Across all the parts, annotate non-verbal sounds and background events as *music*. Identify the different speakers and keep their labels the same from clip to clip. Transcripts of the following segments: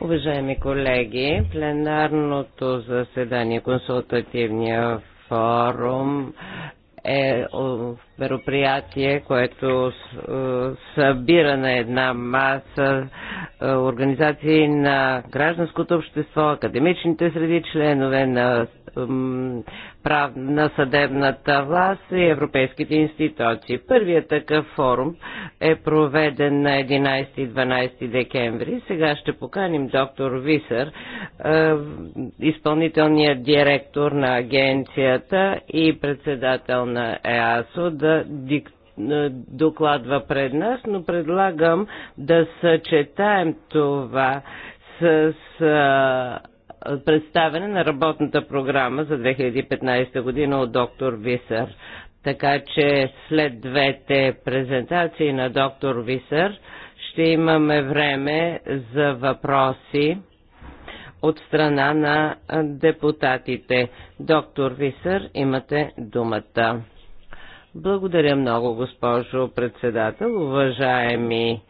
Speaker 1: Уважаеми колеги, пленарното заседание, консултативния форум е мероприятие, което е, събира на една маса е, организации на гражданското общество, академичните среди, членове на прав на съдебната власт и европейските институции. Първият такъв форум е проведен на 11 и 12 декември. Сега ще поканим доктор Висър, е, изпълнителният директор на агенцията и председател на ЕАСО да диктува е, докладва пред нас, но предлагам да съчетаем това с представяне на работната програма за 2015 година от доктор Висър. Така че след двете презентации на доктор Висър ще имаме време за въпроси от страна на депутатите. Доктор Висър, имате думата. Благодаря много, госпожо председател, уважаеми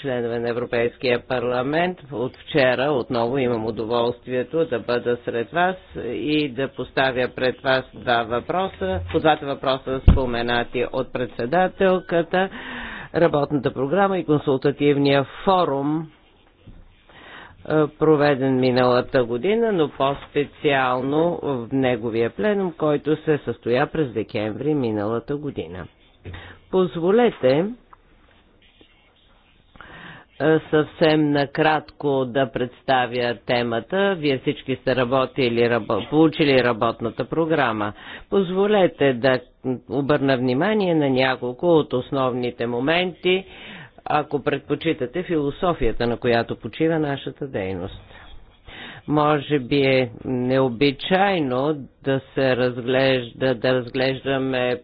Speaker 1: членове на Европейския парламент. От вчера отново имам удоволствието да бъда сред вас и да поставя пред вас два въпроса. По двата въпроса споменати от председателката, работната програма и консултативния форум е, проведен миналата година, но по-специално в неговия пленум, който се състоя през декември миналата година. Позволете е, съвсем накратко да представя темата. Вие всички сте работили, рабо, получили работната програма. Позволете да обърна внимание на няколко от основните моменти, ако предпочитате философията, на която почива нашата дейност. Може би е необичайно да се разглежда, да разглеждаме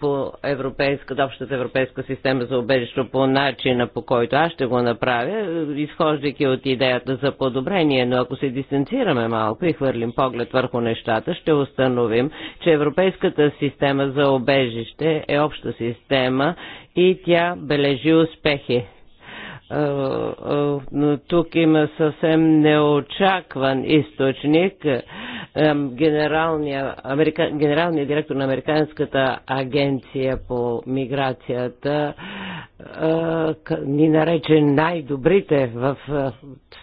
Speaker 1: по европейската, общата европейска система за убежище по начина по който аз ще го направя, изхождайки от идеята за подобрение, но ако се дистанцираме малко и хвърлим поглед върху нещата, ще установим, че европейската система за убежище е обща система и тя бележи успехи е, е, е, тук има съвсем неочакван източник. Генералния, генералния директор на Американската агенция по миграцията ни нарече най-добрите в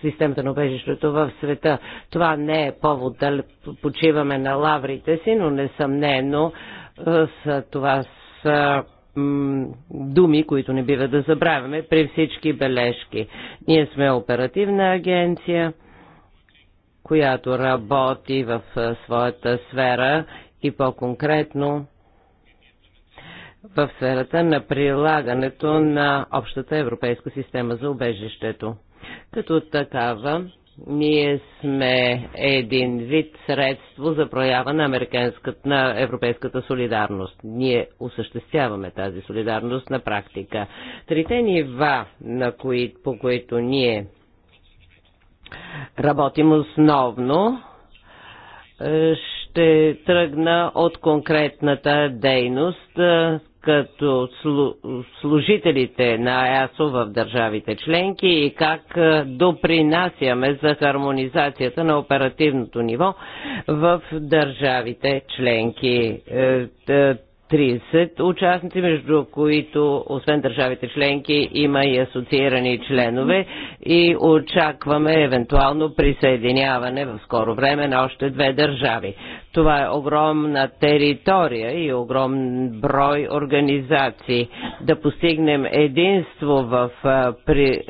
Speaker 1: системата на убежището в света. Това не е повод да почиваме на лаврите си, но несъмнено това са думи, които не бива да забравяме при всички бележки. Ние сме оперативна агенция, която работи в своята сфера и по-конкретно в сферата на прилагането на общата европейска система за убежището. Като такава, ние сме един вид средство за проява на, на европейската солидарност. Ние осъществяваме тази солидарност на практика. Трите нива, на кои, по които ние работим основно, е, ще тръгна от конкретната дейност, е, като служителите на ЕАСО в държавите членки и как допринасяме за хармонизацията на оперативното ниво в държавите членки. Е, е, 30 участници, между които, освен държавите членки, има и асоциирани членове и очакваме евентуално присъединяване в скоро време на още две държави. Това е огромна територия и огромен брой организации. Да постигнем единство в при,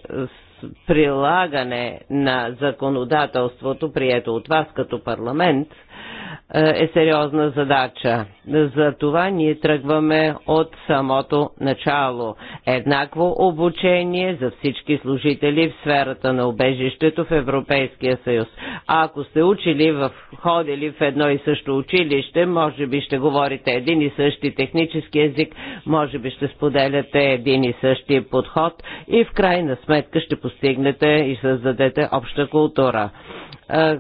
Speaker 1: прилагане на законодателството, прието от вас като парламент – е, е сериозна задача. За това ние тръгваме от самото начало. Еднакво обучение за всички служители в сферата на обежището в Европейския съюз. А ако сте учили в, ходили в едно и също училище, може би ще говорите един и същи технически език, може би ще споделяте един и същи подход и в крайна сметка ще постигнете и създадете обща култура е, е,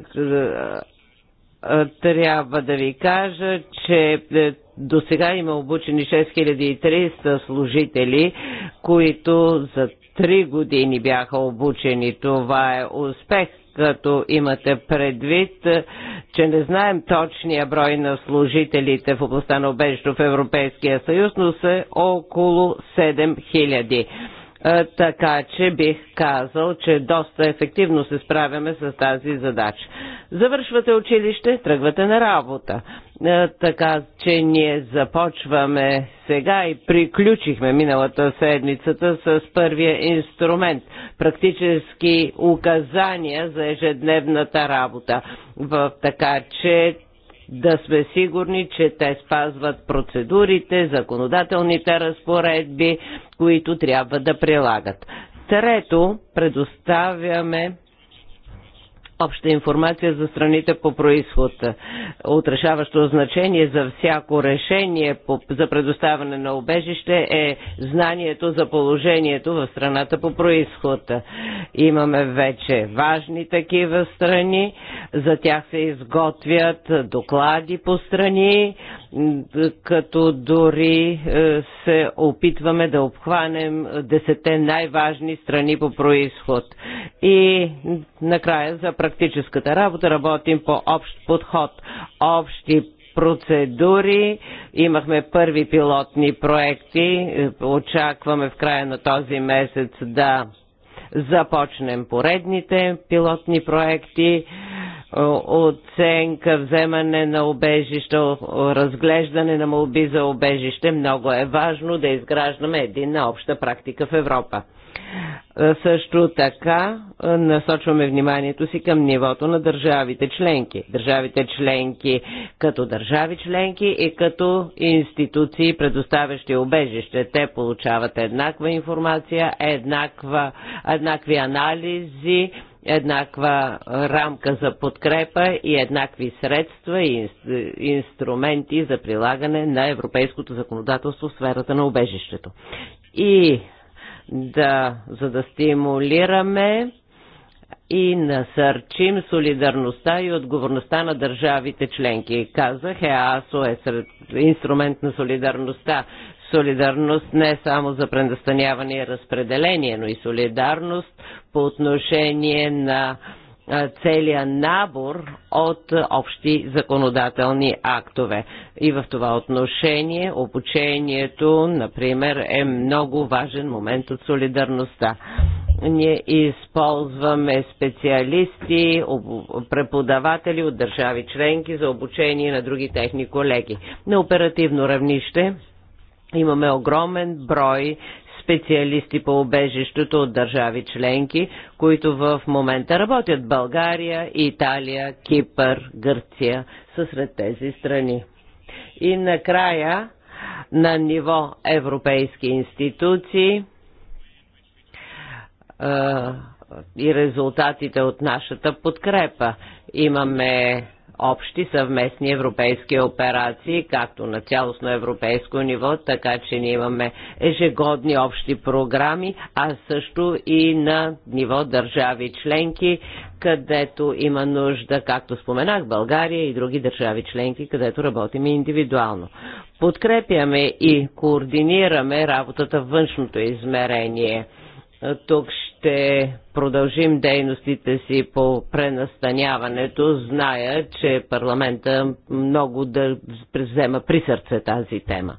Speaker 1: е, трябва да ви кажа, че е, до сега има обучени 6300 служители, които за 3 години бяха обучени. Това е успех като имате предвид, е, че не знаем точния брой на служителите в областта на обеждо в Европейския съюз, но са около 7000. Е, така че бих казал, че доста ефективно се справяме с тази задача. Завършвате училище, тръгвате на работа. Е, така че ние започваме сега и приключихме миналата седмицата с първия инструмент практически указания за ежедневната работа. В, така че да сме сигурни, че те спазват процедурите, законодателните разпоредби, които трябва да прилагат. Трето, предоставяме обща информация за страните по происход. Отрешаващо значение за всяко решение по, за предоставяне на обежище е знанието за положението в страната по происход. Имаме вече важни такива страни, за тях се изготвят доклади по страни, като дори е, се опитваме да обхванем десете най-важни страни по происход. И накрая за практическата работа работим по общ подход, общи процедури. Имахме първи пилотни проекти. Е, очакваме в края на този месец да започнем поредните пилотни проекти, оценка, вземане на обежища, разглеждане на молби за обежище. Много е важно да изграждаме на обща практика в Европа. Е, също така е, насочваме вниманието си към нивото на държавите членки. Държавите членки като държави членки и като институции, предоставящи обежище. Те получават еднаква информация, еднаква, еднакви анализи, еднаква рамка за подкрепа и еднакви средства и инструменти за прилагане на европейското законодателство в сферата на обежището. И да, за да стимулираме и насърчим солидарността и отговорността на държавите членки. Казах, ЕАСО е сред инструмент на солидарността. Солидарност не само за предостаняване и разпределение, но и солидарност по отношение на Целия набор от общи законодателни актове. И в това отношение обучението, например, е много важен момент от солидарността. Ние използваме специалисти, преподаватели от държави членки за обучение на други техни колеги. На оперативно равнище имаме огромен брой специалисти по убежището от държави членки, които в момента работят България, Италия, Кипър, Гърция са сред тези страни. И накрая на ниво европейски институции и резултатите от нашата подкрепа. Имаме общи съвместни европейски операции, както на цялостно европейско ниво, така че ние имаме ежегодни общи програми, а също и на ниво държави членки, където има нужда, както споменах, България и други държави членки, където работим индивидуално. Подкрепяме и координираме работата външното измерение. Тук ще ще продължим дейностите си по пренастаняването. Зная, че парламента много да взема при сърце тази тема.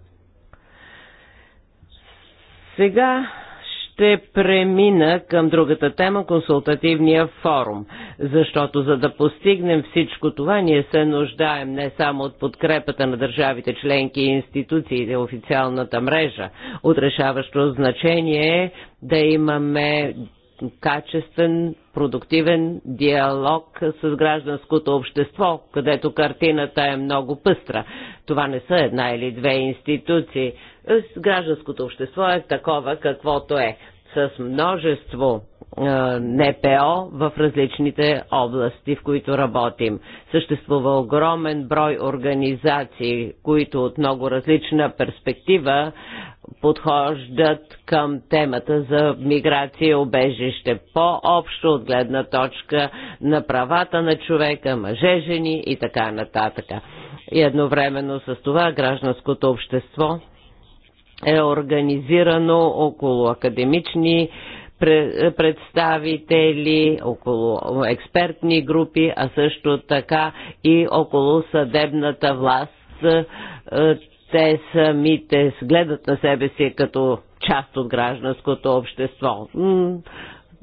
Speaker 1: Сега ще премина към другата тема консултативния форум, защото за да постигнем всичко това, ние се нуждаем не само от подкрепата на държавите членки и институциите, официалната мрежа. От решаващо значение е да имаме качествен, продуктивен диалог с гражданското общество, където картината е много пъстра. Това не са една или две институции. Гражданското общество е такова, каквото е, с множество НПО в различните области, в които работим. Съществува огромен брой организации, които от много различна перспектива подхождат към темата за миграция и обежище по-общо от гледна точка на правата на човека, мъже, жени и така нататък. И едновременно с това гражданското общество е организирано около академични представители, около експертни групи, а също така и около съдебната власт. Е, те самите гледат на себе си като част от гражданското общество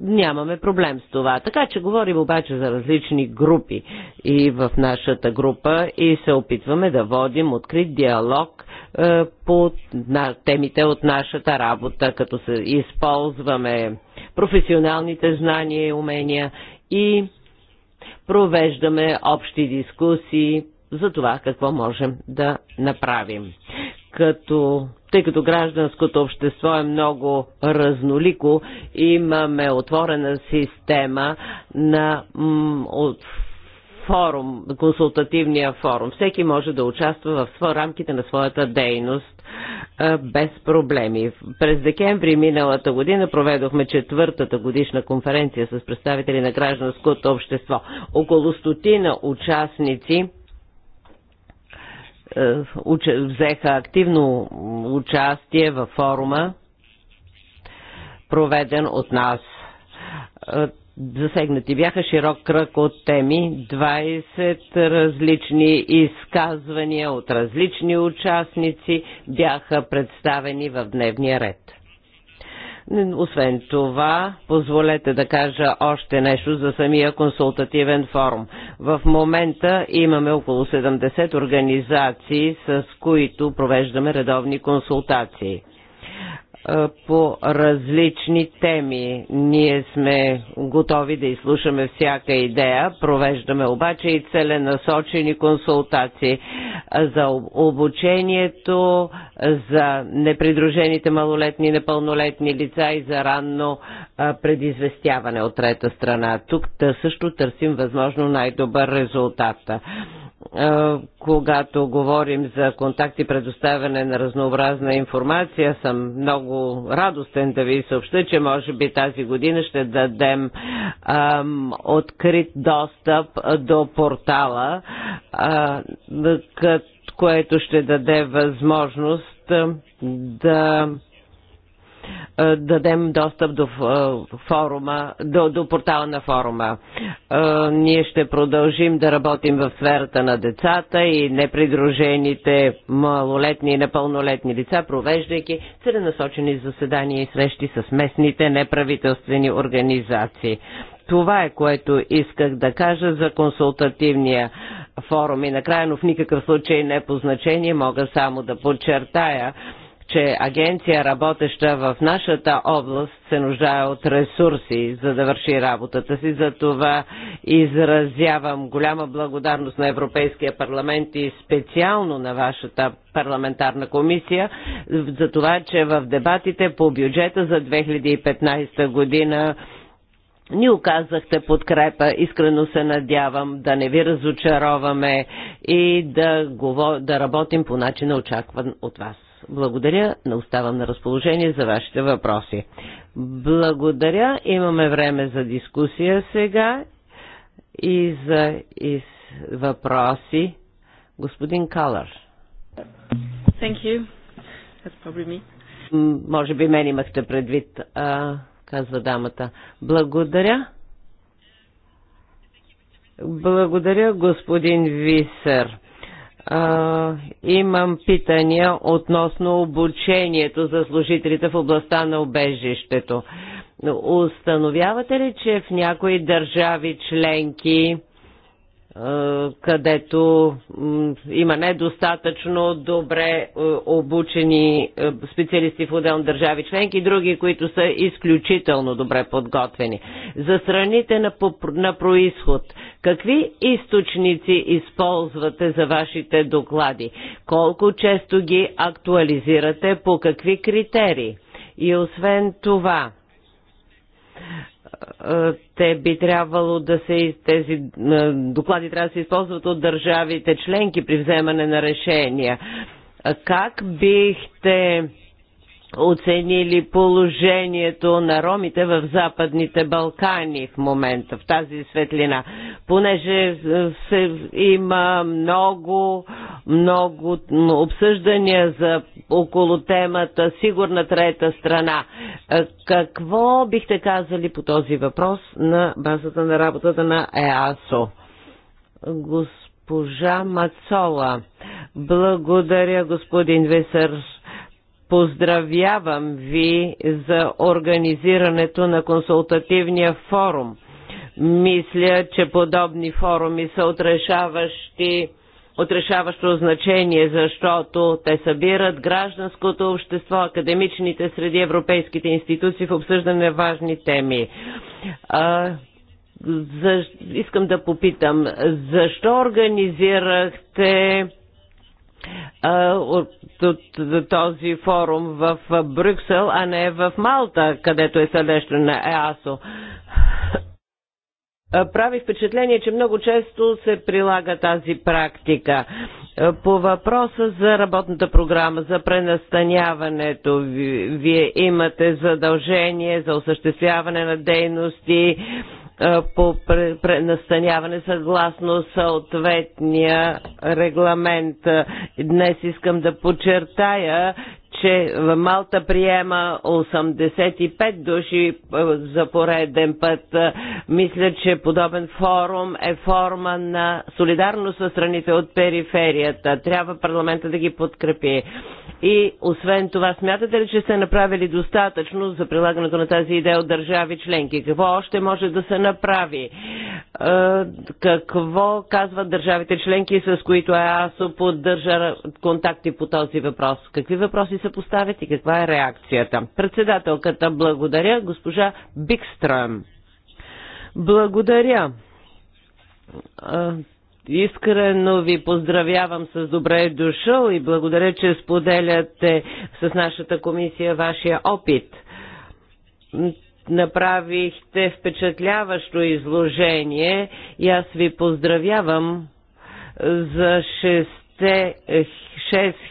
Speaker 1: нямаме проблем с това. Така че говорим обаче за различни групи и в нашата група и се опитваме да водим открит диалог е, по на, темите от нашата работа, като се използваме професионалните знания и умения и провеждаме общи дискусии за това какво можем да направим като тъй като гражданското общество е много разнолико, имаме отворена система на от форум, консултативния форум. Всеки може да участва в рамките на своята дейност без проблеми. През декември миналата година проведохме четвъртата годишна конференция с представители на гражданското общество. Около стотина участници е, взеха активно участие във форума, проведен от нас. Е, засегнати бяха широк кръг от теми, 20 различни изказвания от различни участници бяха представени в дневния ред. Освен това, позволете да кажа още нещо за самия консултативен форум. В момента имаме около 70 организации, с които провеждаме редовни консултации по различни теми. Ние сме готови да изслушаме всяка идея, провеждаме обаче и целенасочени консултации за обучението, за непридружените малолетни и непълнолетни лица и за ранно предизвестяване от трета страна. Тук също търсим възможно най-добър резултат когато говорим за контакти, предоставяне на разнообразна информация, съм много много радостен да ви съобща, че може би тази година ще дадем ам, открит достъп до портала, а, което ще даде възможност да е, дадем достъп до е, форума, до, до портала на форума. Е, ние ще продължим да работим в сферата на децата и непридружените малолетни и непълнолетни лица, провеждайки целенасочени заседания и срещи с местните неправителствени организации. Това е което исках да кажа за консултативния форум и накрая, но в никакъв случай не е по значение, мога само да подчертая, че агенция, работеща в нашата област, се нуждае от ресурси, за да върши работата си. За това изразявам голяма благодарност на Европейския парламент и специално на вашата парламентарна комисия за това, че в дебатите по бюджета за 2015 година ни оказахте подкрепа. Искрено се надявам да не ви разочароваме и да, говор... да работим по начина очакван от вас. Благодаря, Не оставам на разположение за вашите въпроси. Благодаря, имаме време за дискусия сега и за и въпроси. Господин Калър.
Speaker 2: Thank you.
Speaker 3: That's probably
Speaker 1: me. Може би мен имахте предвид, а, казва дамата. Благодаря. Благодаря, господин Висер а, имам питания относно обучението за служителите в областта на обежището. Установявате ли, че в някои държави членки където има недостатъчно добре обучени специалисти в отделни държави членки и други, които са изключително добре подготвени. За страните на, на происход, какви източници използвате за вашите доклади? Колко често ги актуализирате? По какви критерии? И освен това, те би трябвало да се, тези доклади трябва да се използват от държавите членки при вземане на решения. Как бихте оценили положението на ромите в Западните Балкани в момента, в тази светлина, понеже е, се, има много, много обсъждания за около темата сигурна трета страна. Е, какво бихте казали по този въпрос на базата на работата на ЕАСО? Госпожа Мацола. Благодаря, господин Весър Поздравявам ви за организирането на консултативния форум. Мисля, че подобни форуми са отрешаващи отрешаващо значение, защото те събират гражданското общество, академичните среди, европейските институции в обсъждане на важни теми. А, за, искам да попитам, защо организирахте от, от този форум в Брюксел, а не в Малта, където е сърдечно на ЕАСО. Прави впечатление, че много често се прилага тази практика. По въпроса за работната програма, за пренастаняването, вие имате задължение за осъществяване на дейности по пренастаняване съгласно съответния регламент. Днес искам да подчертая, че Малта приема 85 души е, за пореден път. Е, мисля, че подобен форум е форма на солидарност с страните от периферията. Трябва парламента да ги подкрепи. И освен това, смятате ли, че сте направили достатъчно за прилагането на тази идея от държави членки? Какво още може да се направи? Е, какво казват държавите членки, с които ЕАСО поддържа контакти по този въпрос? Какви въпроси са се поставят и каква е реакцията. Председателката благодаря, госпожа Бикстрам. Благодаря. Искрено ви поздравявам с добре дошъл и благодаря, че споделяте с нашата комисия вашия опит. Направихте впечатляващо изложение и аз ви поздравявам за 6 сте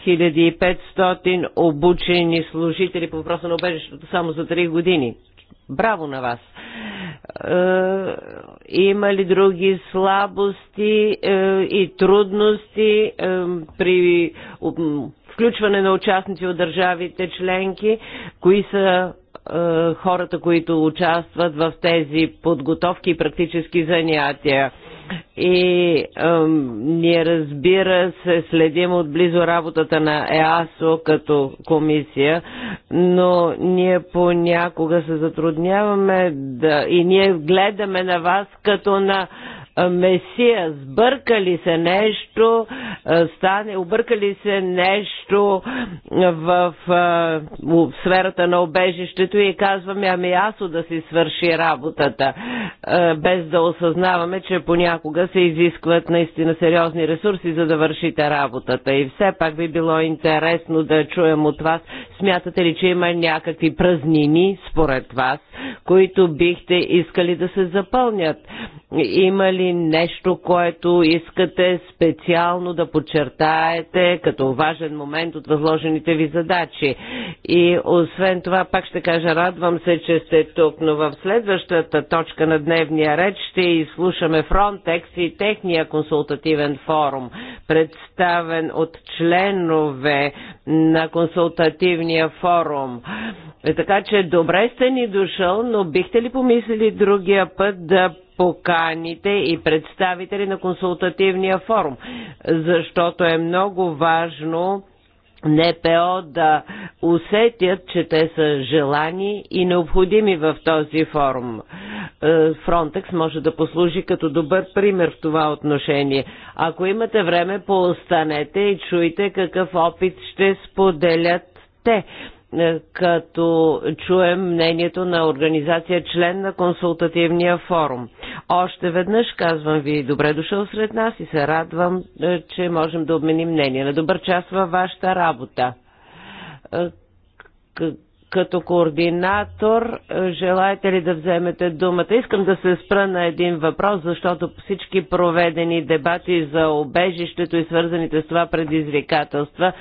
Speaker 1: 6500 обучени служители по въпроса на обежището само за 3 години. Браво на вас! Е, има ли други слабости е, и трудности е, при включване на участници от държавите членки? Кои са хората, които участват в тези подготовки и практически занятия? и ъм, ние разбира се следим отблизо работата на ЕАСО като комисия, но ние понякога се затрудняваме да и ние гледаме на вас като на Месия, сбъркали се нещо, стане, объркали се нещо в, в, в сферата на обежището и казваме, ами асо да си свърши работата, без да осъзнаваме, че понякога се изискват наистина сериозни ресурси, за да вършите работата. И все пак би било интересно да чуем от вас, смятате ли, че има някакви празнини според вас, които бихте искали да се запълнят? Има ли нещо, което искате специално да подчертаете като важен момент от възложените ви задачи? И освен това, пак ще кажа, радвам се, че сте тук, но в следващата точка на дневния ред ще изслушаме Frontex и техния консултативен форум, представен от членове на консултативния форум. Е, така че добре сте ни дошъл, но бихте ли помислили другия път да поканите и представители на консултативния форум, защото е много важно НПО да усетят, че те са желани и необходими в този форум. Е, Фронтекс може да послужи като добър пример в това отношение. Ако имате време, поостанете и чуйте какъв опит ще споделят те. Е, като чуем мнението на организация член на консултативния форум. Още веднъж казвам ви добре дошъл сред нас и се радвам, е, че можем да обменим мнение. На добър час във вашата работа е, като координатор, е, желаете ли да вземете думата? Искам да се спра на един въпрос, защото всички проведени дебати за обежището и свързаните с това предизвикателства,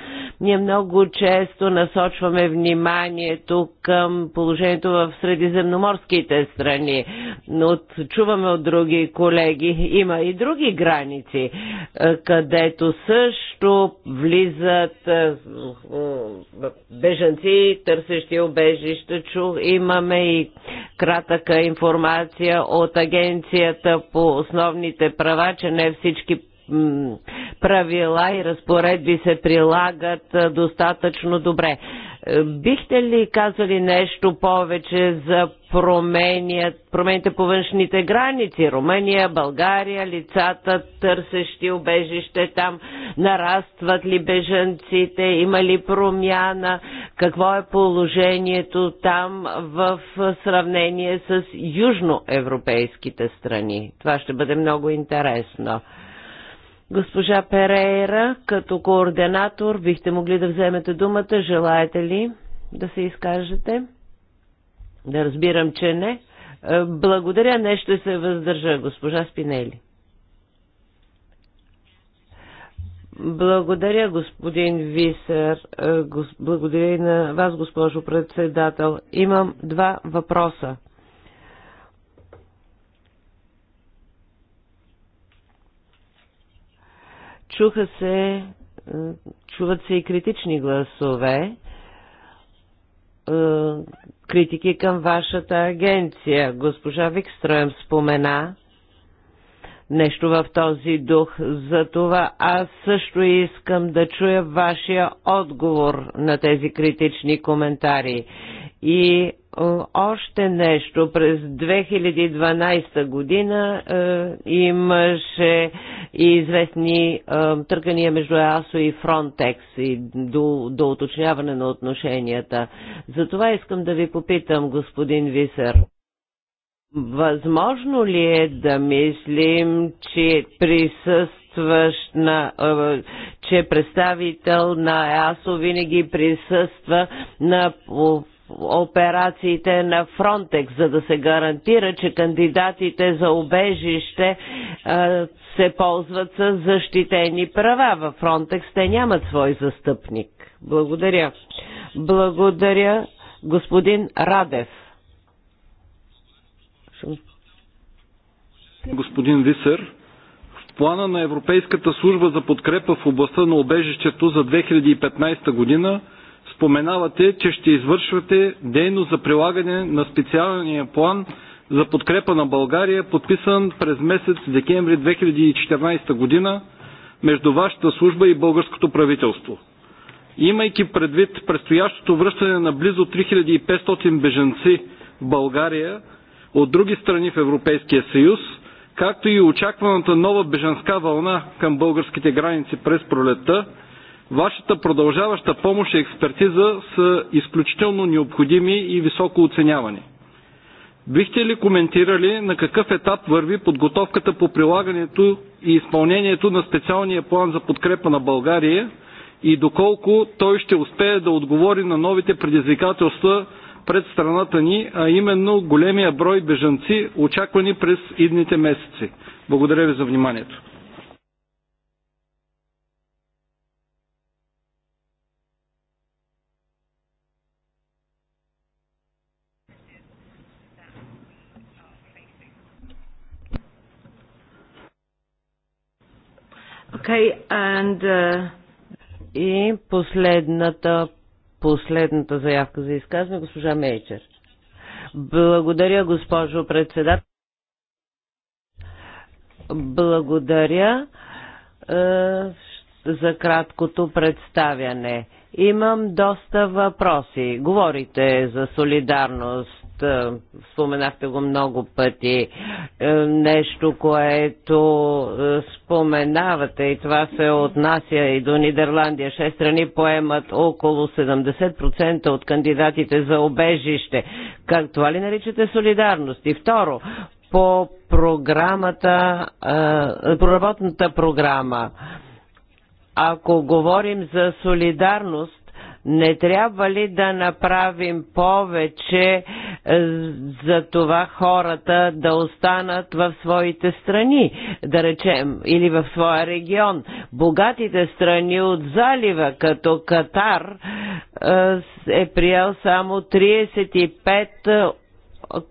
Speaker 1: ние много често насочваме вниманието към положението в средиземноморските страни. Но чуваме от други колеги, има и други граници, е, където също влизат е, бежанци, търсещи убежища Чух, имаме и кратъка информация от Агенцията по основните права, че не всички правила и разпоредби се прилагат достатъчно добре. Е, бихте ли казали нещо повече за промените по външните граници? Румъния, България, лицата, търсещи убежище там, нарастват ли бежанците, има ли промяна, какво е положението там в сравнение с южноевропейските страни? Това ще бъде много интересно. Госпожа Перейра, като координатор, бихте могли да вземете думата. Желаете ли да се изкажете? Да разбирам, че не. Е, благодаря, нещо се въздържа, госпожа Спинели. Благодаря, господин Висер. Е, благодаря и на вас, госпожо председател. Имам два въпроса. Чуха се, е, чуват се и критични гласове, е, критики към вашата агенция. Госпожа Викстроем спомена нещо в този дух. За това аз също искам да чуя вашия отговор на тези критични коментари и е, още нещо. През 2012 година е, имаше и известни е, търкания между ЕАСО и Фронтекс и до, до уточняване на отношенията. Затова искам да ви попитам, господин Висер. Възможно ли е да мислим, че присъстващ на, е, че представител на ЕАСО винаги присъства на операциите на Фронтекс, за да се гарантира, че кандидатите за обежище се ползват с защитени права. Във Фронтекс те нямат свой застъпник. Благодаря. Благодаря, господин Радев.
Speaker 4: Господин Висър, в плана на Европейската служба за подкрепа в областта на обежището за 2015 година – споменавате, че ще извършвате дейност за прилагане на специалния план за подкрепа на България, подписан през месец декември 2014 година между вашата служба и българското правителство. Имайки предвид предстоящото връщане на близо 3500 беженци в България от други страни в Европейския съюз, както и очакваната нова беженска вълна към българските граници през пролетта, Вашата продължаваща помощ и експертиза са изключително необходими и високо оценявани. Бихте ли коментирали на какъв етап върви подготовката по прилагането и изпълнението на специалния план за подкрепа на България и доколко той ще успее да отговори на новите предизвикателства пред страната ни, а именно големия брой бежанци, очаквани през идните месеци? Благодаря ви за вниманието.
Speaker 1: Okay, and, uh... И последната, последната заявка за изказване, госпожа Мейчер. Благодаря, госпожо председател. Благодаря е, за краткото представяне. Имам доста въпроси. Говорите за солидарност е, споменахте го много пъти. Е, нещо, което е, споменавате и това се отнася и до Нидерландия. Шест страни поемат около 70% от кандидатите за обежище. Как това ли наричате солидарност? И второ, по програмата, проработната програма. Ако говорим за солидарност, не трябва ли да направим повече е, за това хората да останат в своите страни, да речем, или в своя регион? Богатите страни от залива, като Катар, е, е приел само 35 е,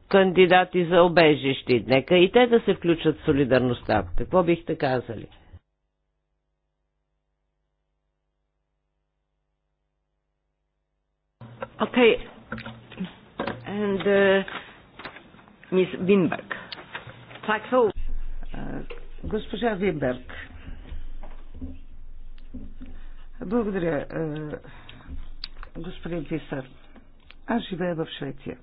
Speaker 1: кандидати за обежище. Нека и те да се включат в солидарността. Какво бихте казали?
Speaker 2: Okay. And uh, Miss Winberg. Tack för uh, Госпожа Винберг. Благодаря, uh, господин Писар. Аз живея в Швеция.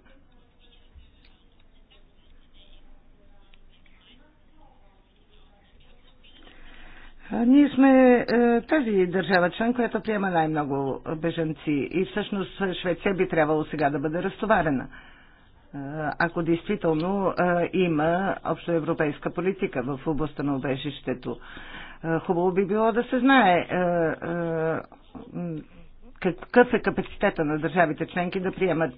Speaker 2: Ние сме е, тази държава член, която приема най-много бежанци и всъщност Швеция би трябвало сега да бъде разтоварена. Е, ако действително е, има общоевропейска политика в областта на обежището, хубаво би било да се знае какъв е капацитета на държавите членки да приемат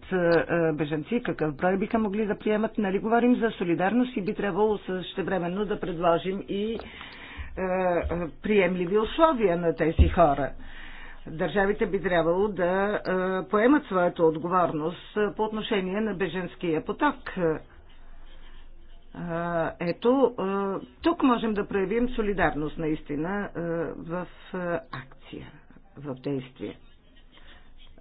Speaker 2: бежанци, какъв брой биха могли да приемат. Нали говорим за солидарност и би трябвало същевременно да предложим и е, приемливи условия на тези хора. Държавите би трябвало да е, поемат своята отговорност е, по отношение на беженския поток. Ето, тук можем да проявим солидарност наистина в акция, в действие.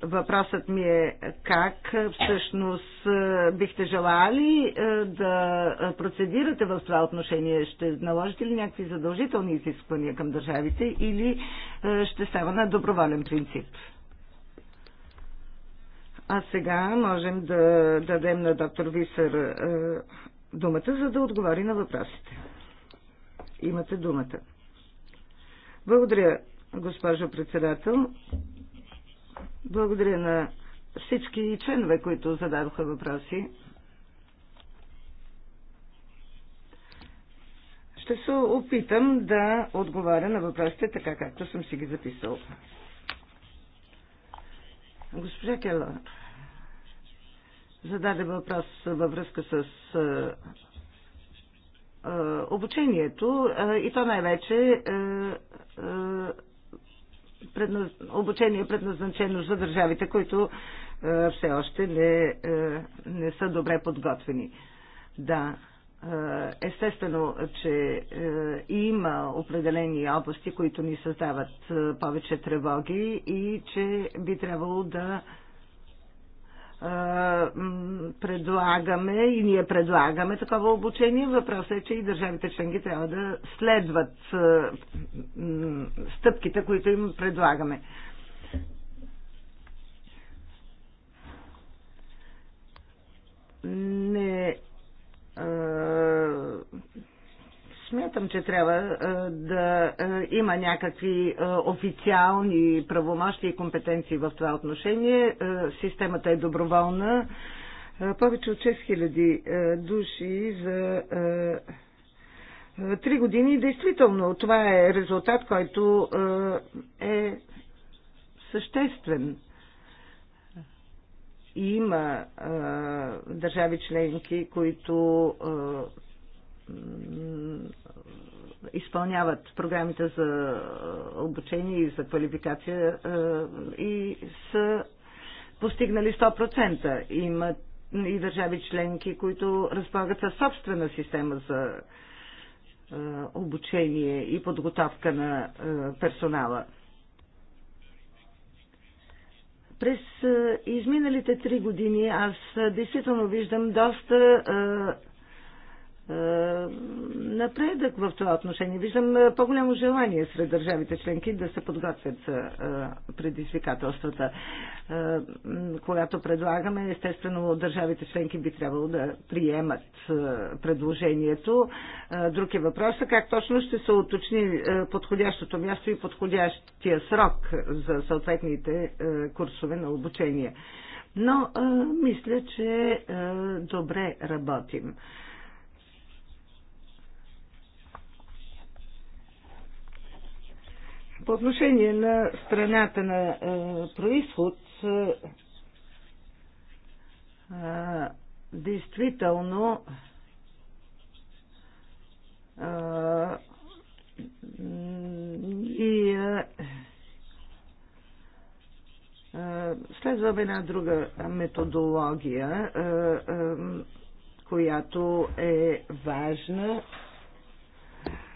Speaker 2: Въпросът ми е как всъщност е, бихте желали е, да процедирате в това отношение? Ще наложите ли някакви задължителни изисквания към държавите или е, ще става на доброволен принцип? А сега можем да дадем на доктор Висър думата, за да отговори на въпросите. Имате думата. Благодаря, госпожо председател. Благодаря на всички членове, които зададоха въпроси. Ще се опитам да отговаря на въпросите така, както съм си ги записал. Госпожа Кела, зададе въпрос във връзка с обучението и то най-вече предназ... обучение предназначено за държавите, които е, все още не, е, не са добре подготвени. Да, е, естествено, че е, има определени области, които ни създават е, повече тревоги и че би трябвало да предлагаме и ние предлагаме такова обучение. Въпросът е, че и държавите членки трябва да следват стъпките, които им предлагаме. Не Смятам, че трябва е, да е, има някакви е, официални правомощи и компетенции в това отношение. Системата е доброволна. Повече от 6000 души за три години. Действително, това е резултат, който е съществен. Има държави членки, които изпълняват програмите за обучение и за квалификация и са постигнали 100%. Има и държави членки, които разполагат със собствена система за обучение и подготовка на персонала. През изминалите три години аз действително виждам доста е, напредък в това отношение. Виждам е, по-голямо желание сред държавите членки да се подготвят за е, предизвикателствата, която предлагаме. Естествено, държавите членки би трябвало да приемат предложението. Друг е въпрос, как точно ще се уточни подходящото място и подходящия срок за съответните курсове на обучение. Но мисля, че добре работим По отношение на страната на е, происход, е, е действително е, и е, е следва една друга методология, е, е, която е важна.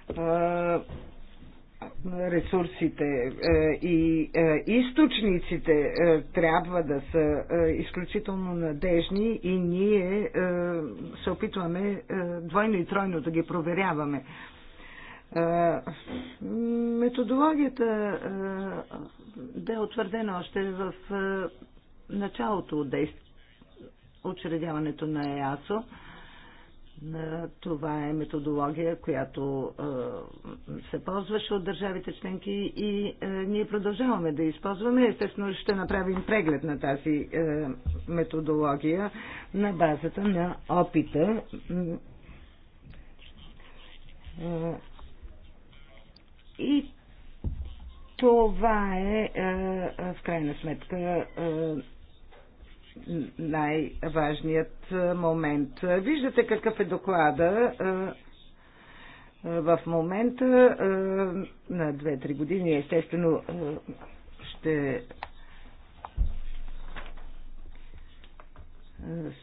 Speaker 2: Е, ресурсите е, и е, източниците е, трябва да са изключително надежни и ние се опитваме двойно и тройно да ги проверяваме. Методологията бе утвърдена още в началото от учредяването на ЕАСО. Е, това е методология, която е, се ползваше от държавите членки и е, ние продължаваме да използваме. Естествено, ще направим преглед на тази методология на базата на опита. И това е в крайна сметка най-важният момент. Виждате какъв е доклада в момента на 2-3 години. Естествено ще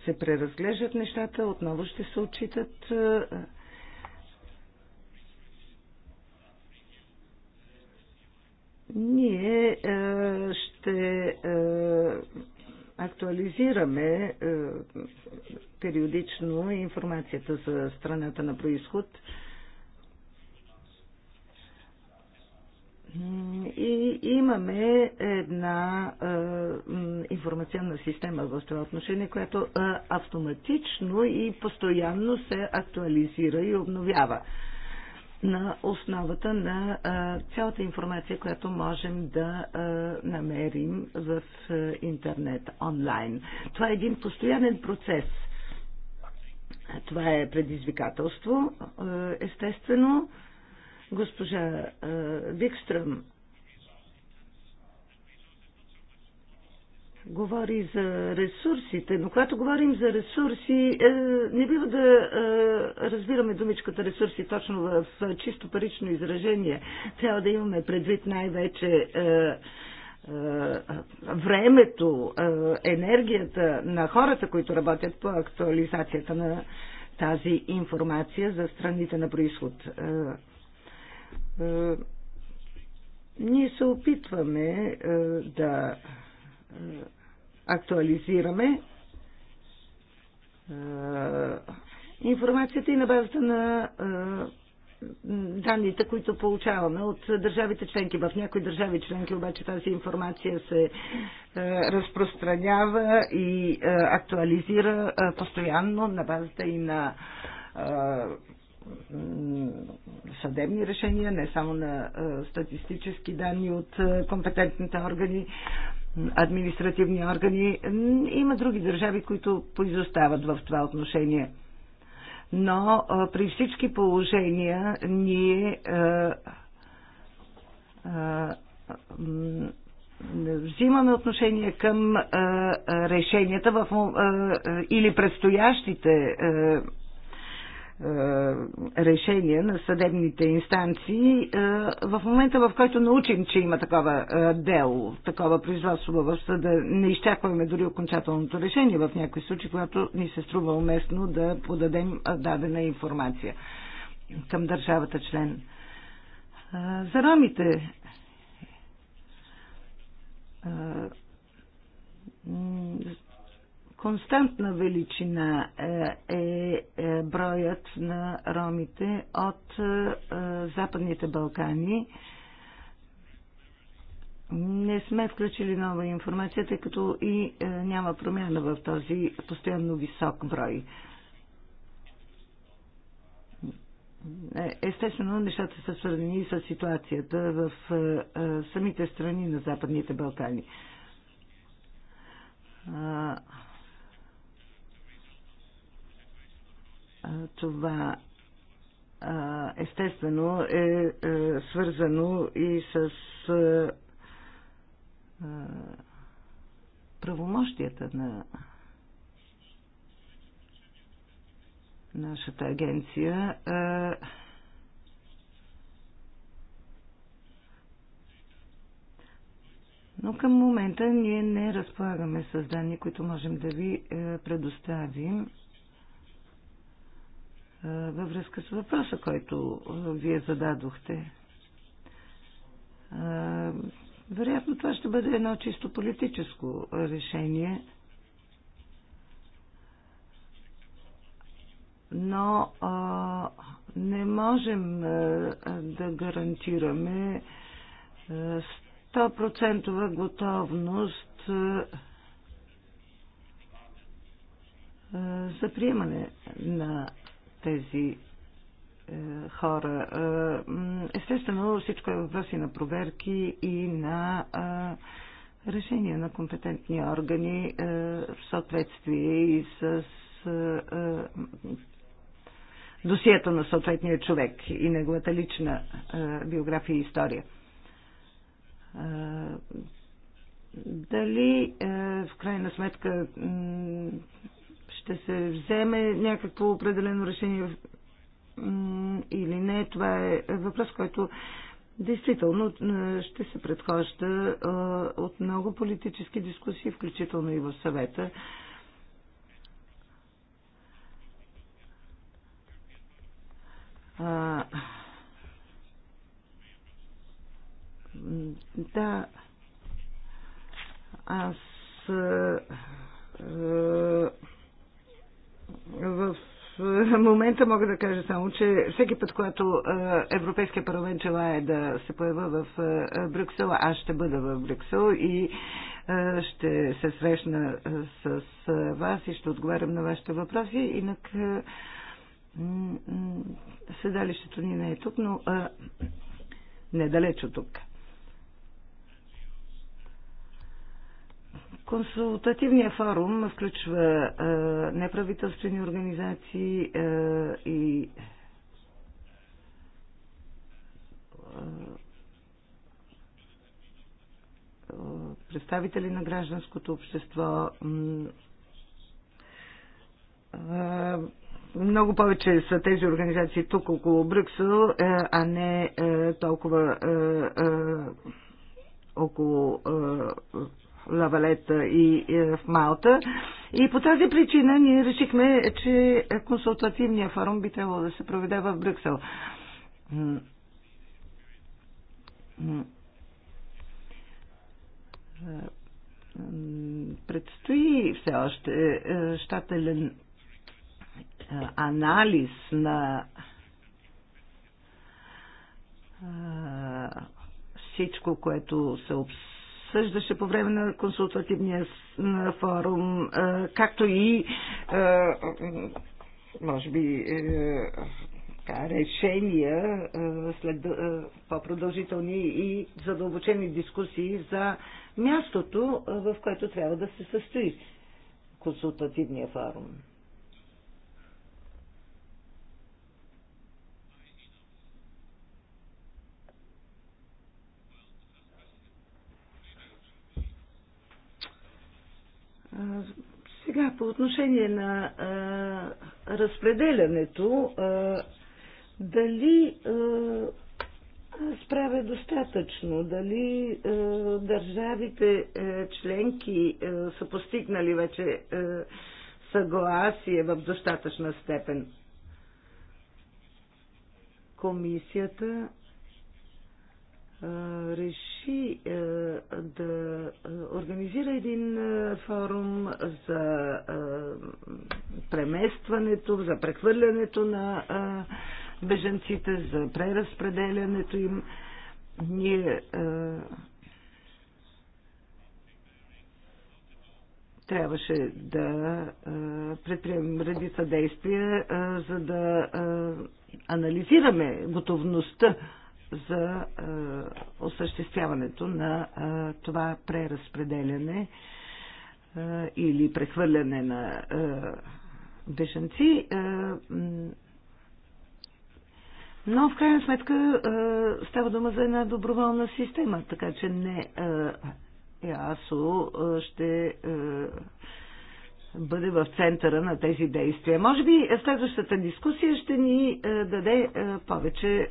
Speaker 2: се преразглеждат нещата, отново ще се отчитат ние ще актуализираме е, периодично информацията за страната на происход и имаме една е, информационна система в това отношение, която е, автоматично и постоянно се актуализира и обновява на основата на цялата информация, която можем да намерим в интернет, онлайн. Това е един постоянен процес. Това е предизвикателство, естествено. Госпожа Викстръм говори за ресурсите, но когато говорим за ресурси, е, не бива да е, разбираме думичката ресурси точно в чисто парично изражение. Трябва да имаме предвид най-вече е, е, времето, е, енергията на хората, които работят по актуализацията на тази информация за страните на происход. Е, е, ние се опитваме е, да е, актуализираме е, информацията и на базата на е, данните, които получаваме от държавите членки. В някои държави членки обаче тази информация се е, разпространява и е, актуализира е, постоянно на базата и на е, съдебни решения, не само на статистически данни от компетентните органи административни органи. Има други държави, които поизостават в това отношение. Но при всички положения ние взимаме отношение към решенията в, или предстоящите е, решения на съдебните инстанции е, в момента, в който научим, че има такова е, дело, такова производство в съда, не изчакваме дори окончателното решение в някои случаи, когато ни се струва уместно да подадем дадена информация към държавата член. За ромите Константна величина е, е, е броят на ромите от е, Западните Балкани. Не сме включили нова информация, тъй като и няма промяна в този постоянно висок брой. Естествено, нещата са свързани с ситуацията в самите страни на Западните Балкани. Това естествено е, е свързано и с правомощията на нашата агенция. Но към момента ние не разполагаме с данни, които можем да ви е, предоставим във връзка с въпроса, който вие зададохте. Вероятно това ще бъде едно чисто политическо решение. Но а, не можем а, да гарантираме 100% готовност а, за приемане на тези е, хора. Е, естествено, всичко е въпроси на проверки и на е, решения на компетентни органи в съответствие и с досието на съответния човек и неговата лична биография и история. Дали в крайна сметка ще се вземе някакво определено решение или не, това е въпрос, който действително е, ще се предхожда е, от много политически дискусии, включително и в съвета. да, аз е, в е, момента мога да кажа само, че всеки път, когато е, Европейския парламент желая да се поява в е, Брюксел, аз ще бъда в Брюксел и ще се срещна с вас и ще отговарям на вашите въпроси. Инак седалището ни не е тук, но недалеч от тук. Консултативният форум включва а, неправителствени организации а, и а, представители на гражданското общество. Много повече са тези организации тук около Брюксел, а не толкова около Лавалета и е, в Малта. И по тази причина ние решихме, че консултативния форум би трябвало да се проведе в Брюксел. Предстои все още е, щателен е, анализ на всичко, което се обсъжда обсъждаше по време на консултативния форум, както и може би е, решения след по-продължителни и задълбочени дискусии за мястото, в което трябва да се състои консултативния форум. Сега, по отношение на а, разпределянето, а, дали а, справя достатъчно, дали а, държавите а, членки а, са постигнали вече а, съгласие в достатъчна степен. Комисията реши да организира един форум за преместването, за прехвърлянето на беженците, за преразпределянето им. Ние трябваше да предприемем редица действия, за да анализираме готовността за е, осъществяването на е, това преразпределяне е, или прехвърляне на бежанци. Но в крайна сметка става дума за една доброволна система, така че не ЕАСО ще бъде в центъра на тези действия. Може би следващата дискусия ще ни е, даде е, повече е,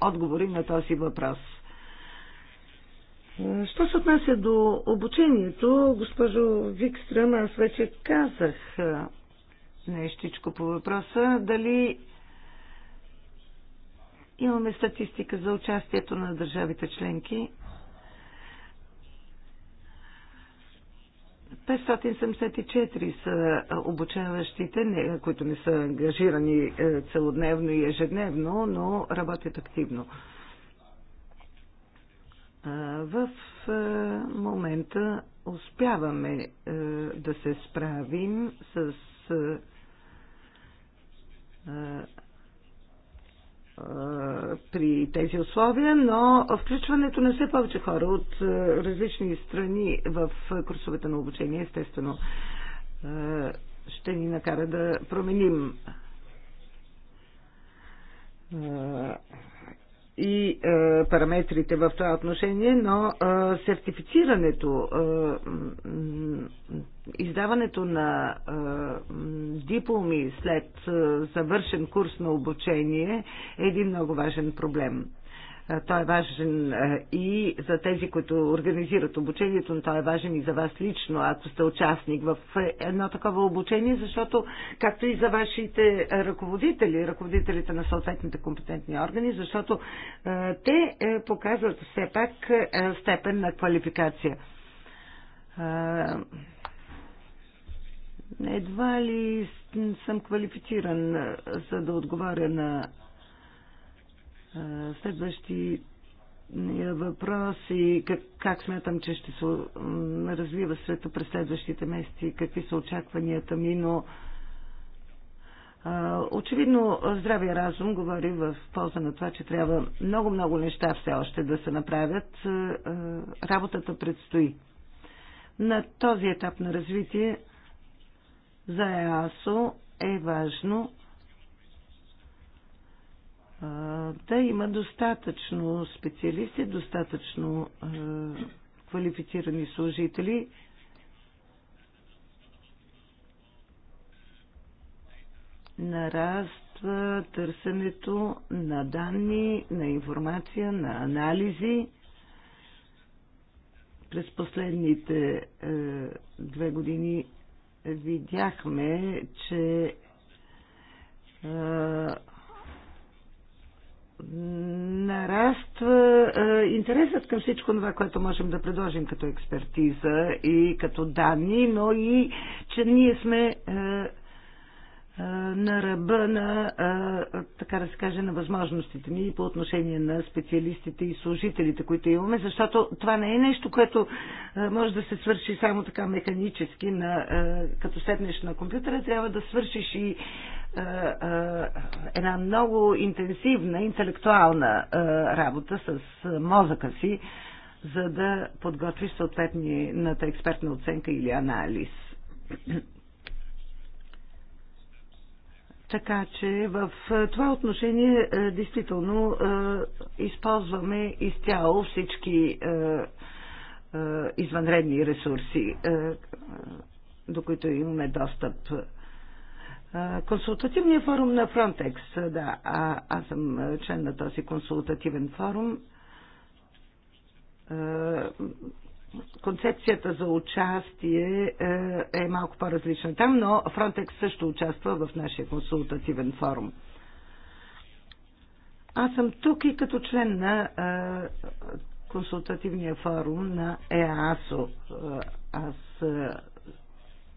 Speaker 2: отговори на този въпрос. Що се отнася до обучението, госпожо Викстрам, аз вече казах нещичко по въпроса. Дали имаме статистика за участието на държавите членки? 574 са обучаващите, не, които не са ангажирани е, целодневно и ежедневно, но работят активно. В е, момента успяваме е, да се справим с при тези условия, но включването на все повече хора от е, различни страни в курсовете на обучение, естествено, е, ще ни накара да променим е, и е, параметрите в това отношение, но е, сертифицирането, е, издаването на е, дипломи след е, завършен курс на обучение е един много важен проблем. Е, той е важен е, и за тези, които организират обучението, но той е важен и за вас лично, ако сте участник в едно такова обучение, защото, както и за вашите е, ръководители, ръководителите на съответните компетентни органи, защото те показват все пак степен на квалификация. Едва ли съм квалифициран за да отговаря на Следващи е, въпрос и как, как смятам, че ще се развива света през следващите месеци, какви са очакванията ми, но Очевидно, здравия разум говори в полза на това, че трябва много-много неща все още да се направят. Работата предстои. На този етап на развитие за ЕАСО е важно да има достатъчно специалисти, достатъчно квалифицирани служители. Нараства търсенето на данни, на информация, на анализи. През последните е, две години видяхме, че е, нараства е, интересът към всичко това, което можем да предложим като експертиза и като данни, но и че ние сме е, е, на ръба на, е, така да се каже, на възможностите ни по отношение на специалистите и служителите, които имаме, защото това не е нещо, което е, може да се свърши само така механически, на, е, като седнеш на компютъра, трябва да свършиш и е, е, една много интенсивна интелектуална е, работа с мозъка си, за да подготви съответната експертна оценка или анализ. Така че в това отношение действително използваме изцяло всички извънредни ресурси, до които имаме достъп консултативния форум на Frontex. Да, а, аз съм член на този консултативен форум. Концепцията за участие е малко по-различна там, но Frontex също участва в нашия консултативен форум. Аз съм тук и като член на консултативния форум на ЕАСО. Аз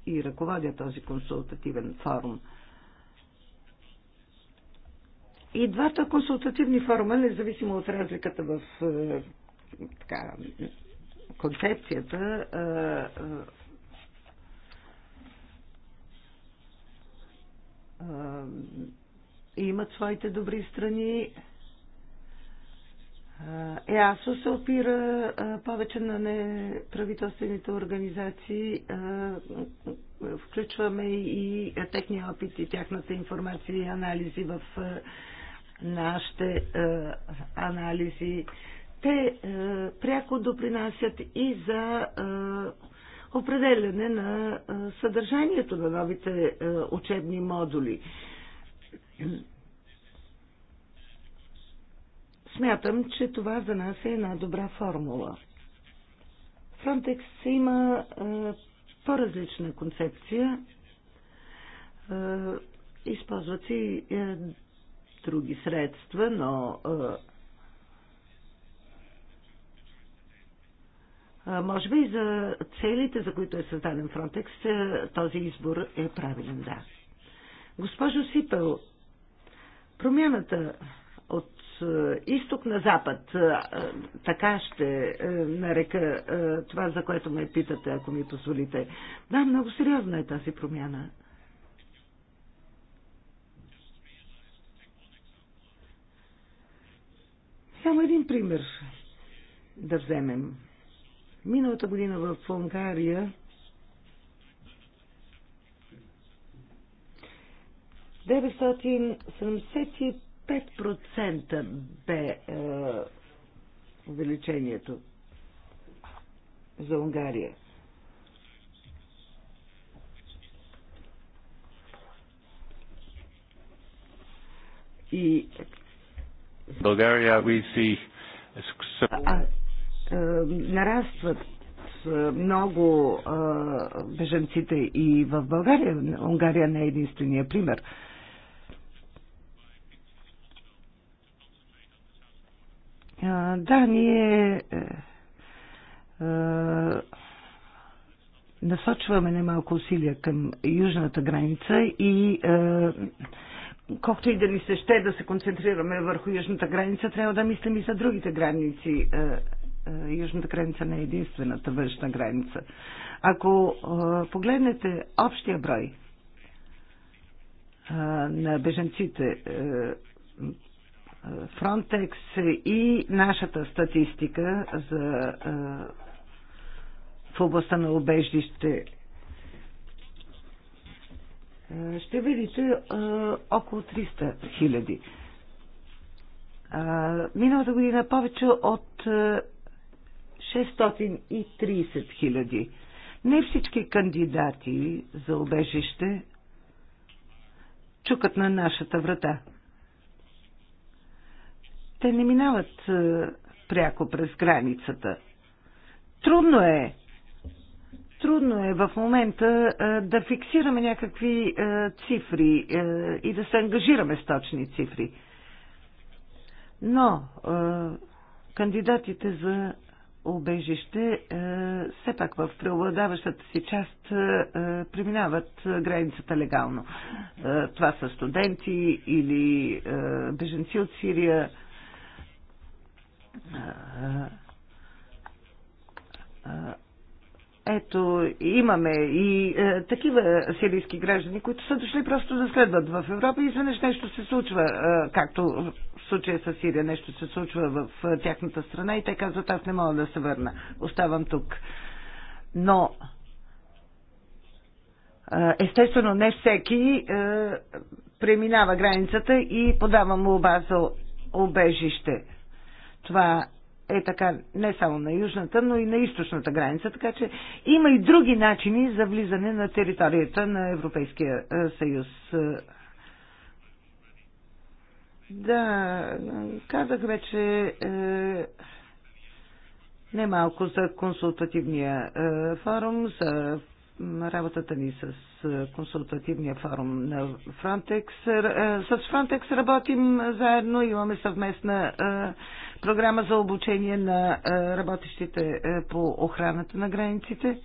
Speaker 2: и ръководя този консултативен форум. И двата консултативни форума, независимо от разликата в е, така, концепцията, е, е, имат своите добри страни аз се опира повече на неправителствените организации. Включваме и техния опит и тяхната информация и анализи в нашите анализи. Те пряко допринасят и за определяне на съдържанието на новите учебни модули. Смятам, че това за нас е една добра формула. Frontex има е, по-различна концепция. Е, използват си и е, други средства, но е, може би и за целите, за които е създаден Frontex, този избор е правилен, да. Госпожо Сипел, промяната е, изток на запад. Е, е, така ще нарека това, за което ме питате, ако ми позволите. Да, много сериозна е тази промяна. Само един пример да вземем. Миналата година в Унгария 5% бе е, увеличението за Унгария. И
Speaker 5: България we see е,
Speaker 2: нарастват е, много е, беженците и в България. Унгария не е единствения пример. Да, ние е, е, насочваме немалко усилия към южната граница и е, колкото и да ни се ще да се концентрираме върху южната граница, трябва да мислим и за другите граници. Южната граница не е единствената външна граница. Ако погледнете общия брой на беженците Фронтекс и нашата статистика за, в областта на убежище ще видите около 300 хиляди. Миналата година повече от 630 хиляди. Не всички кандидати за убежище чукат на нашата врата. Те не минават е, пряко през границата. Трудно е. Трудно е в момента е, да фиксираме някакви е, цифри и да се ангажираме с точни цифри. Но кандидатите за обежище все пак в преобладаващата си част преминават границата легално. Това са студенти или беженци от Сирия ето, имаме и е, такива сирийски граждани, които са дошли просто да следват в Европа и изведнъж нещо се случва, е, както в случая с Сирия, нещо се случва в е, тяхната страна и те казват, аз не мога да се върна, оставам тук. Но, е, естествено, не всеки е, преминава границата и подава му база обежище. Това е така не само на южната, но и на източната граница, така че има и други начини за влизане на територията на Европейския е, съюз. Е, да, казах вече е, немалко за консултативния е, форум, за работата ни с консултативния форум на Frontex. С Frontex работим заедно, имаме съвместна програма за обучение на работещите по охраната на границите.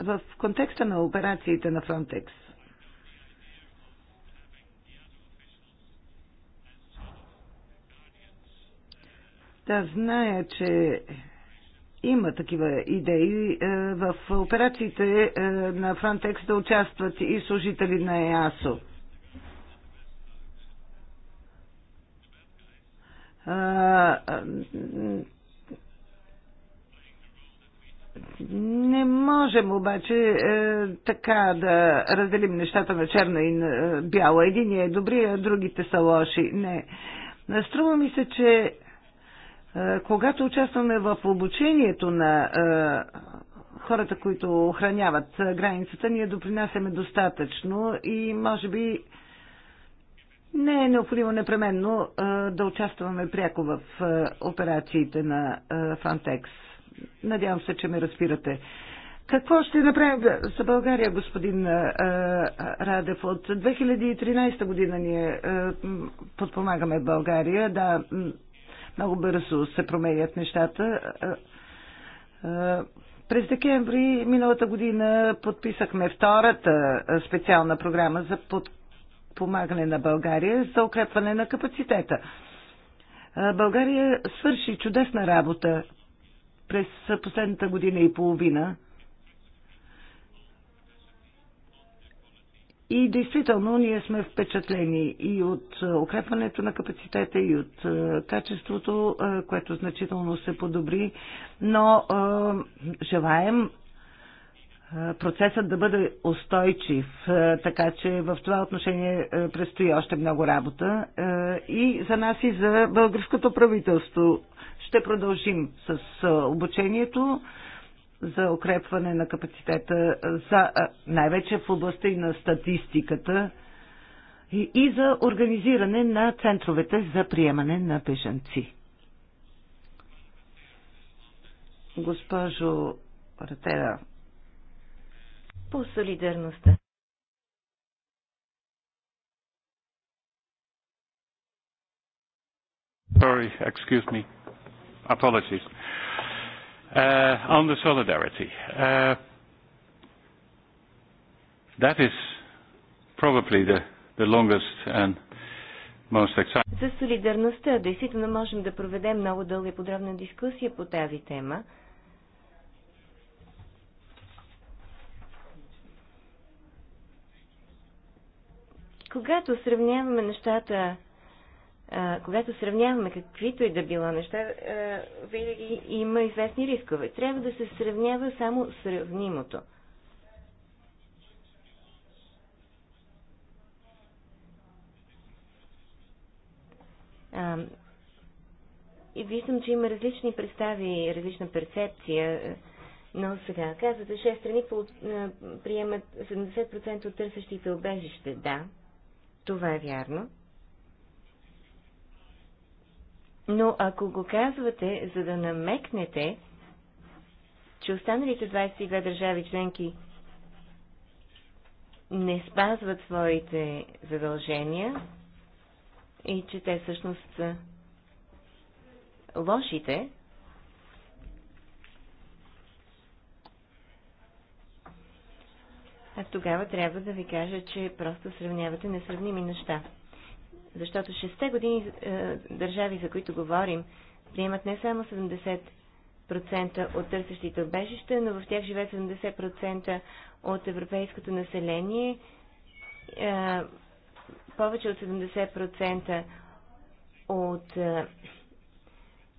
Speaker 2: В контекста на операциите на Frontex Да, зная, че има такива идеи е, в операциите е, на Frontex да участват и служители на ЕАСО. Не можем обаче е, така да разделим нещата на черно и на бяло. Единият е добрия, другите са лоши. Не. Струва ми се, че е, когато участваме в обучението на е, хората, които охраняват границата, ние допринасяме достатъчно и може би не е необходимо непременно е, да участваме пряко в операциите на Frontex. Надявам се, че ме разбирате. Какво ще направим за България, господин Радев? От 2013 година ние подпомагаме България. Да, много бързо се променят нещата. През декември миналата година подписахме втората специална програма за подпомагане на България за укрепване на капацитета. България свърши чудесна работа през последната година и половина И действително ние сме впечатлени и от е, укрепването на капацитета, и от е, качеството, е, което значително се подобри, но желаем процесът да бъде устойчив, така че в това отношение предстои още много работа и за нас и за българското правителство. Ще продължим с обучението за укрепване на капацитета, за, най-вече в областта и на статистиката и, и за организиране на центровете за приемане на бежанци. Госпожо Ратера.
Speaker 3: По солидарността.
Speaker 4: Sorry, excuse me. Apologies. Uh, on the solidarity, uh, that is probably the, the longest and most exciting.
Speaker 3: За солидарността, действително можем да проведем много дълга и подробна дискусия по тази тема. Когато сравняваме нещата а, когато сравняваме каквито и да било неща, а, винаги има известни рискове. Трябва да се сравнява само сравнимото. А, и виждам, че има различни представи, различна перцепция. Но сега казвате, че страни приемат 70% от търсещите убежище. Да, това е вярно. Но ако го казвате, за да намекнете, че останалите 22 държави членки не спазват своите задължения и че те всъщност са лошите, а тогава трябва да ви кажа, че просто сравнявате несравними неща. Защото шесте години е, държави, за които говорим, приемат не само 70% от търсещите обежища, но в тях живеят 70% от европейското население, е, повече от 70% от е,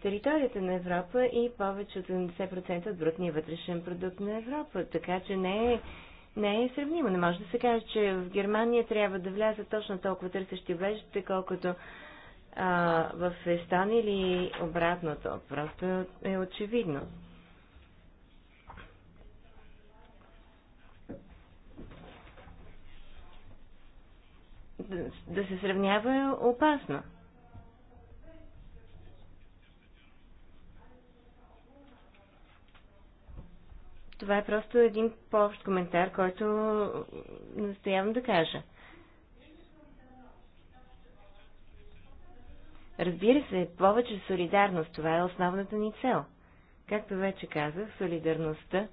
Speaker 3: територията на Европа и повече от 70% от брутния вътрешен продукт на Европа. Така че не е не е сравнима. Не може да се каже, че в Германия трябва да вляза точно толкова търсещи вежите, колкото а, в Естан или обратното. Просто е очевидно. да се сравнява е опасно. Това е просто един по-общ коментар, който настоявам да кажа. Разбира се, повече солидарност, това е основната ни цел. Както вече казах, солидарността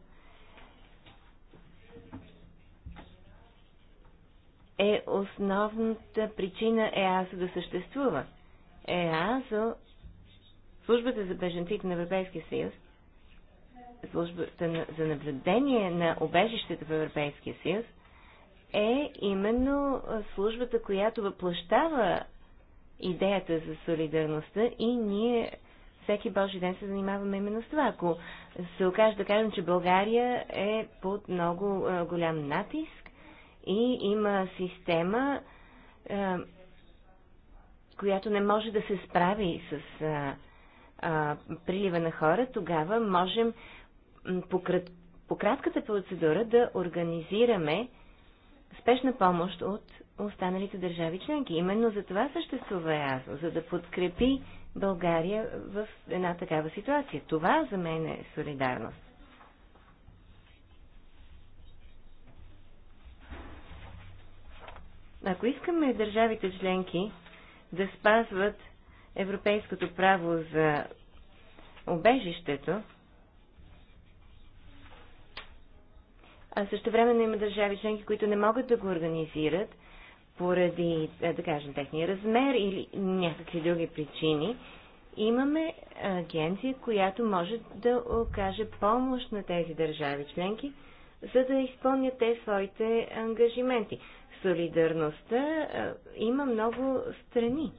Speaker 3: е основната причина ЕАСО да съществува. ЕАСО, службата за беженците на Европейския съюз, службата за наблюдение на обежището в Европейския съюз е именно службата, която въплащава идеята за солидарността и ние всеки Божи ден се занимаваме именно с това. Ако се окаже да кажем, че България е под много голям натиск и има система, която не може да се справи с прилива на хора, тогава можем по, крат, по кратката процедура да организираме спешна помощ от останалите държави членки. Именно за това съществува ЕАЗО, за да подкрепи България в една такава ситуация. Това за мен е солидарност. Ако искаме държавите членки да спазват европейското право за обежището, а също време има държави членки, които не могат да го организират поради, е, да кажем, техния размер или някакви други причини. Имаме агенция, която може да окаже помощ на тези държави членки, за да изпълнят те своите ангажименти. Солидарността е, има много страни,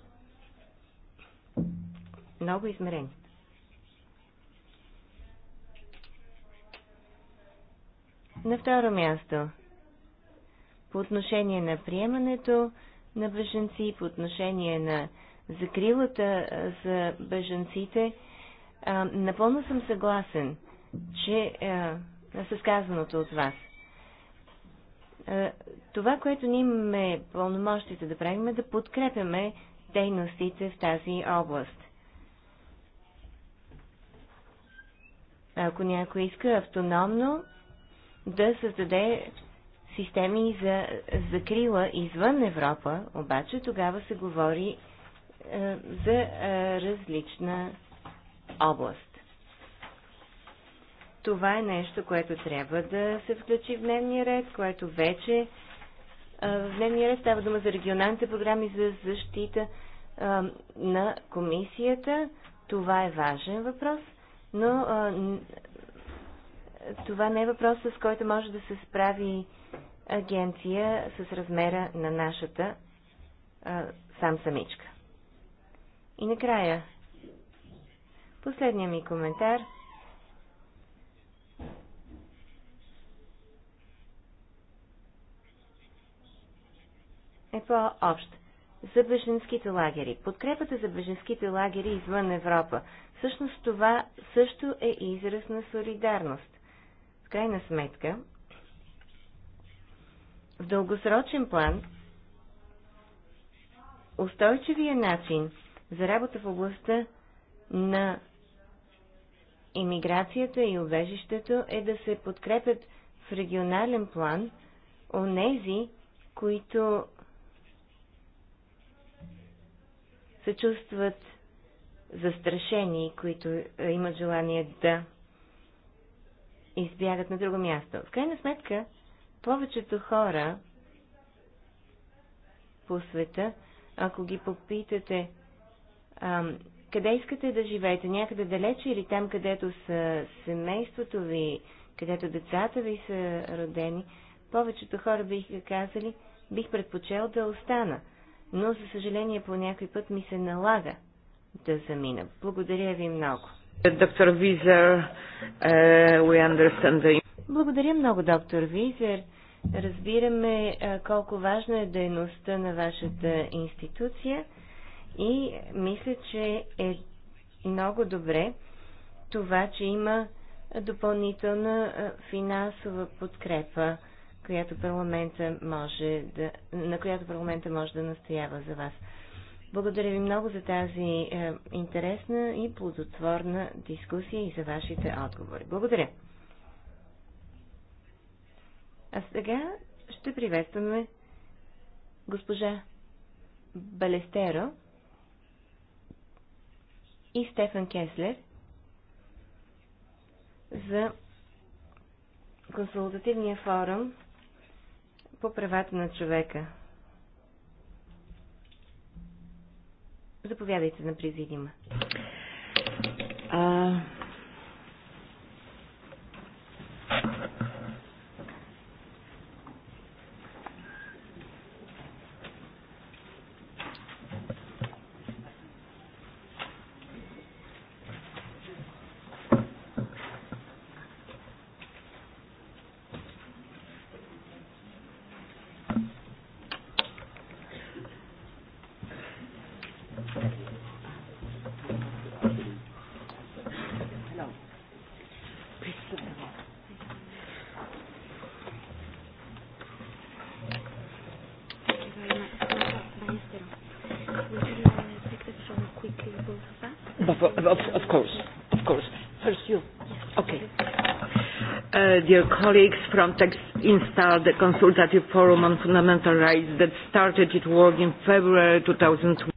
Speaker 3: много измерения. На второ място, по отношение на приемането на беженци, по отношение на закрилата за беженците, напълно съм съгласен, че с казаното от вас. Това, което ние имаме пълномощите да правим, е да подкрепяме дейностите в тази област. Ако някой иска автономно да създаде системи за закрила извън Европа, обаче тогава се говори е, за е, различна област. Това е нещо, което трябва да се включи в дневния ред, което вече е, в дневния ред става дума за регионалните програми за защита е, на комисията. Това е важен въпрос, но е, това не е въпрос, с който може да се справи агенция с размера на нашата а, сам самичка. И накрая, последния ми коментар. е по-общ. За беженските лагери. Подкрепата за беженските лагери извън Европа. Всъщност това също е израз на солидарност крайна сметка, в дългосрочен план, устойчивия начин за работа в областта на иммиграцията и убежището е да се подкрепят в регионален план онези, които се чувстват застрашени, които е, имат желание да избягат на друго място. В крайна сметка, повечето хора по света, ако ги попитате ам, къде искате да живеете, някъде далече или там, където са семейството ви, където децата ви са родени, повечето хора биха казали, бих предпочел да остана, но за съжаление по някой път ми се налага да замина. Благодаря ви много. Доктор Визер, е, we understand the... Благодаря много, доктор Визер. Разбираме е, колко важна е дейността на вашата институция и мисля, че е много добре това, че има допълнителна е, финансова подкрепа, която парламента може да, на която парламента може да настоява за вас. Благодаря ви много за тази е, интересна и плодотворна дискусия и за вашите отговори. Благодаря. А сега ще приветстваме госпожа Балестеро и Стефан Кеслер за консултативния форум по правата на човека. Заповядайте на президима. А,
Speaker 2: dear colleagues, Frontex installed the consultative forum on fundamental rights that started its work in February 2020.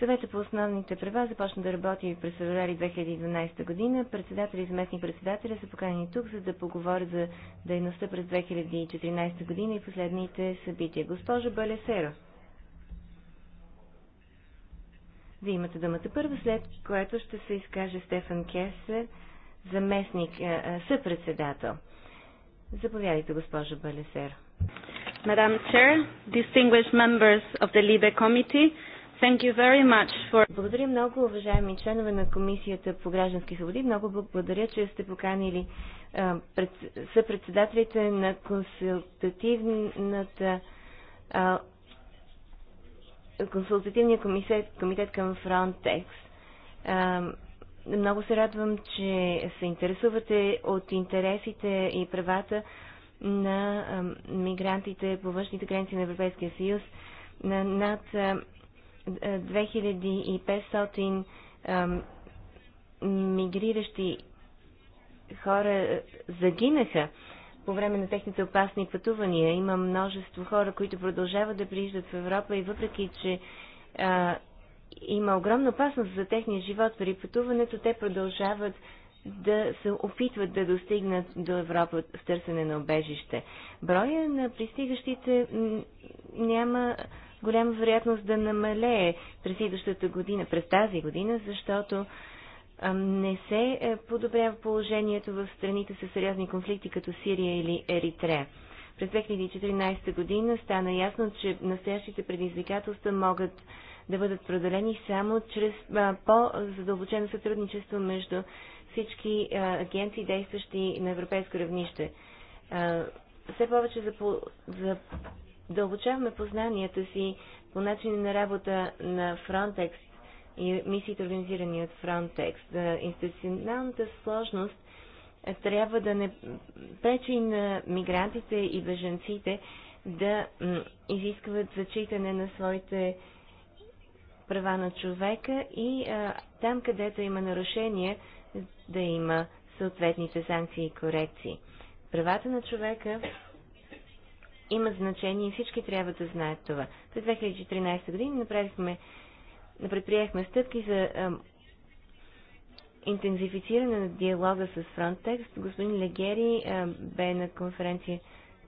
Speaker 3: Съвета по основните права започна да работи през февруари 2012 година. Председатели и заместни председатели са поканени тук, за да поговорят за дейността през 2014 година и последните събития. Госпожа Балесера. Вие имате думата първа, след което ще се изкаже Стефан Кесер – заместник, е, е, съпредседател. Заповядайте, госпожа Балесер. Мадам Чер, distinguished members of the LIBE Committee, thank you very much for... Благодаря много, уважаеми членове на Комисията по граждански свободи. Много благодаря, че сте поканили е, пред, съпредседателите на консултативната консултативния комитет, комитет към Frontex. Много се радвам, че се интересувате от интересите и правата на мигрантите по външните граници на Европейския съюз. На над 2500 мигриращи хора е, загинаха по време на техните опасни пътувания. Има множество хора, които продължават да прииждат в Европа и въпреки, че а, има огромна опасност за техния живот при пътуването, те продължават да се опитват да достигнат до Европа в търсене на обежище. Броя на пристигащите няма голяма вероятност да намалее през следващата година, през тази година, защото не се е, подобрява положението в страните с сериозни конфликти като Сирия или Еритрея. През 2014 година стана ясно, че настоящите предизвикателства могат да бъдат преодолени само чрез по-задълбочено сътрудничество между всички агенции, действащи на европейско равнище. все повече задълбочаваме познанията си по начин на работа на Frontex и мисиите, организирани от Frontex. Институционалната сложност трябва да не пречи на мигрантите и беженците да изискват зачитане на своите права на човека и а, там, където има нарушение, да има съответните санкции и корекции. Правата на човека имат значение и всички трябва да знаят това. През 2013 година направихме, предприехме стъпки за а, интензифициране на диалога с Frontex. Господин Легери а, бе на конференция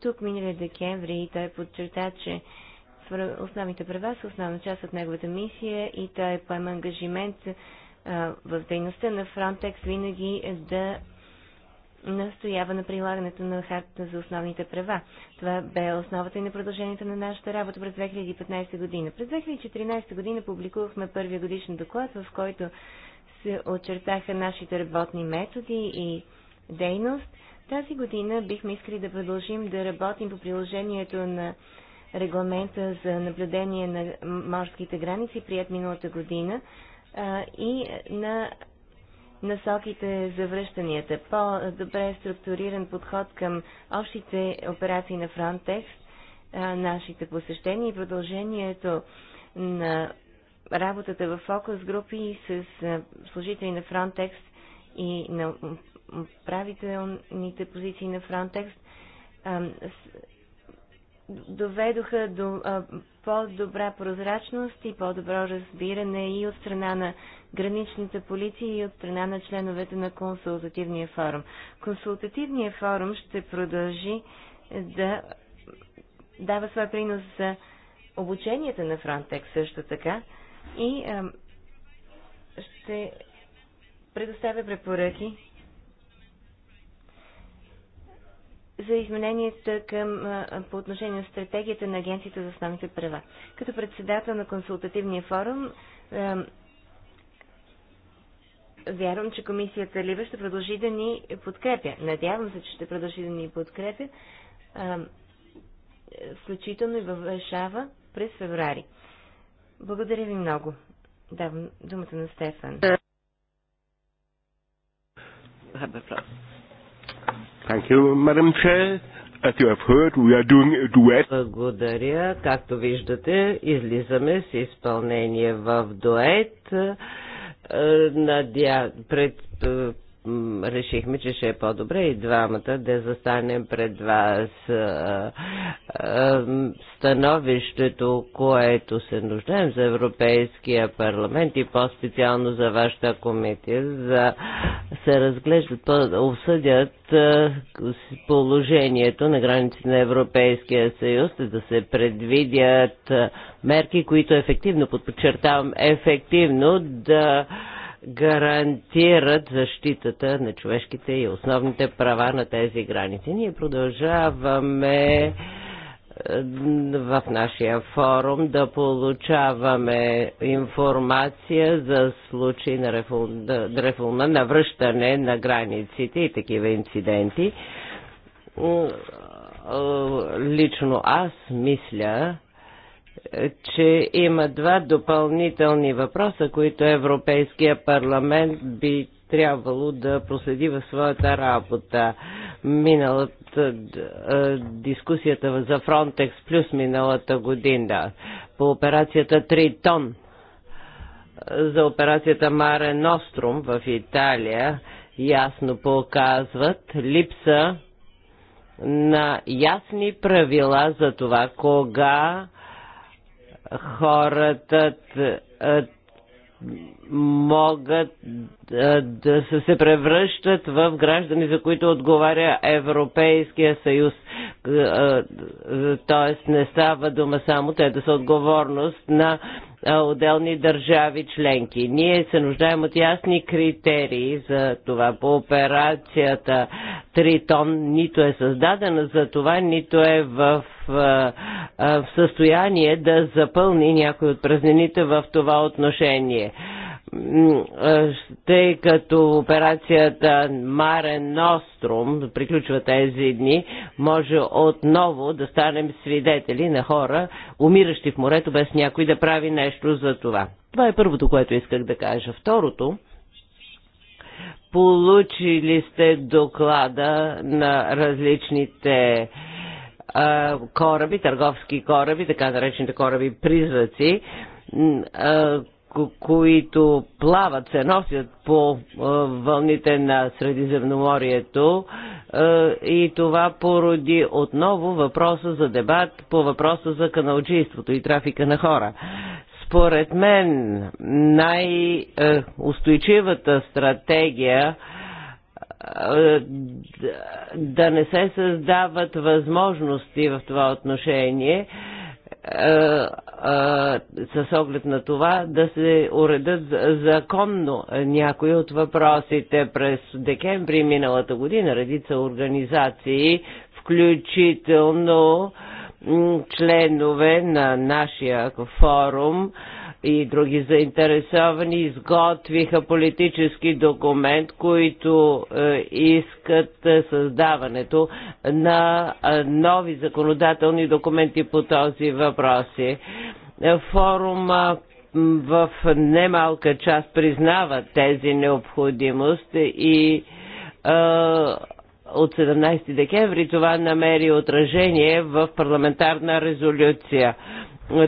Speaker 3: тук миналия декември и той подчерта, че основните права са основна част от неговата мисия и той поема ангажимент в дейността на Frontex винаги да настоява на прилагането на Хартата за основните права. Това бе основата и на продължението на нашата работа през 2015 година. През 2014 година публикувахме първия годишен доклад, в който се очертаха нашите работни методи и дейност. Тази година бихме искали да продължим да работим по приложението на регламента за наблюдение на морските граници, прият миналата година, и на насоките за връщанията. По-добре структуриран подход към общите операции на Frontex, нашите посещения и продължението на работата в фокус групи с служители на Frontex и на правителните позиции на Frontex доведоха до по-добра прозрачност и по-добро разбиране и от страна на граничната полиция и от страна на членовете на консултативния форум. Консултативният форум ще продължи да дава своя принос за обученията на Frontex също така и а, ще предоставя препоръки за измененията към, по отношение на стратегията на Агенцията за основните права. Като председател на консултативния форум, вярвам, че комисията Лива ще продължи да ни подкрепя. Надявам се, че ще продължи да ни подкрепя, включително и във Варшава през феврари. Благодаря ви много. Давам думата на Стефан.
Speaker 1: the floor.
Speaker 4: Thank you, Madam Chair. As you have heard, we are doing a duet.
Speaker 1: Благодаря. Както виждате, излизаме с изпълнение в дует. Е, надя... Пред решихме, че ще е по-добре и двамата да застанем пред вас. Становището, което се нуждаем за Европейския парламент и по-специално за вашата комития, за се разглеждат, обсъдят положението на границите на Европейския съюз, да се предвидят мерки, които ефективно, подчертавам, ефективно да гарантират защитата на човешките и основните права на тези граници. Ние продължаваме е, в нашия форум да получаваме информация за случаи на реформа, на връщане на границите и такива инциденти. Е, лично аз мисля, че има два допълнителни въпроса, които Европейския парламент би трябвало да проследи в своята работа. Миналата е, дискусията за Фронтекс плюс миналата година по операцията Тритон е, за операцията Маре Ностром в Италия ясно показват липса на ясни правила за това кога хората могат да се превръщат в граждани, за които отговаря Европейския съюз. Тоест не става дума само те да са отговорност на отделни държави членки. Ние се нуждаем от ясни критерии за това. По операцията Тритон нито е създадена за това, нито е в, в, състояние да запълни някои от празнините в това отношение тъй като операцията Марен Ностром приключва тези дни, може отново да станем свидетели на хора, умиращи в морето, без някой да прави нещо за това. Това е първото, което исках да кажа. Второто, получили сте доклада на различните а, кораби, търговски кораби, така наречените кораби призраци, които плават, се носят по вълните на Средиземноморието и това породи отново въпроса за дебат по въпроса за каналчийството и трафика на хора. Според мен най-устойчивата стратегия да не се създават възможности в това отношение е, е, с оглед на това да се уредат законно някои от въпросите. През декември миналата година редица организации, включително членове на нашия форум, и други заинтересовани изготвиха политически документ, които е, искат е, създаването на е, нови законодателни документи по този въпрос. Форума в немалка част признава тези необходимост и от 17 декември това намери отражение в парламентарна резолюция.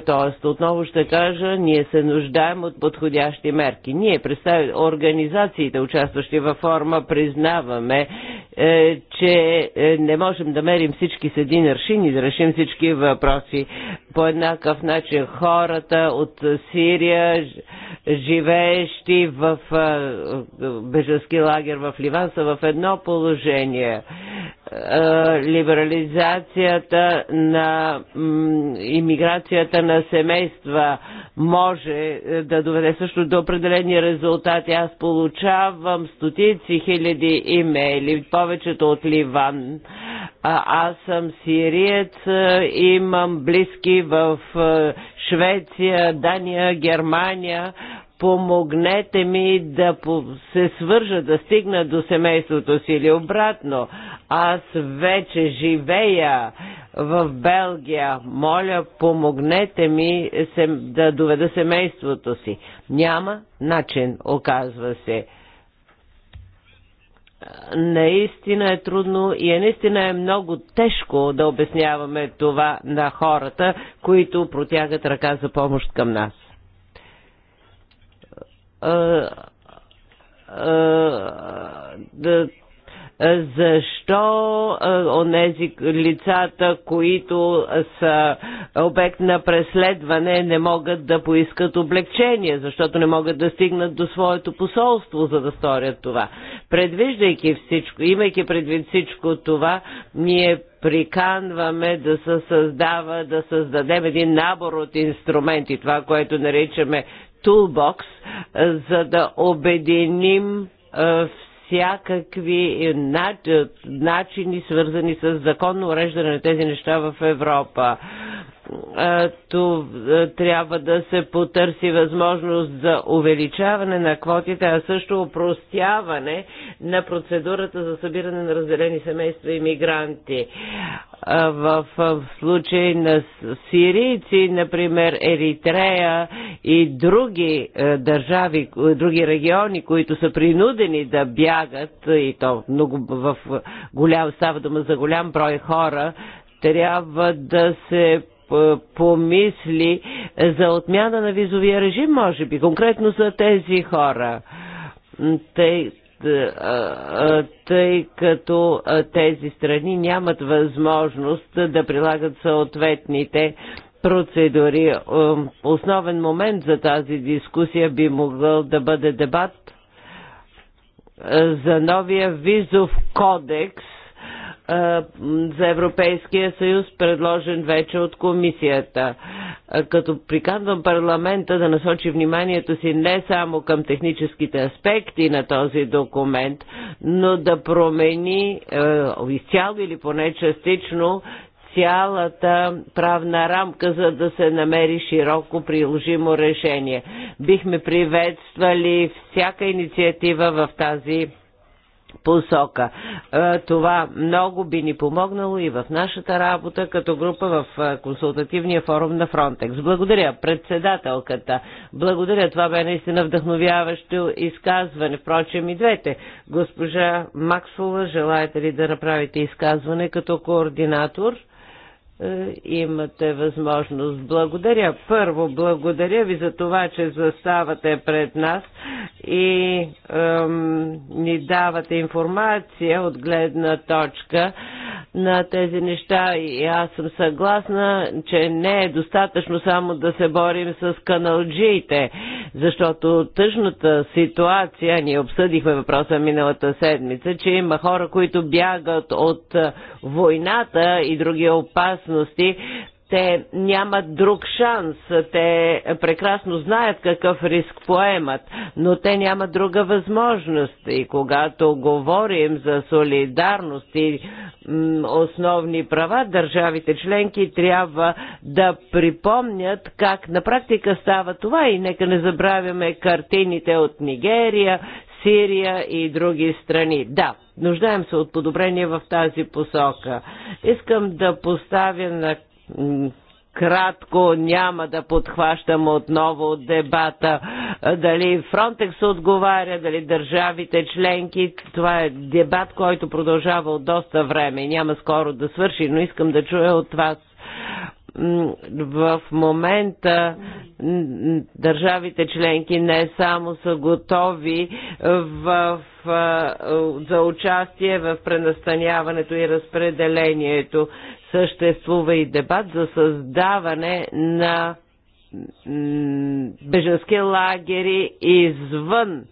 Speaker 1: Тоест, отново ще кажа, ние се нуждаем от подходящи мерки. Ние, представ... организациите, участващи във форма, признаваме, е, че е, не можем да мерим всички с един аршин и да решим всички въпроси. По еднакъв начин хората от Сирия, живеещи в е, е, бежански лагер в Ливан, са в едно положение либерализацията на иммиграцията на семейства може е, да доведе също до определени резултати. Аз получавам стотици хиляди имейли, повечето от Ливан. Аз съм сириец, е, имам близки в е, Швеция, Дания, Германия помогнете ми да се свържа, да стигна до семейството си или обратно. Аз вече живея в Белгия. Моля, помогнете ми да доведа семейството си. Няма начин, оказва се наистина е трудно и е наистина е много тежко да обясняваме това на хората, които протягат ръка за помощ към нас да защо онези лицата, които са обект на преследване, не могат да поискат облегчение, защото не могат да стигнат до своето посолство, за да сторят това. Предвиждайки всичко, имайки предвид всичко това, ние приканваме да се създава, да създадем един набор от инструменти, това, което наричаме Toolbox, за да обединим всякакви начини, свързани с законно уреждане на тези неща в Европа то трябва да се потърси възможност за увеличаване на квотите, а също упростяване на процедурата за събиране на разделени семейства и мигранти. В, в случай на сирийци, например Еритрея и други държави, други региони, които са принудени да бягат, и то много в голям, става дума за голям брой хора, трябва да се е, помисли за отмяна на визовия режим, може би, конкретно за тези хора. Тъй, е, тъй като тези страни нямат възможност да прилагат съответните процедури. Е, основен момент за тази дискусия би могъл да бъде дебат за новия визов кодекс за Европейския съюз, предложен вече от комисията. Като приканвам парламента да насочи вниманието си не само към техническите аспекти на този документ, но да промени изцяло или поне частично цялата правна рамка, за да се намери широко приложимо решение. Бихме приветствали всяка инициатива в тази посока. Това много би ни помогнало и в нашата работа като група в консултативния форум на Фронтекс. Благодаря председателката. Благодаря. Това бе наистина вдъхновяващо изказване. Впрочем и двете. Госпожа Максула, желаете ли да направите изказване като координатор? Е, имате възможност. Благодаря. Първо, благодаря ви за това, че заставате пред нас и ем, ни давате информация от гледна точка на тези неща. И аз съм съгласна, че не е достатъчно само да се борим с каналджиите, защото тъжната ситуация, ние обсъдихме въпроса миналата седмица, че има хора, които бягат от е, войната и други опас общности, те нямат друг шанс. Те прекрасно знаят какъв риск поемат, но те нямат друга възможност. И когато говорим за солидарност и основни права, държавите членки трябва да припомнят как на практика става това и нека не забравяме картините от Нигерия, Сирия и други страни. Да, нуждаем се от подобрение в тази посока. Искам да поставя на кратко няма да подхващам отново дебата дали Фронтекс отговаря, дали държавите членки. Това е дебат, който продължава от доста време и няма скоро да свърши, но искам да чуя от вас в момента държавите членки не само са готови в, за участие в пренастаняването и разпределението. Съществува и дебат за създаване на беженски лагери извън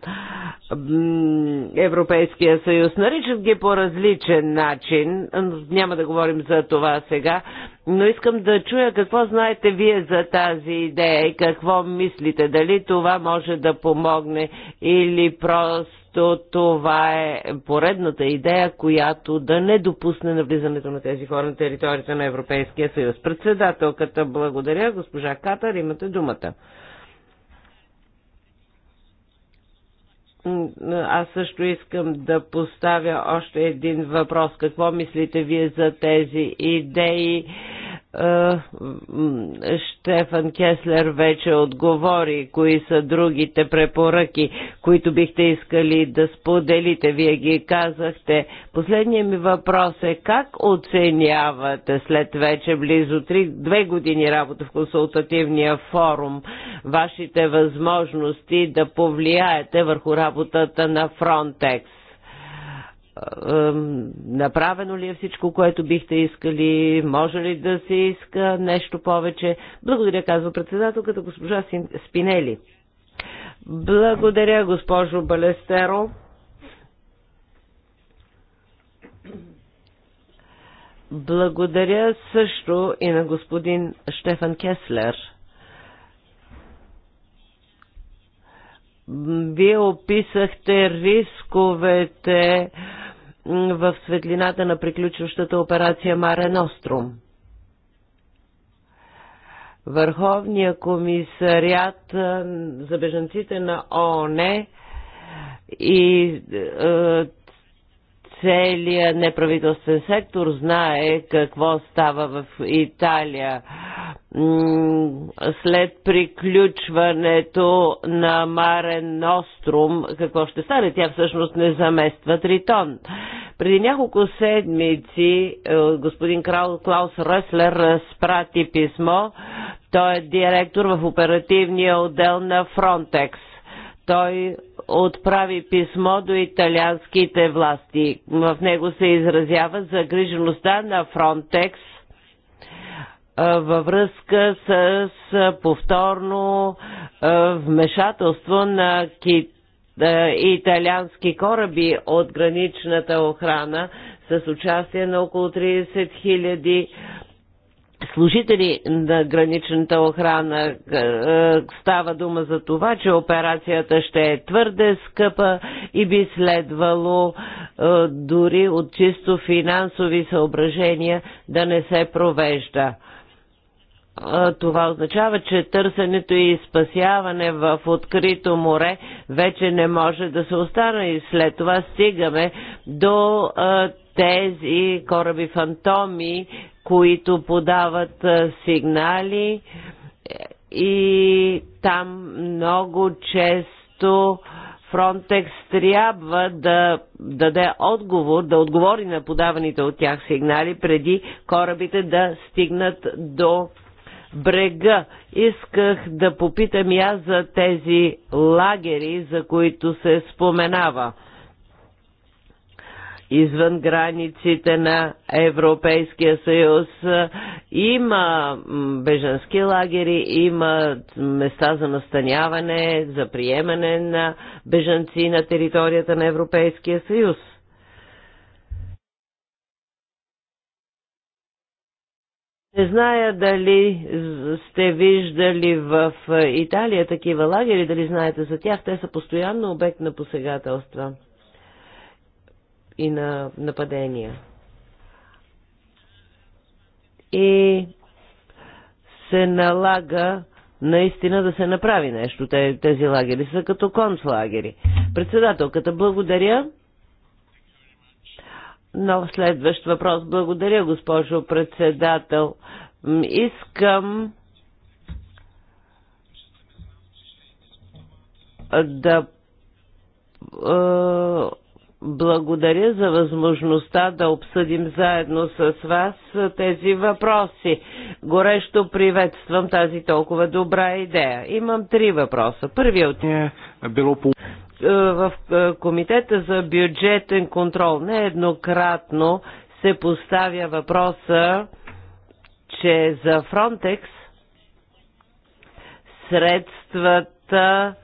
Speaker 1: Европейския съюз. Наричат ги по различен начин. Няма да говорим за това сега, но искам да чуя какво знаете вие за тази идея и какво мислите. Дали това може да помогне или просто то това е поредната идея, която да не допусне навлизането на тези хора на територията на Европейския съюз. Председателката, благодаря. Госпожа Катар, имате думата. Аз също искам да поставя още един въпрос. Какво мислите вие за тези идеи? Е, Штефан Кеслер вече отговори, кои са другите препоръки, които бихте искали да споделите. Вие ги казахте. Последният ми въпрос е как оценявате след вече близо 3, 2 години работа в консултативния форум вашите възможности да повлияете върху работата на Фронтекс? направено ли е всичко, което бихте искали, може ли да се иска нещо повече. Благодаря, казва председателката госпожа Спинели. Благодаря, госпожо Балестеро. Благодаря също и на господин Штефан Кеслер – Вие описахте рисковете в светлината на приключващата операция Маре Ностром. Върховния комисариат е, за бежанците на ООН и е, целият неправителствен сектор знае какво става в Италия след приключването на Марен Нострум, какво ще стане? Тя всъщност не замества Тритон. Преди няколко седмици е, господин Клаус Реслер разпрати писмо. Той е директор в оперативния отдел на Фронтекс. Той отправи писмо до италианските власти. В него се изразява загрижеността на Фронтекс във връзка с повторно вмешателство на италиански кораби от граничната охрана с участие на около 30 хиляди служители на граничната охрана. Става дума за това, че операцията ще е твърде скъпа и би следвало дори от чисто финансови съображения да не се провежда това означава, че търсенето и спасяване в открито море вече не може да се остане и след това стигаме до тези кораби фантоми, които подават сигнали и там много често Фронтекс трябва да даде отговор, да отговори на подаваните от тях сигнали преди корабите да стигнат до брега. Исках да попитам и аз за тези лагери, за които се споменава извън границите на Европейския съюз. Има бежански лагери, има места за настаняване, за приемане на бежанци на територията на Европейския съюз. Не зная дали сте виждали в е, Италия такива лагери, дали знаете за тях. Те са постоянно обект на посегателства и на нападения. И се налага наистина да се направи нещо. Тези лагери са като концлагери. Председателката, благодаря. Но следващ въпрос. Благодаря, госпожо председател. Искам да благодаря за възможността да обсъдим заедно с вас тези въпроси. Горещо приветствам тази толкова добра идея. Имам три въпроса. Първият от... Е, е, в е, Комитета за бюджетен контрол нееднократно се поставя въпроса, че за Фронтекс средствата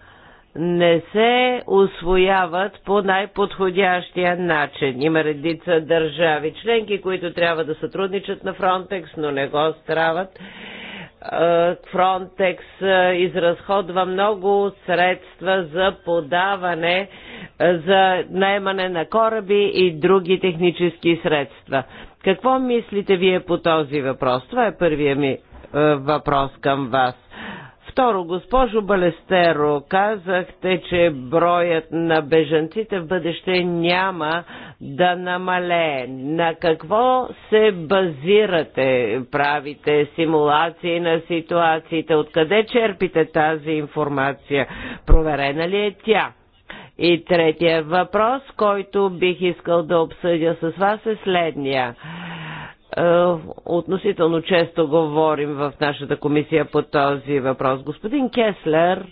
Speaker 1: не се освояват по най-подходящия начин. Има редица държави членки, които трябва да сътрудничат на Фронтекс, но не го страват е, Фронтекс е, изразходва много средства за подаване, е, за наймане на кораби и други технически средства. Какво мислите вие по този въпрос? Това е първия ми въпрос към вас. Второ, госпожо Балестеро, казахте, че броят на бежанците в бъдеще няма да намалее. На какво се базирате? Правите симулации на ситуациите? Откъде черпите тази информация? Проверена ли е тя? И третия въпрос, който бих искал да обсъдя с вас е следния. Е, относително често говорим в нашата комисия по този въпрос. Господин Кеслер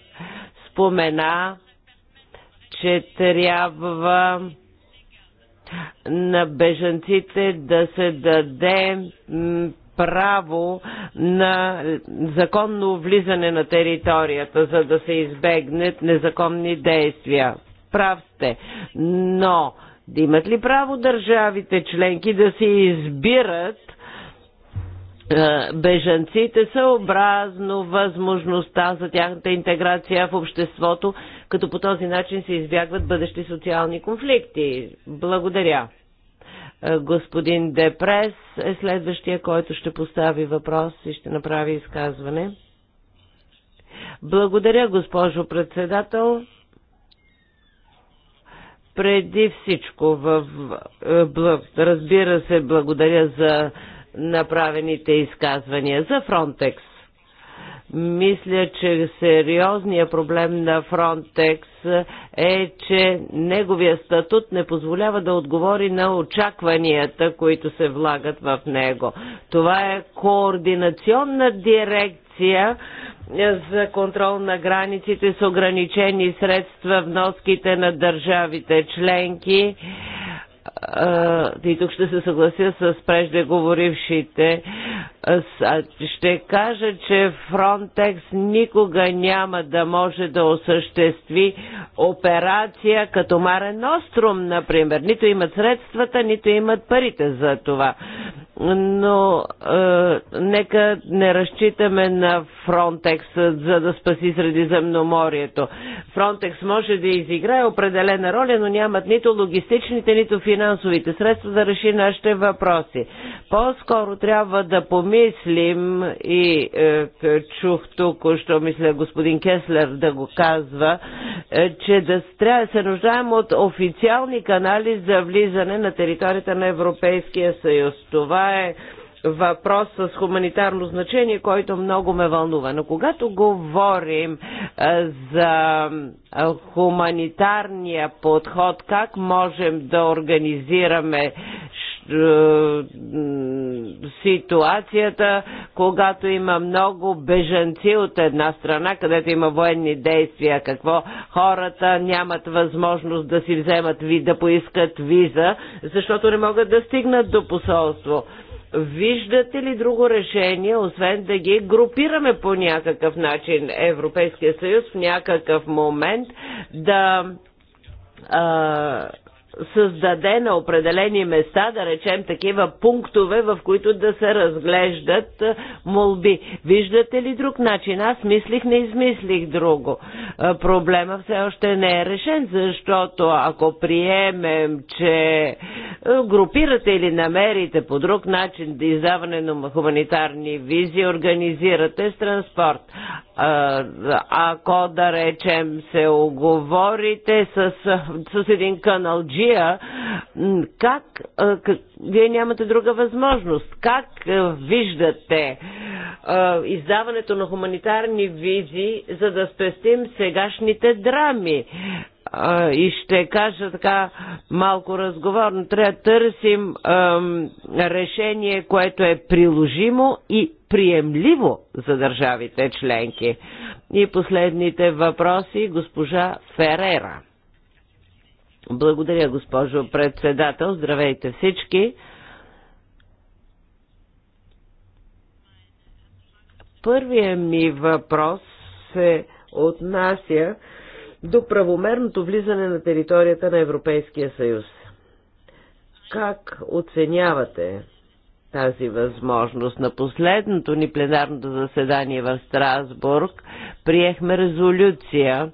Speaker 1: спомена, че трябва на бежанците да се даде право на законно влизане на територията, за да се избегнат незаконни действия. Прав сте, но да Имат ли право държавите членки да си избират бежанците съобразно възможността за тяхната интеграция в обществото, като по този начин се избягват бъдещи социални конфликти. Благодаря. Господин Депрес е следващия, който ще постави въпрос и ще направи изказване. Благодаря, госпожо председател. Преди всичко, в, е, разбира се, благодаря за направените изказвания за Фронтекс. Мисля, че сериозният проблем на Фронтекс е, че неговия статут не позволява да отговори на очакванията, които се влагат в него. Това е координационна дирекция Гърция е, за контрол на границите с ограничени средства вноските на държавите членки и тук ще се съглася с преждеговорившите, ще кажа, че Фронтекс никога няма да може да осъществи операция като Маре Ностром, например. Нито имат средствата, нито имат парите за това. Но е, нека не разчитаме на Фронтекс, за да спаси Средиземноморието. Фронтекс може да изиграе определена роля, но нямат нито логистичните, нито финансовите финансовите средства да реши нашите въпроси. По-скоро трябва да помислим и е, чух тук, що мисля господин Кеслер да го казва, е, че да трябва да се нуждаем от официални канали за влизане на територията на Европейския съюз. Това е въпрос с хуманитарно значение, който много ме вълнува. Но когато говорим е, за е, хуманитарния подход, как можем да организираме е, ситуацията, когато има много бежанци от една страна, където има военни действия, какво хората нямат възможност да си вземат ви, да поискат виза, защото не могат да стигнат до посолство. Виждате ли друго решение, освен да ги групираме по някакъв начин Европейския съюз в някакъв момент да а, създаде на определени места, да речем такива пунктове, в които да се разглеждат молби. Виждате ли друг начин? Аз мислих, не измислих друго. Проблема все още не е решен, защото ако приемем, че групирате или намерите по друг начин да издаване на хуманитарни визи, организирате с транспорт ако да речем се оговорите с, с един каналджия, как, как вие нямате друга възможност. Как виждате издаването на хуманитарни визи, за да спестим сегашните драми? и ще кажа така малко разговорно, трябва да търсим ем, решение, което е приложимо и приемливо за държавите членки. И последните въпроси госпожа Ферера. Благодаря, госпожо председател. Здравейте всички. Първият ми въпрос се отнася до правомерното влизане на територията на Европейския съюз. Как оценявате тази възможност. На последното ни пленарното заседание в Страсбург приехме резолюция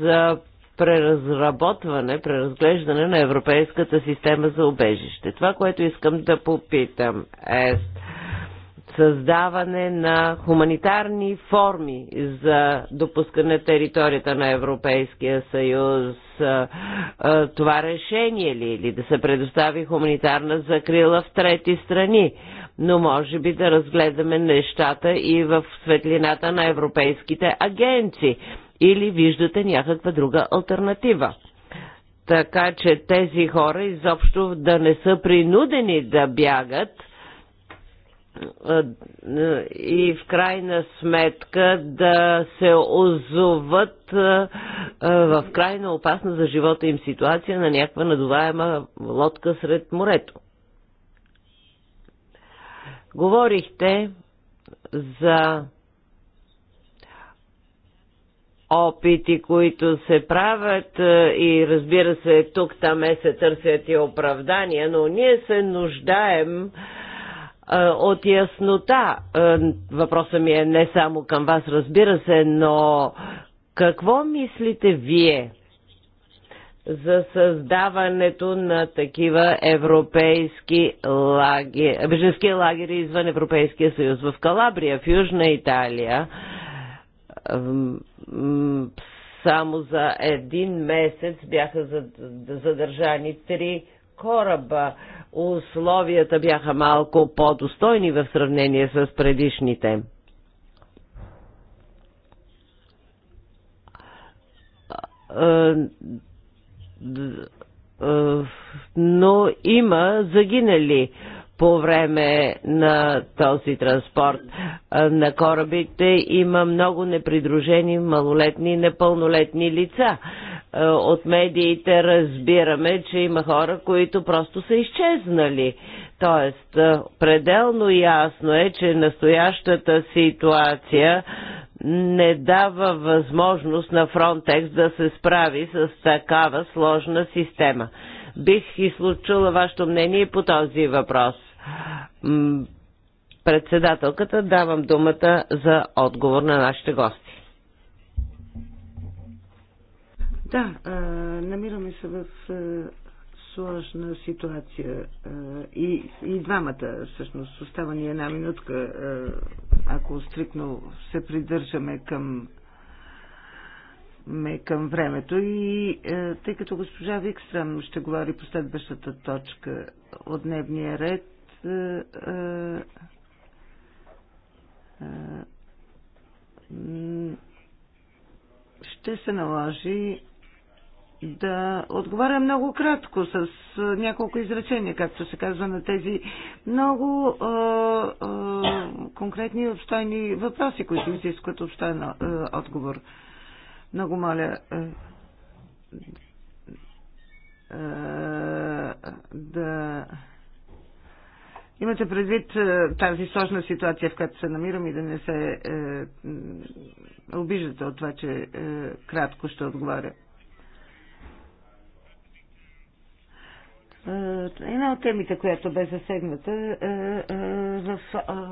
Speaker 1: за преразработване, преразглеждане на Европейската система за обежище. Това, което искам да попитам е създаване на хуманитарни форми за допускане на територията на Европейския съюз. Това решение ли или да се предостави хуманитарна закрила в трети страни? Но може би да разгледаме нещата и в светлината на европейските агенции. Или виждате някаква друга альтернатива? Така че тези хора изобщо да не са принудени да бягат – и в крайна сметка да се озоват в крайна опасна за живота им ситуация на някаква надуваема лодка сред морето. Говорихте за опити, които се правят и разбира се, тук-там е се търсят и оправдания, но ние се нуждаем е, от яснота. Е, въпросът ми е не само към вас, разбира се, но какво мислите вие за създаването на такива европейски лагери, беженски лагери извън Европейския съюз? В Калабрия, в Южна Италия, само за един месец бяха задържани три кораба условията бяха малко по-достойни в сравнение с предишните. Но има загинали по време на този транспорт на корабите има много непридружени малолетни и непълнолетни лица. От медиите разбираме, че има хора, които просто са изчезнали. Тоест, пределно ясно е, че настоящата ситуация не дава възможност на Фронтекс да се справи с такава сложна система. Бих изслучила вашето мнение по този въпрос. Председателката давам думата за отговор на нашите гости.
Speaker 2: Да, намираме се в сложна ситуация. и, и двамата, всъщност, остава ни една минутка, ако стрикно се придържаме към ме към времето и е, тъй като госпожа Викстрам ще говори по следващата точка от дневния ред, е, е, е, ще се наложи да отговаря много кратко с няколко изречения, както се казва на тези много е, е, конкретни и обстойни въпроси, които изискват е, отговор. Много моля е, е, да Имате предвид е, тази сложна ситуация, в която се намирам и да не се е, обиждате от това, че е, кратко ще отговаря. Е, една от темите, която бе засегната е, в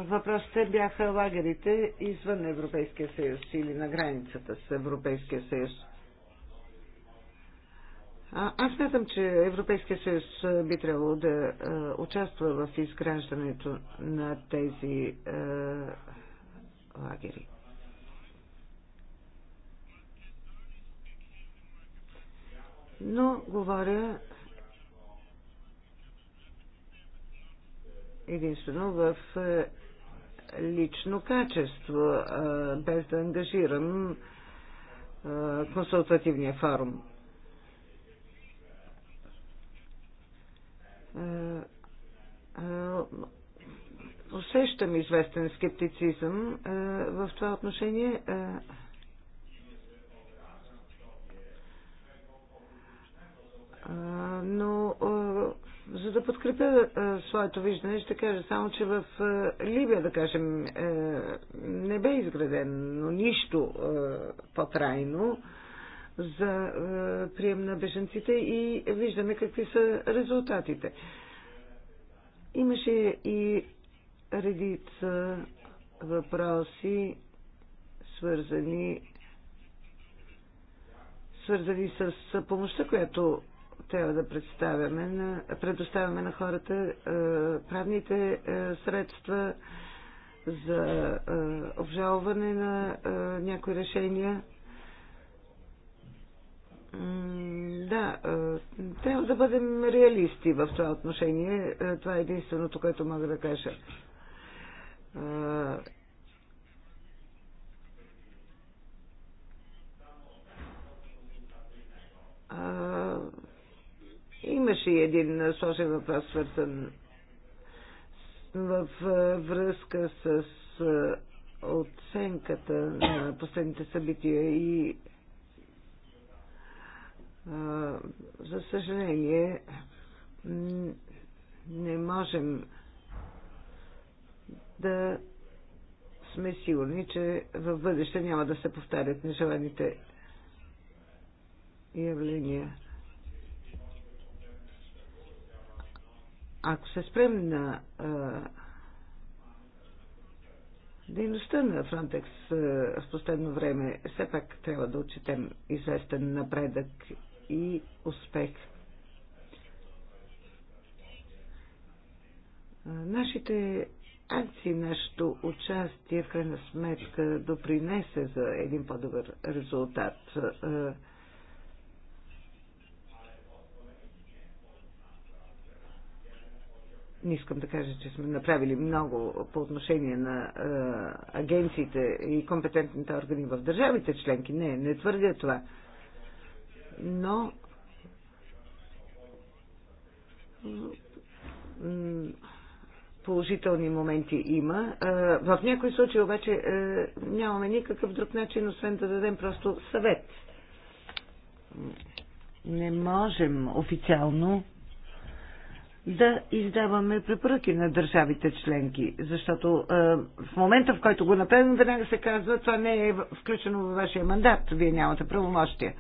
Speaker 2: въпросите бяха лагерите извън Европейския съюз или на границата с Европейския съюз. Аз смятам, че Европейския съюз би трябвало да участва в изграждането на тези лагери. Но говоря единствено в лично качество, без да ангажирам консултативния форум. Е, е, усещам известен скептицизъм е, в това отношение. Но за да подкрепя своето виждане, ще кажа само, че в Либия, да кажем, не бе изградено нищо по-трайно за е, прием на беженците и виждаме какви са резултатите. Имаше и редица въпроси, свързани, свързани с помощта, която трябва да представяме на, предоставяме на хората е, правните е, средства за е, обжалване на е, някои решения. Да, трябва да бъдем реалисти в това отношение. Това е единственото, което мога да кажа. Имаше и един сложен въпрос, свързан в връзка с оценката на последните събития и за съжаление, не можем да сме сигурни, че в бъдеще няма да се повтарят нежеланите явления. Ако се спрем на а, дейността на Фронтекс в последно време, все пак трябва да отчетем известен напредък и успех. Нашите акции, нашето участие в крайна сметка допринесе за един по-добър резултат. не искам да кажа, че сме направили много по отношение на агенциите и компетентните органи в държавите членки. Не, не твърдя това но положителни моменти има. Е, в някои случаи обаче е, нямаме никакъв друг начин, освен да дадем просто съвет. Не можем официално да издаваме препоръки на държавите членки, защото е, в момента, в който го направим, веднага се казва, това не е включено във вашия мандат, вие нямате правомощия.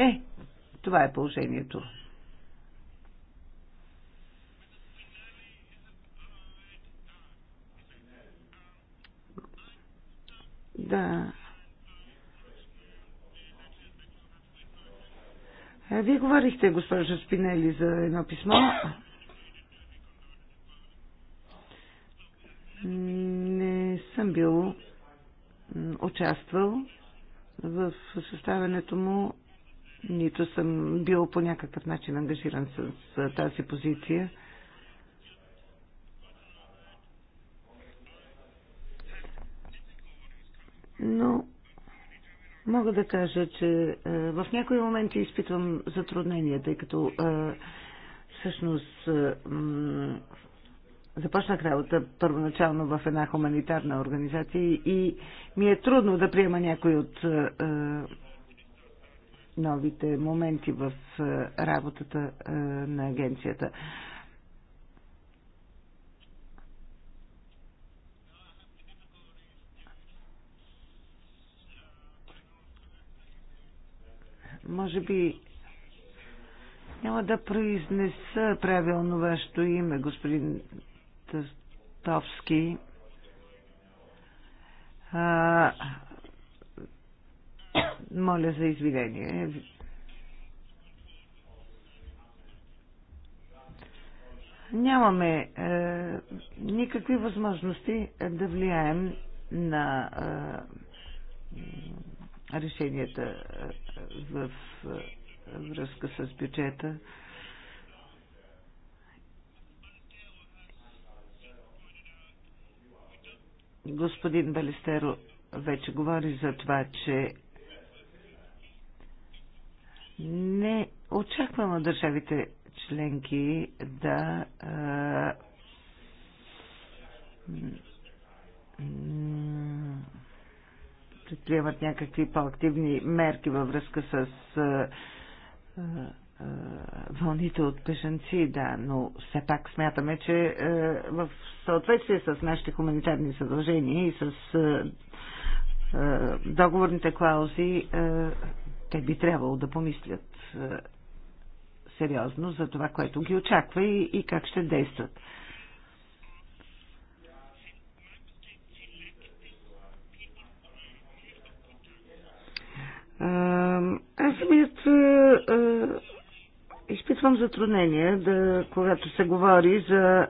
Speaker 2: Е, това е положението. Да. Е, вие говорихте, госпожо Спинели, за едно писмо. Не съм бил участвал в съставянето му нито съм бил по някакъв начин ангажиран с, с тази позиция. Но мога да кажа, че е, в някои моменти изпитвам затруднения, тъй като е, всъщност е, започнах работа първоначално в една хуманитарна организация и ми е трудно да приема някои от е, новите моменти в е, работата е, на агенцията. Може би няма да произнеса правилно вашето име, господин Тастовски. А, моля за извинение. Нямаме е, никакви възможности е, да влияем на е, решенията е, в е, връзка с бюджета. Господин Балестеро вече говори за това, че не очаквам от държавите членки да а, предприемат някакви по-активни мерки във връзка с а, а, вълните от пешенци, да, но все пак смятаме, че а, в съответствие с нашите хуманитарни задължения и с а, договорните клаузи те би трябвало да помислят е, сериозно за това, което ги очаква и, и как ще действат. Е, аз самият е, изпитвам затруднение, да, когато се говори за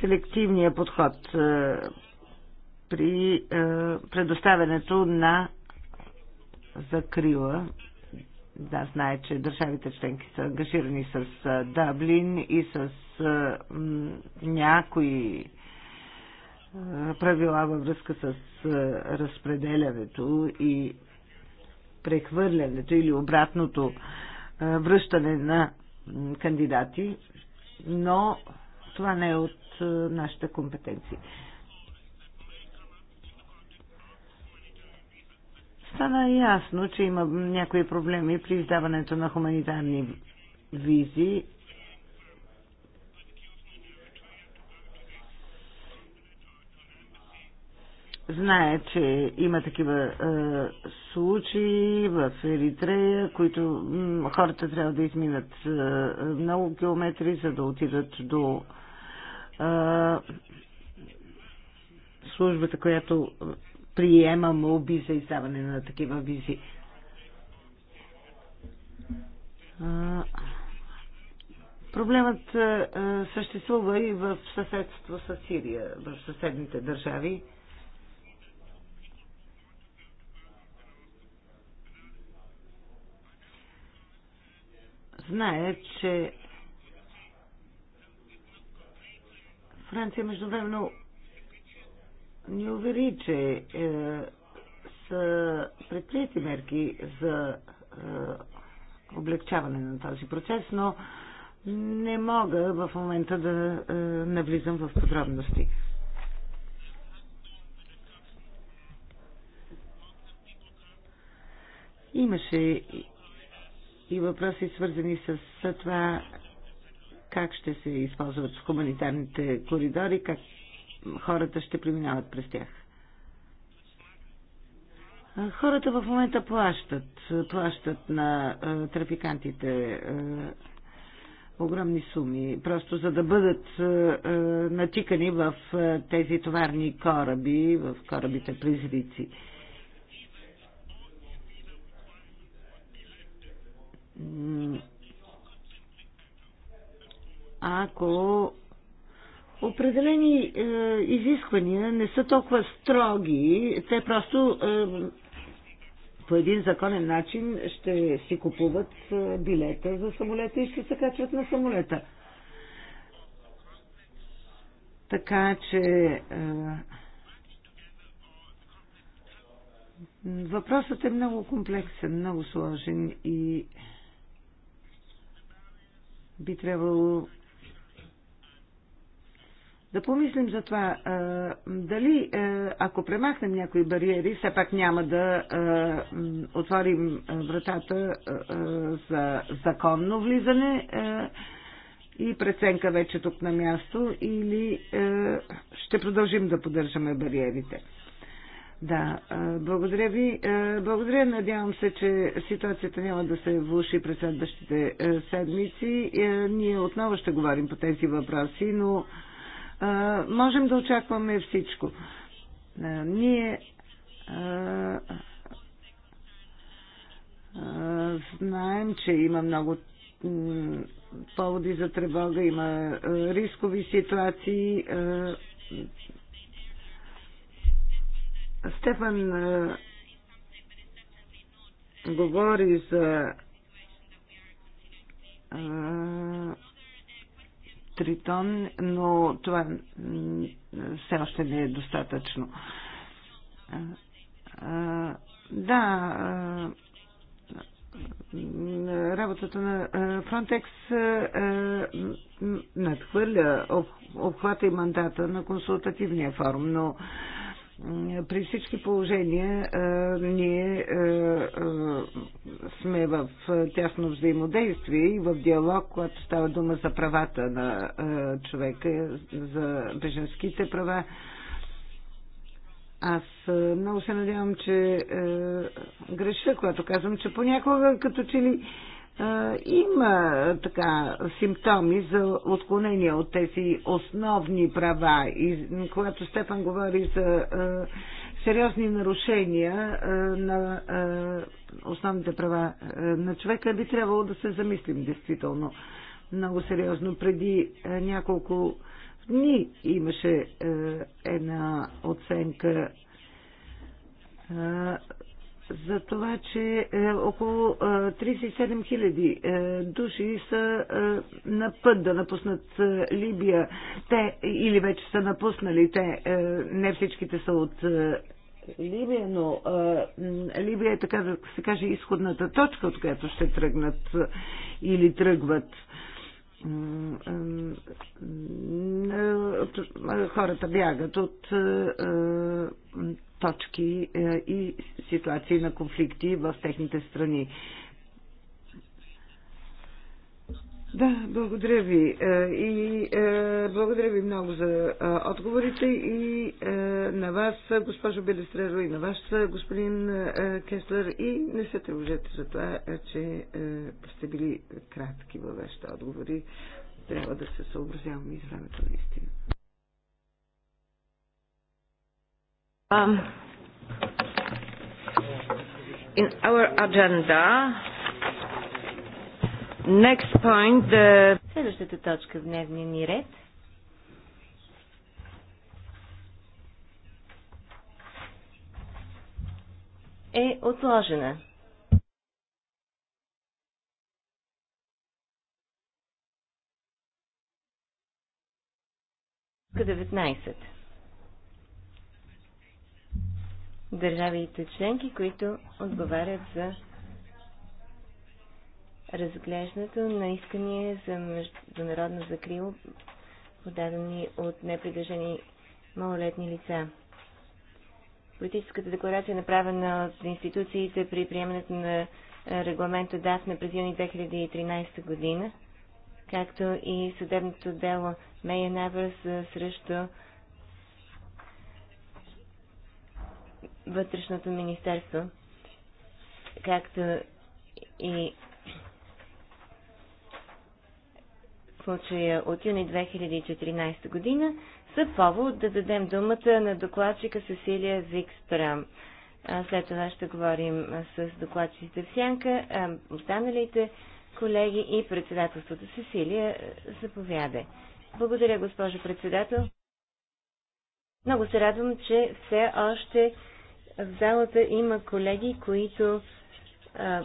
Speaker 2: селективния подход при е, предоставянето на закрила. Да, знае, че държавите членки са ангажирани с е, Даблин и с е, някои правила във връзка с разпределянето и прехвърлянето или обратното връщане на кандидати, но това не е от нашите компетенции. стана ясно, че има някои проблеми при издаването на хуманитарни визи. Знае, че има такива е, случаи в Еритрея, които м- хората трябва да изминат е, много километри, за да отидат до е, службата, която приема молби за издаване на такива визи. Проблемът съществува и в съседство с Сирия, в съседните държави. Знае, че Франция междувременно ни увери, че е, са предприяти мерки за е, облегчаване на този процес, но не мога в момента да е, навлизам в подробности. Имаше и въпроси свързани с това как ще се използват хуманитарните коридори, как хората ще преминават през тях. Хората в момента плащат, плащат на а, трафикантите а, огромни суми, просто за да бъдат а, а, натикани в а, тези товарни кораби, в корабите призрици. Ако Определени е, изисквания не са толкова строги, те просто е, по един законен начин ще си купуват е, билета за самолета и ще се качват на самолета. Така че е, въпросът е много комплексен, много сложен и би трябвало да помислим за това, дали ако премахнем някои бариери, все пак няма да отворим вратата за законно влизане и преценка вече тук на място или ще продължим да поддържаме бариерите. Да, благодаря ви. Благодаря, надявам се, че ситуацията няма да се влуши през следващите седмици. Ние отново ще говорим по тези въпроси, но можем да очакваме всичко. Ние знаем, че има много поводи за тревога, има рискови ситуации. Стефан говори за Тритон, но това все още не е достатъчно. Да, работата на Frontex надхвърля обхвата и мандата на консултативния форум, но при всички положения ние сме в тясно взаимодействие и в диалог, когато става дума за правата на човека, за беженските права. Аз много се надявам, че е, греша, когато казвам, че понякога като че ли има така симптоми за отклонение от тези основни права и когато Стефан говори за а, сериозни нарушения а, на а, основните права а, на човека, би трябвало да се замислим действително много сериозно. Преди а, няколко дни имаше а, една оценка за това, че е, около е, 37 хиляди е, души са е, на път да напуснат е, Либия. Те или вече са напуснали, те е, не всичките са от е, Либия, но е, Либия е така да се каже изходната точка, от която ще тръгнат е, или тръгват. Е, хората бягат от е, е, точки е, и ситуации на конфликти в техните страни. Да, благодаря ви. Е, и е, благодаря ви много за е, отговорите и на вас, госпожо Белестреро, и на вас, господин Кеслер. И не се тревожете за това, че сте били кратки във вашите отговори. Трябва да се съобразяваме и с времето наистина. Um, in our
Speaker 3: agenda, Next point, the... Следващата точка в дневния ни ред. е отложена. Точка 19. Държавите членки, които отговарят за разглеждането на искания за международно закрило, подадени от непридържани малолетни лица. Политическата декларация, направена от институциите при приемането на е, регламента ДАФНА през юни 2013 година, както и съдебното дело Мея Навърс срещу Вътрешното министерство, както и случая от юни 2014 година, са повод да дадем думата на докладчика Сесилия Викстрам. След това ще говорим с докладчиците в Сянка, останалите колеги и председателството. Сесилия, заповяде. Благодаря, госпожо председател. Много се радвам, че все още в залата има колеги, които а,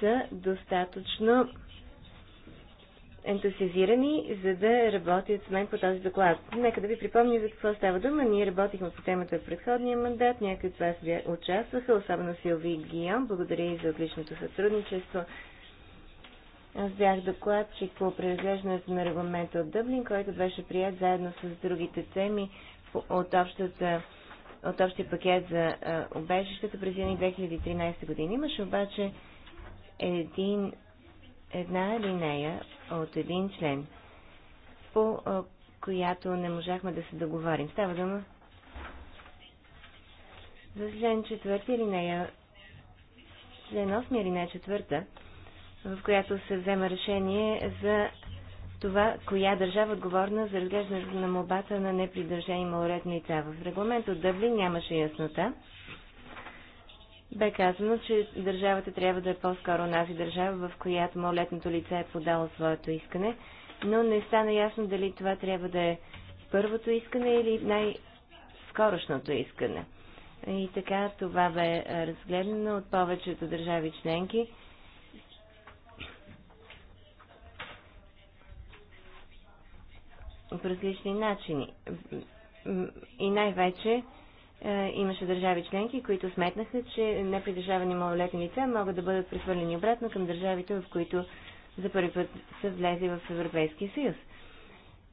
Speaker 3: са достатъчно ентусиазирани, за да работят с мен по този доклад. Нека да ви припомня за какво става дума. Ние работихме по темата в предходния мандат, някои от вас участваха, особено Силви Гион. Благодаря и за отличното сътрудничество. Аз бях докладчик по преразглеждането на регламента от Дъблин, който беше прият заедно с другите теми от, общата, от общия пакет за обежището през юни 2013 година. Имаше обаче един една линея от един член, по която не можахме да се договорим. Става дума за член четвърти линея, член 8 линея четвърта, в която се взема решение за това, коя държава е отговорна за разглеждането на мобата на непридържани малолетни лица. В регламент от Дъбли нямаше яснота. Бе казано, че държавата трябва да е по-скоро нази държава, в която малолетното лице е подало своето искане, но не стана ясно дали това трябва да е първото искане или най-скорошното искане. И така това бе разгледано от повечето държави членки. по различни начини. И най-вече е, имаше държави членки, които сметнаха, че непридържавани малолетни лица могат да бъдат прехвърлени обратно към държавите, в които за първи път са влезли в Европейския съюз.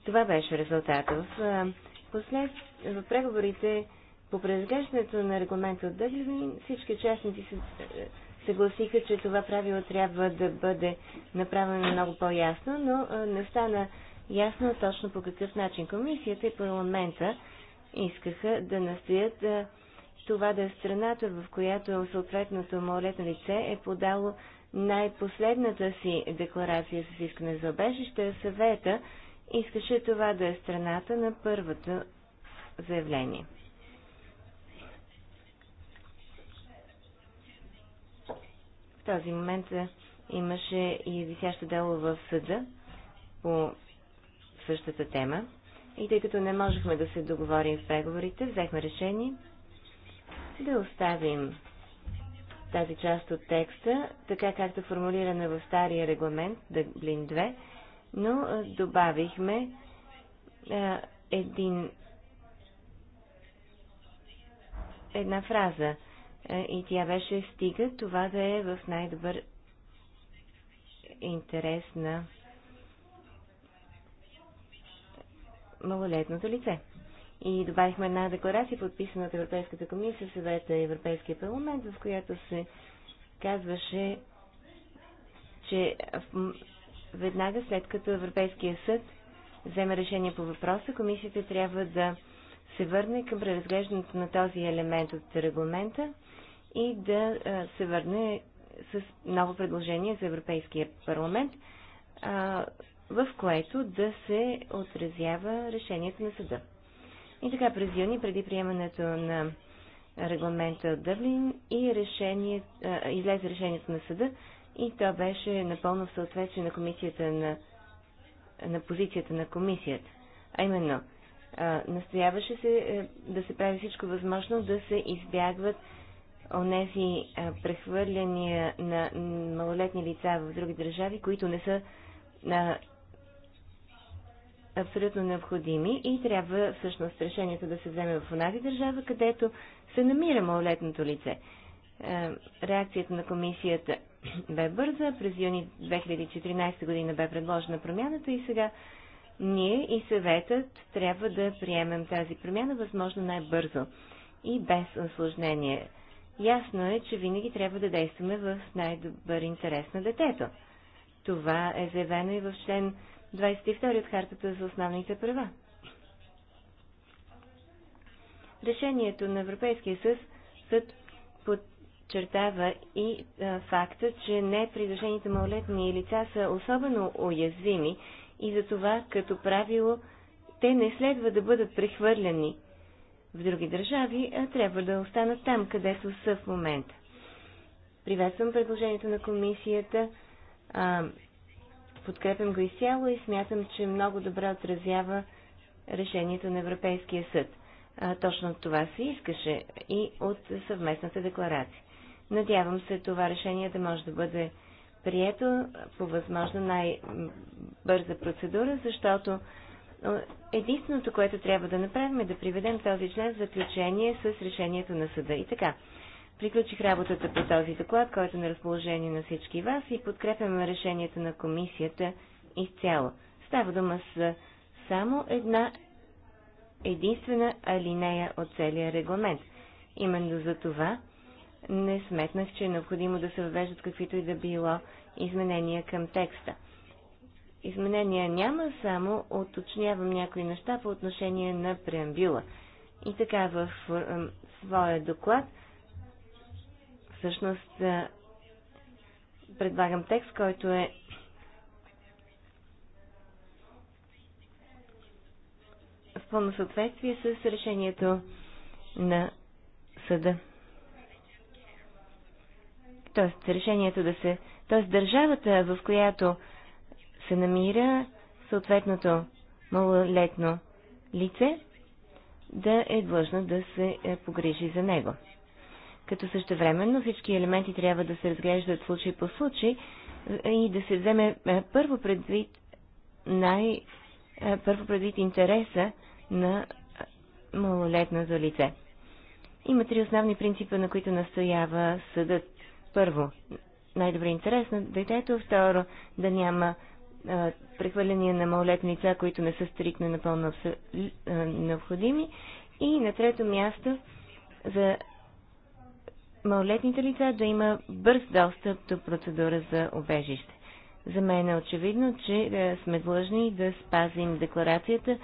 Speaker 3: Това беше резултата. В, е, послед, в преговорите по преразглеждането на регламента от Дъблин всички частници се е, съгласиха, че това правило трябва да бъде направено много по-ясно, но не стана ясно точно по какъв начин комисията и парламента искаха да настоят да, това да е страната, в която съответното малолетно лице е подало най-последната си декларация с искане за обежище, съвета искаше това да е страната на първото заявление. В този момент имаше и висящо дело в съда по същата тема. И тъй като не можехме да се договорим в преговорите, взехме решение да оставим тази част от текста, така както е формулирана в стария регламент, Дъблин 2, но добавихме а, един, една фраза и тя беше стига това да е в най-добър интерес на малолетното лице. И добавихме една декларация, подписана от Европейската комисия, съвета и Европейския парламент, в която се казваше, че веднага след като Европейския съд вземе решение по въпроса, комисията трябва да се върне към преразглеждането на този елемент от регламента и да се върне с ново предложение за Европейския парламент в което да се отразява решението на съда. И така през юни, преди приемането на регламента от Дъблин и решение, а, излезе решението на съда и то беше напълно в съответствие на комисията на, на позицията на комисията. А именно, а, настояваше се а, е, да се прави всичко възможно да се избягват онези прехвърляния на малолетни лица в други държави, които не са на абсолютно необходими и трябва всъщност решението да се вземе в онази държава, където се намира малолетното лице. Е, реакцията на комисията *clears throat* бе бърза. През юни 2014 година бе предложена промяната и сега ние и съветът трябва да приемем тази промяна възможно най-бързо и без осложнение. Ясно е, че винаги трябва да действаме в най-добър интерес на детето. Това е заявено и в член 22 от Хартата за основните права. Решението на Европейския съд, съд подчертава и а, факта, че непридължените малолетни лица са особено уязвими и за това, като правило, те не следва да бъдат прехвърляни в други държави, а трябва да останат там, където са в момента. Приветствам предложението на комисията а, Подкрепям го изцяло и смятам, че много добре отразява решението на Европейския съд. А, точно това се искаше и от съвместната декларация. Надявам се това решение да може да бъде прието по възможно най-бърза процедура, защото единственото, което трябва да направим е да приведем този член в заключение с решението на съда. И така, Приключих работата по този доклад, който е на разположение на всички вас и подкрепяме решението на комисията изцяло. Става дума с само една единствена алинея от целия регламент. Именно за това не сметнах, че е необходимо да се въвеждат каквито и да било изменения към текста. Изменения няма, само уточнявам някои неща по отношение на преамбюла. И така в своя доклад всъщност е, предлагам текст, който е в пълно съответствие с решението на съда. Тоест, решението да се... Тоест, държавата, в която се намира съответното малолетно лице, да е длъжна да се е, погрижи за него като същевременно всички елементи трябва да се разглеждат случай по случай е, и да се вземе е, първо предвид най... Е, първо предвид интереса на малолетното лице. Има три основни принципа, на които настоява съдът. Първо, най-добре интерес на детето. Второ, да няма а, прехвърляния на малолетни лица, които не са стрикно напълно необходими. И на трето място, за малолетните лица да има бърз достъп до процедура за обежище. За мен е очевидно, че е, сме длъжни да спазим декларацията,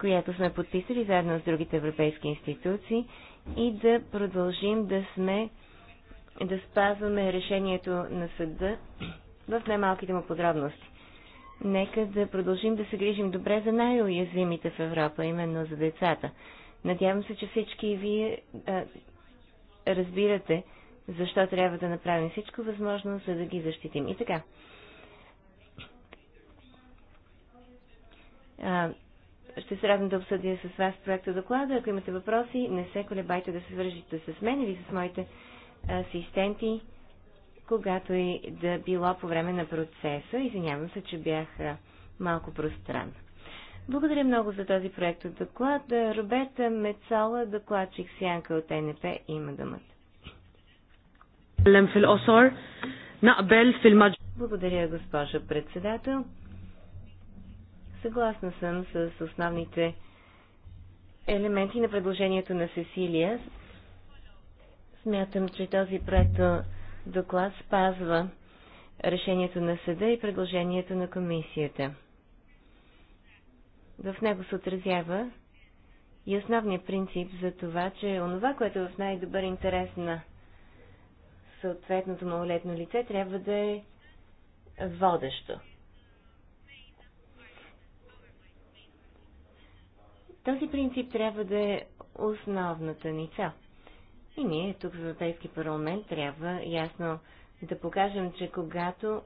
Speaker 3: която сме подписали заедно с другите европейски институции и да продължим да сме да спазваме решението на съда в най-малките му подробности. Нека да продължим да се грижим добре за най-уязвимите в Европа, именно за децата. Надявам се, че всички вие е, разбирате защо трябва да направим всичко възможно, за да ги защитим. И така. А, ще се радвам да обсъдя с вас проекта доклада. Ако имате въпроси, не се колебайте да се свържите с мен или с моите асистенти, когато и да било по време на процеса. Извинявам се, че бях малко пространна. Благодаря много за този проект от доклад. Роберта Мецала, докладчик Сянка от НП, има думата. Благодаря, госпожа председател. Съгласна съм с основните елементи на предложението на Сесилия. Смятам, че този проект доклад спазва решението на съда и предложението на комисията в него се отразява и основният принцип за това, че онова, което е в най-добър интерес на съответното малолетно лице, трябва да е водещо. Този принцип трябва да е основната ни цел. И ние тук в Европейски парламент трябва ясно да покажем, че когато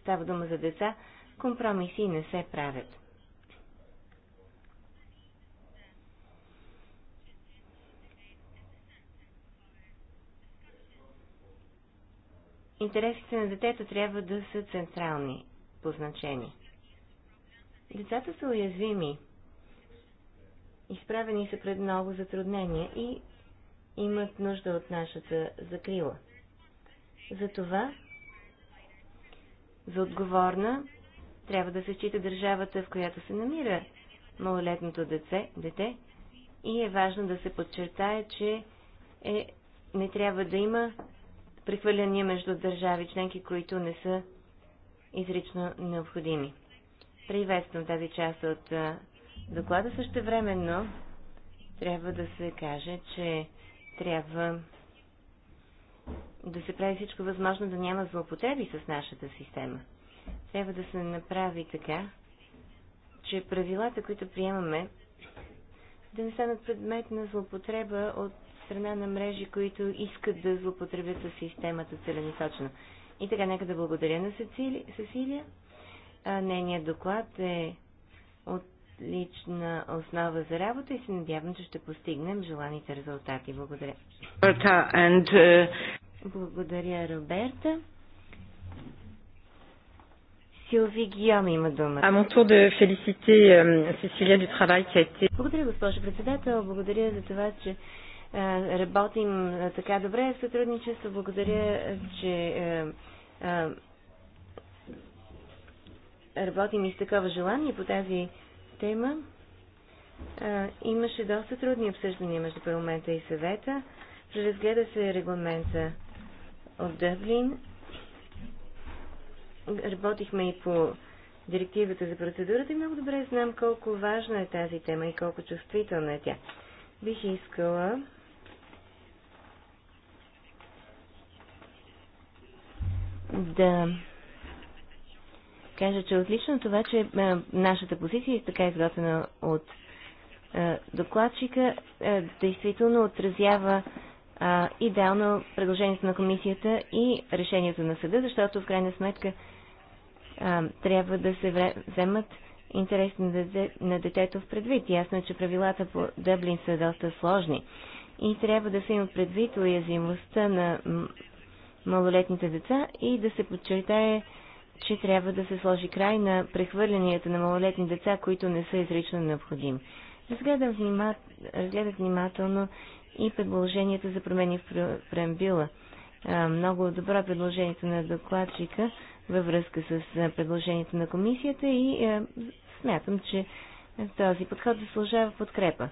Speaker 3: става дума за деца, компромиси не се правят. интересите на детето трябва да са централни по значение. Децата са уязвими. Изправени са пред много затруднения и имат нужда от нашата закрила. Затова за отговорна трябва да се счита държавата, в която се намира малолетното дете, дете и е важно да се подчертае, че е, не трябва да има прехвърляния между държави членки, които не са изрично необходими. Приветствам тази част от доклада. Същевременно трябва да се каже, че трябва да се прави всичко възможно да няма злоупотреби с нашата система. Трябва да се направи така, че правилата, които приемаме, да не станат предмет на злоупотреба от страна на мрежи, които искат да злоупотребят с системата целенасочено. И така, нека да благодаря на Сесилия. Нейният доклад е отлична основа за работа и се надявам, че ще постигнем желаните резултати. Благодаря. Uh, благодаря, Роберта. Силви Гиом има дума. А euh, du travail qui a été... Благодаря, госпожа председател. Благодаря за това, че е, работим е, така добре в сътрудничество. Благодаря, че е, работим и с такова желание по тази тема. Имаше доста трудни обсъждания между парламента и съвета. Разгледа се регламента от Дъблин. Работихме и по директивата за процедурата и много добре знам колко важна е тази тема и колко чувствителна е тя. Бих искала да кажа, че отлично това, че а, е, нашата позиция е така изготвена от а, е, докладчика, а, е, действително отразява идеално предложението на комисията и решението на съда, защото в крайна сметка трябва да се вземат интерес на, дете, на детето в предвид. Ясно е, че правилата по Дъблин са доста сложни и трябва да се има предвид уязвимостта на малолетните деца и да се подчертае, че трябва да се сложи край на прехвърлянията на малолетни деца, които не са изрично необходими. Разгледах, внима... Разгледах внимателно и предложението за промени в преамбила. Много добро е предложението на докладчика във връзка с предложението на комисията и смятам, че този подход заслужава подкрепа.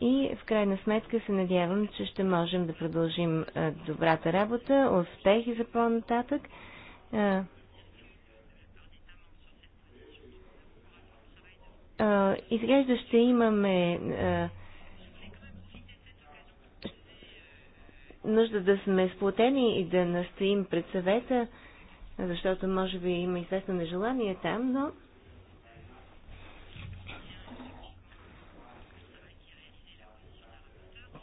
Speaker 3: И в крайна сметка се надявам, че ще можем да продължим добрата работа, успехи за по-нататък. Изглежда ще имаме нужда да сме сплотени и да настоим пред съвета, защото може би има известно нежелание там, но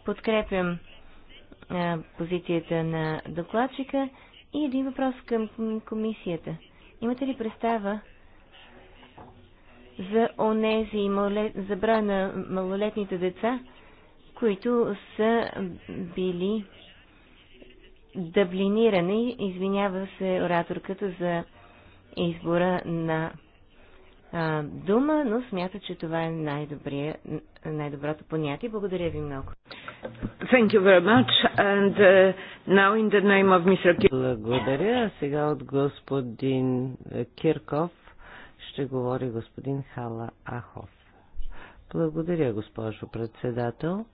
Speaker 3: Подкрепям а, позицията на докладчика и един въпрос към комисията. Имате ли представа за онези малолет... за броя на малолетните деца, които са били даблинирани, извинява се ораторката за избора на а, дума, но смята, че това е най-добрия, най-доброто понятие. Благодаря ви много.
Speaker 1: Thank you very much. And uh, now in the name of Mr. Благодаря. Сега от господин е, Кирков ще говори господин Хала Ахов. Благодаря, госпожо председател.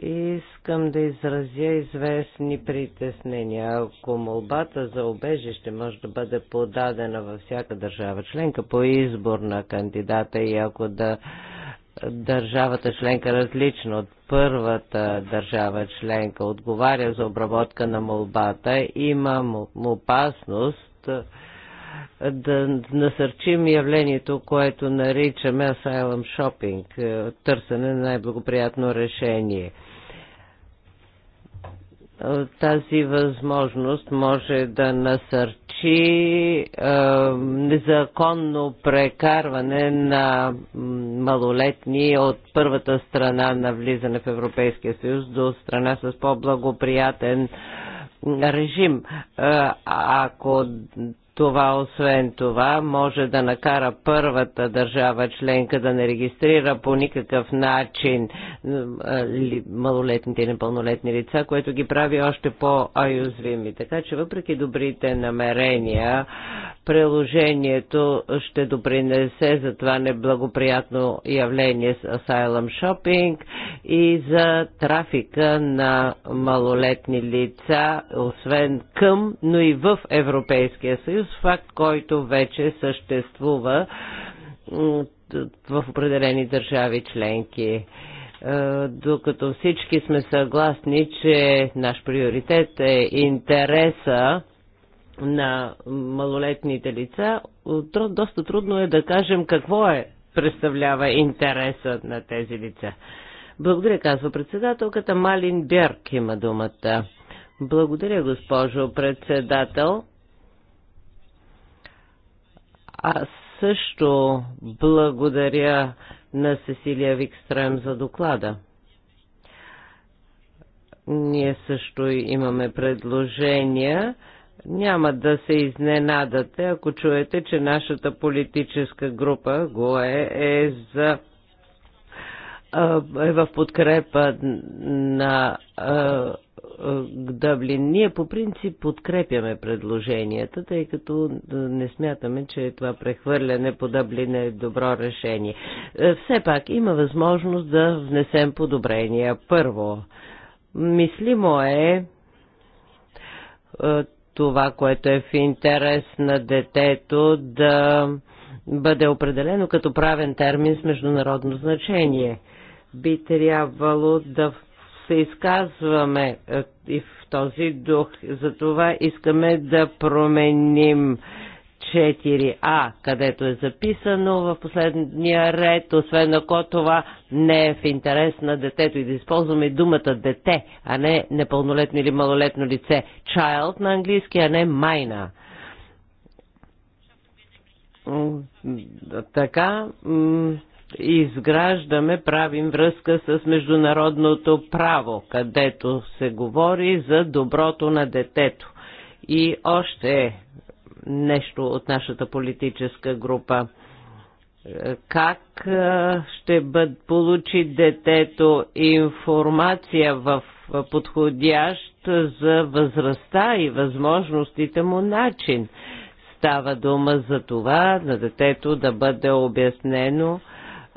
Speaker 1: Искам да изразя известни притеснения. Ако молбата за обежище може да бъде подадена във всяка държава членка по избор на кандидата и ако да държавата членка различна от първата държава членка отговаря за обработка на молбата, има опасност да насърчим явлението, което наричаме asylum shopping, е, търсене на най-благоприятно решение е, тази възможност може да насърчи е, незаконно прекарване на малолетни от първата страна на влизане в Европейския съюз до страна с по-благоприятен режим. Е, ако това освен това може да накара първата държава членка да не регистрира по никакъв начин малолетните и непълнолетни лица, което ги прави още по-аюзвими. Така че въпреки добрите намерения, приложението ще допринесе за това неблагоприятно явление с Asylum Shopping и за трафика на малолетни лица, освен към, но и в Европейския съюз съюз, факт, който вече съществува в определени държави членки е, докато всички сме съгласни, че наш приоритет е интереса на малолетните лица, доста трудно е да кажем какво е представлява интереса на тези лица. Благодаря, казва председателката. Малин Бярк има думата. Благодаря, госпожо председател. Аз също благодаря на Сесилия Викстрем за доклада. Ние също имаме предложения. Няма да се изненадате, ако чуете, че нашата политическа група го е, е за е в подкрепа на е, е, Дъблин. Ние по принцип подкрепяме предложенията, тъй като е, не смятаме, че това прехвърляне по Дъблин е добро решение. Е, все пак има възможност да внесем подобрения. Първо, мислимо е това, което е в интерес на детето да бъде определено като правен термин с международно значение. Би трябвало да се изказваме е, и в този дух. Затова искаме да променим 4а, където е записано в последния ред, освен ако това не е в интерес на детето и да използваме думата дете, а не непълнолетно или малолетно лице. Child на английски, а не майна. Така, изграждаме, правим връзка с международното право, където се говори за доброто на детето. И още нещо от нашата политическа група как ще бъд, получи детето информация в подходящ за възрастта и възможностите му начин. Става дума за това на детето да бъде обяснено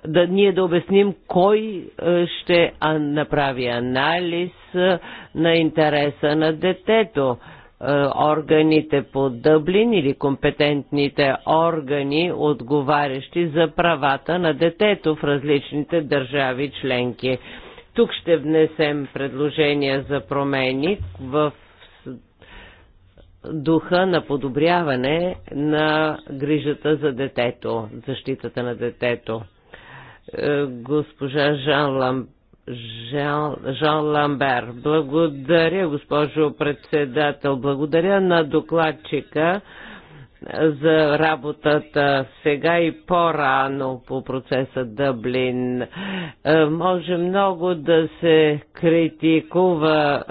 Speaker 1: да ние да обясним кой е, ще направи анализ е, на интереса на детето е, органите по Дъблин или компетентните органи, отговарящи за правата на детето в различните държави членки. Тук ще внесем предложения за промени в духа на подобряване на грижата за детето, защитата на детето. Е, госпожа Жан Ламп Жан, Жан Ламбер. Благодаря, госпожо председател. Благодаря на докладчика е, за работата сега и по-рано по процеса Дъблин. Е, може много да се критикува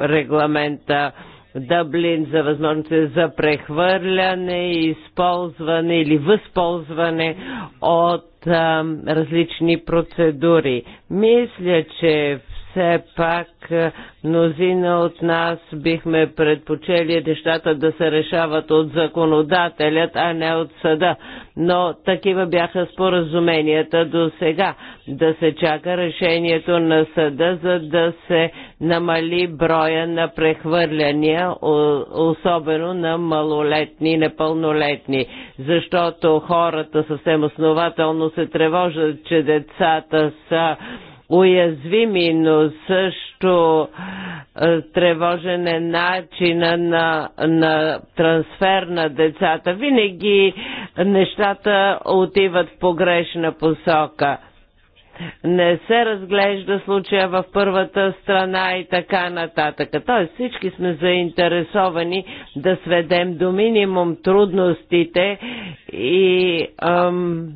Speaker 1: регламента Дъблин за възможности за прехвърляне, използване или възползване от а, различни процедури. Мисля, че все пак е, мнозина от нас бихме предпочели нещата да се решават от законодателят, а не от съда. Но такива бяха споразуменията до сега. Да се чака решението на съда, за да се намали броя на прехвърляния, особено на малолетни и непълнолетни. Защото хората съвсем основателно се тревожат, че децата са уязвими, но също е, тревожен е начина на, на трансфер на децата. Винаги нещата отиват в погрешна посока не се разглежда случая в първата страна и така нататък. Тоест всички сме заинтересовани да сведем до минимум трудностите и ам,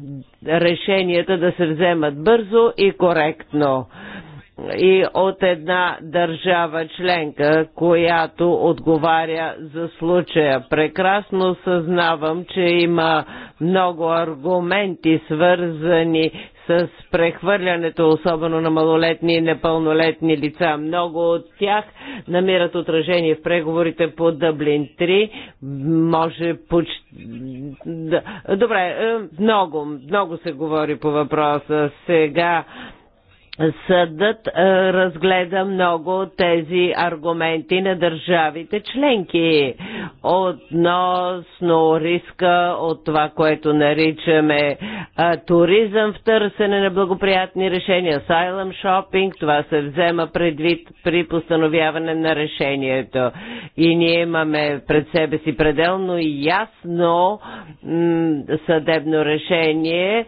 Speaker 1: решенията да се вземат бързо и коректно и от една държава членка, която отговаря за случая. Прекрасно съзнавам, че има много аргументи свързани с прехвърлянето, особено на малолетни и непълнолетни лица. Много от тях намират отражение в преговорите по Дъблин 3. Може почти... Добре, е, много, много се говори по въпроса. Сега Съдът разгледа много от тези аргументи на държавите членки относно риска от това, което наричаме туризъм в търсене на благоприятни решения, asylum шопинг, това се взема предвид при постановяване на решението. И ние имаме пред себе си пределно и ясно съдебно решение.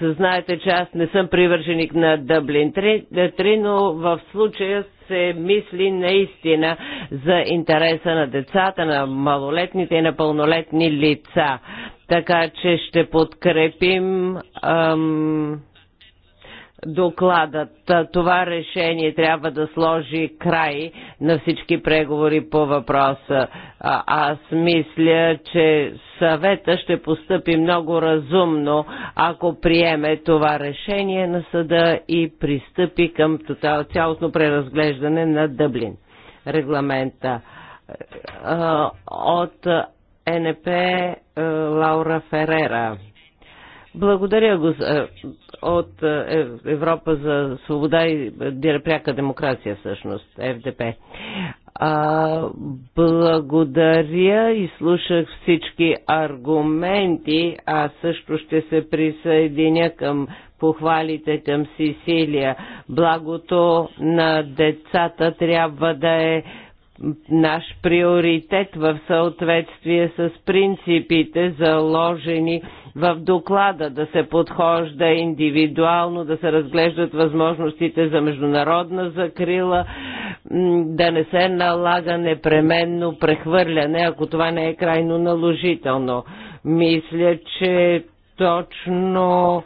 Speaker 1: Знаете, че аз не съм привърженик на Дъблин 3, но в случая се мисли наистина за интереса на децата, на малолетните и на пълнолетни лица. Така че ще подкрепим ам, докладът. Това решение трябва да сложи край на всички преговори по въпроса. Аз мисля, че съвета ще постъпи много разумно, ако приеме това решение на съда и пристъпи към цялостно преразглеждане на Дъблин регламента. От е НП е, Лаура Ферера. Благодаря, го, е, от е, Европа за свобода и пряка демокрация всъщност, ФДП. А, благодаря и слушах всички аргументи, а също ще се присъединя към похвалите към Сисилия. Благото на децата трябва да е наш приоритет в съответствие с принципите заложени в доклада да се подхожда индивидуално, да се разглеждат възможностите за международна закрила, да не се налага непременно прехвърляне, ако това не е крайно наложително. Мисля, че точно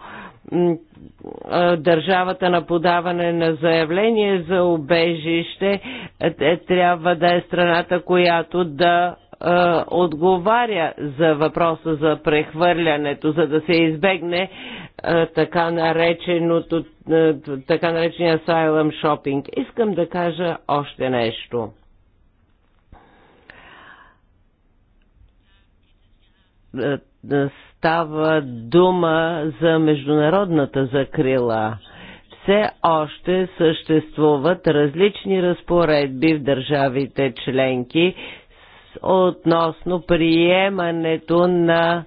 Speaker 1: държавата на подаване на заявление за обежище е, е, трябва да е страната, която да а, е, отговаря за въпроса за прехвърлянето, за да се избегне а, е, така нареченото, а, е, така наречения asylum shopping. Искам да кажа още нещо. Става дума за международната закрила все още съществуват различни разпоредби в държавите членки относно приемането на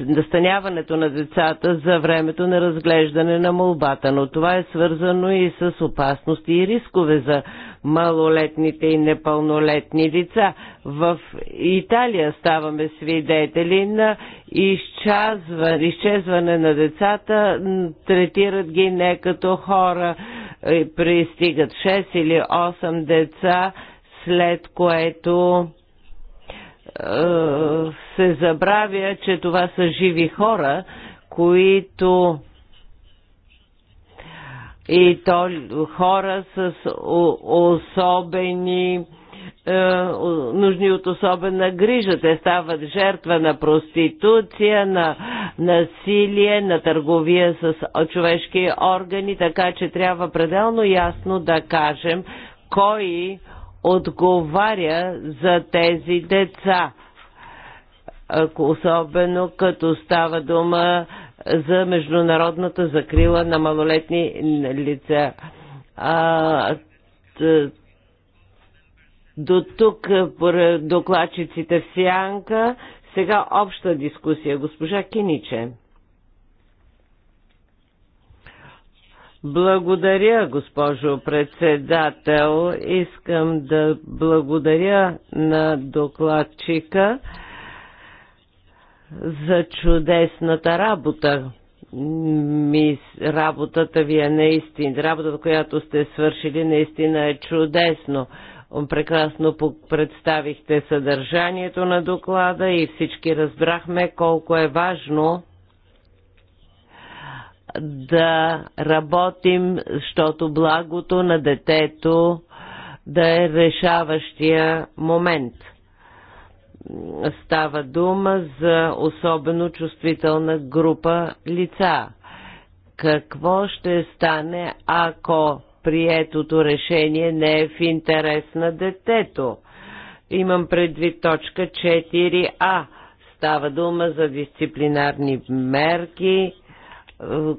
Speaker 1: настаняването на децата за времето на разглеждане на молбата, но това е свързано и с опасности и рискове за малолетните и непълнолетни деца. В Италия ставаме свидетели на изчезване, изчезване на децата, третират ги не като хора, е, пристигат 6 или 8 деца, след което е, се забравя, че това са живи хора, които и то хора с особени е, нужни от особена грижа. Те стават жертва на проституция, на насилие, на търговия с човешки органи, така че трябва пределно ясно да кажем кои отговаря за тези деца. Особено като става дума за международната закрила на малолетни лица. А, до тук докладчиците в Сянка. Сега обща дискусия. Госпожа Киниче. Благодаря, госпожо председател. Искам да благодаря на докладчика за чудесната работа. Мис, работата ви е наистина, работата, която сте свършили, наистина е чудесно. Прекрасно представихте съдържанието на доклада и всички разбрахме колко е важно да работим, защото благото на детето да е решаващия момент. Става дума за особено чувствителна група лица. Какво ще стане, ако приетото решение не е в интерес на детето? Имам предвид точка 4а. Става дума за дисциплинарни мерки,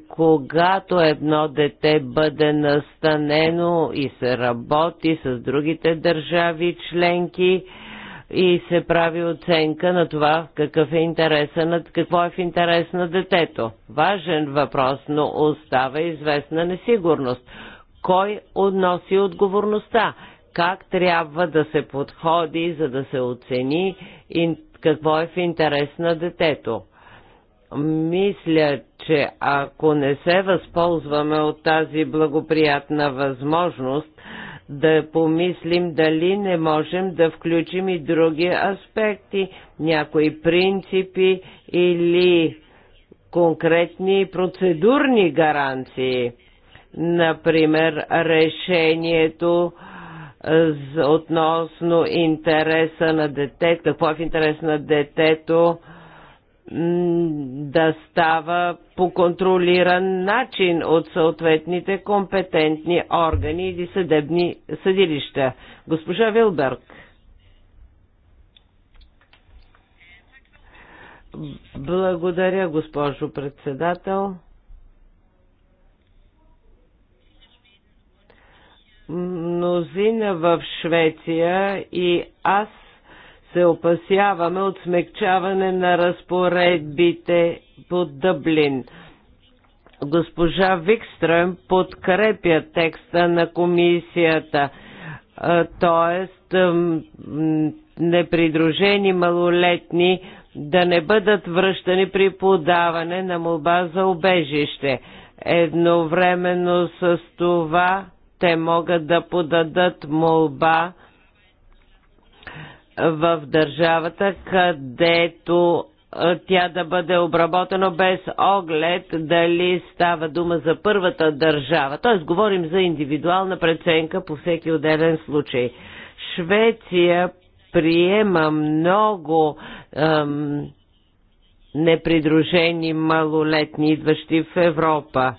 Speaker 1: когато едно дете бъде настанено и се работи с другите държави членки и се прави оценка на това какъв е интереса на, какво е в интерес на детето. Важен въпрос, но остава известна несигурност. Кой относи отговорността? Как трябва да се подходи, за да се оцени какво е в интерес на детето? Мисля, че ако не се възползваме от тази благоприятна възможност, да помислим дали не можем да включим и други аспекти, някои принципи или конкретни процедурни гаранции. Например, решението относно интереса на детето, какво е в интерес на детето, да става по контролиран начин от съответните компетентни органи или съдебни съдилища. Госпожа Вилберг. Благодаря, госпожо председател. Мнозина в Швеция и аз се опасяваме от смягчаване на разпоредбите под Дъблин. Госпожа Викстрем подкрепя текста на комисията, т.е. непридружени малолетни да не бъдат връщани при подаване на молба за обежище. Едновременно с това те могат да подадат молба в държавата, където тя да бъде обработена без оглед дали става дума за първата държава. Т.е. говорим за индивидуална преценка по всеки отделен случай. Швеция приема много ем, непридружени малолетни, идващи в Европа.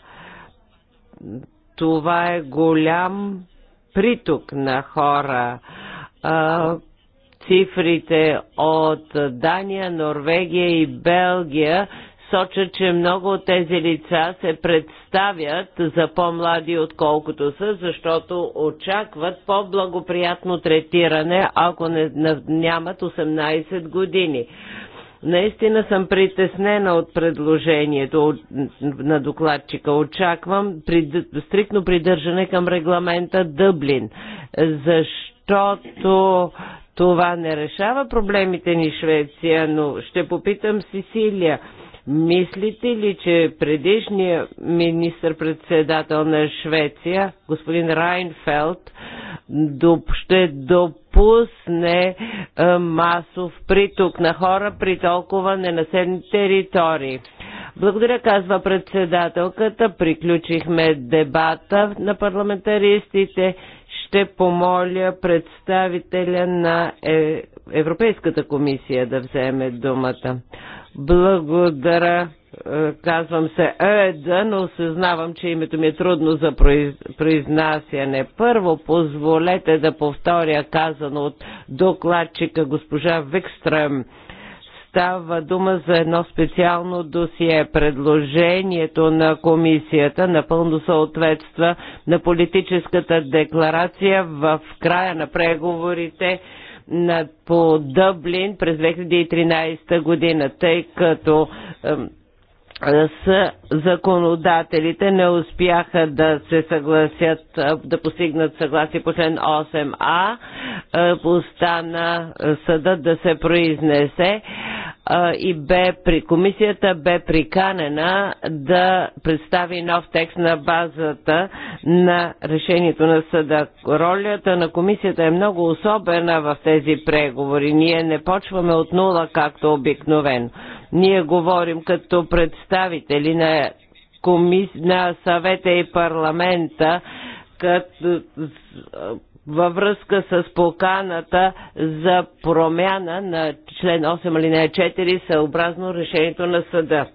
Speaker 1: Това е голям приток на хора. Цифрите от Дания, Норвегия и Белгия сочат, че много от тези лица се представят за по-млади отколкото са, защото очакват по-благоприятно третиране, ако не, нямат 18 години. Наистина съм притеснена от предложението на докладчика. Очаквам при, стрикно придържане към регламента Дъблин, защото това не решава проблемите ни Швеция, но ще попитам Сисилия. Мислите ли, че предишният министр-председател на Швеция, господин Райнфелд, ще допусне масов приток на хора при толкова ненаселени територии? Благодаря, казва председателката. Приключихме дебата на парламентаристите ще помоля представителя на е, Европейската комисия да вземе думата. Благодаря. Е, казвам се Еда, но осъзнавам, че името ми е трудно за произнасяне. Първо, позволете да повторя казано от докладчика госпожа Викстрем става дума за едно специално досие. Предложението на комисията напълно съответства на политическата декларация в края на преговорите по Дъблин през 2013 година, тъй като с законодателите не успяха да се съгласят, да постигнат съгласие по член 8а. Остана съдът да се произнесе и бе при комисията бе приканена да представи нов текст на базата на решението на съда. Ролята на комисията е много особена в тези преговори. Ние не почваме от нула, както обикновено ние говорим като представители на, комис... на съвета и парламента като във връзка с поканата за промяна на член 8 алинея 4 съобразно решението на съда.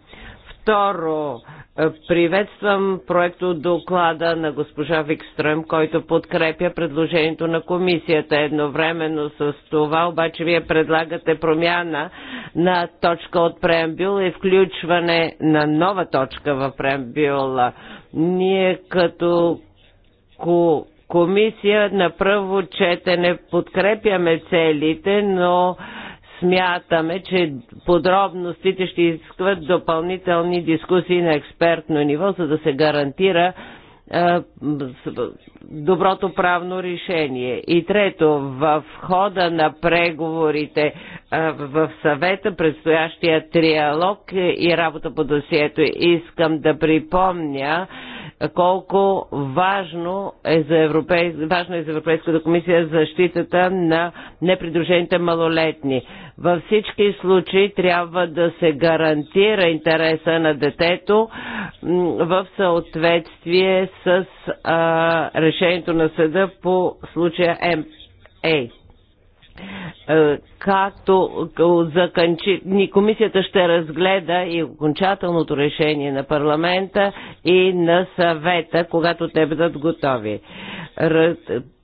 Speaker 1: Второ, е, приветствам проекто доклада на госпожа Викстрем, който подкрепя предложението на комисията. Едновременно с това обаче вие предлагате промяна на точка от преамбюла и включване на нова точка в преамбюла. Ние като комисия на първо четене подкрепяме целите, но Смятаме, че подробностите ще изискват допълнителни дискусии на експертно ниво, за да се гарантира доброто правно решение. И трето, в хода на преговорите в съвета, предстоящия триалог и работа по досието, искам да припомня, колко важно е за, Европейс... важно е за Европейската комисия защитата на непридружените малолетни. Във всички случаи трябва да се гарантира интереса на детето в съответствие с а, решението на съда по случая МА. Е. Е, както за Канчи... комисията ще разгледа и окончателното решение на парламента и на съвета, когато те бъдат готови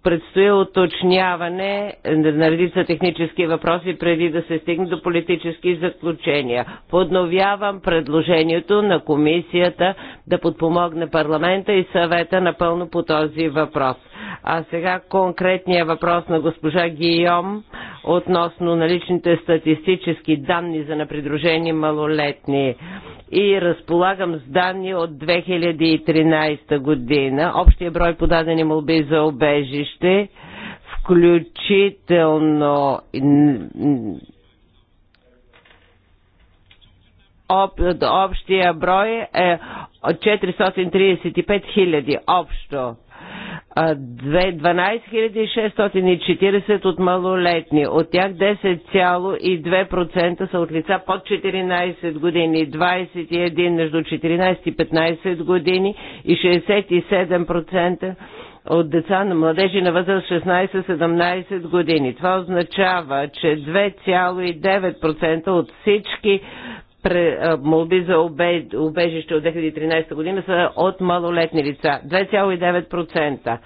Speaker 1: предстои уточняване на редица технически въпроси преди да се стигне до политически заключения. Подновявам предложението на комисията да подпомогне парламента и съвета напълно по този въпрос. А сега конкретния въпрос на госпожа Гийом относно наличните статистически данни за напридружени малолетни. И разполагам с данни от 2013 година. Общия брой подадени молби за обежище бъдеще, включително об, общия брой е 435 000 общо. 12 640 от малолетни. От тях 10,2% са от лица под 14 години, 21 между 14 и 15 години и 67% от деца на младежи на възраст 16-17 години. Това означава, че 2,9% от всички молби за убежище от 2013 година са от малолетни лица. 2,9%.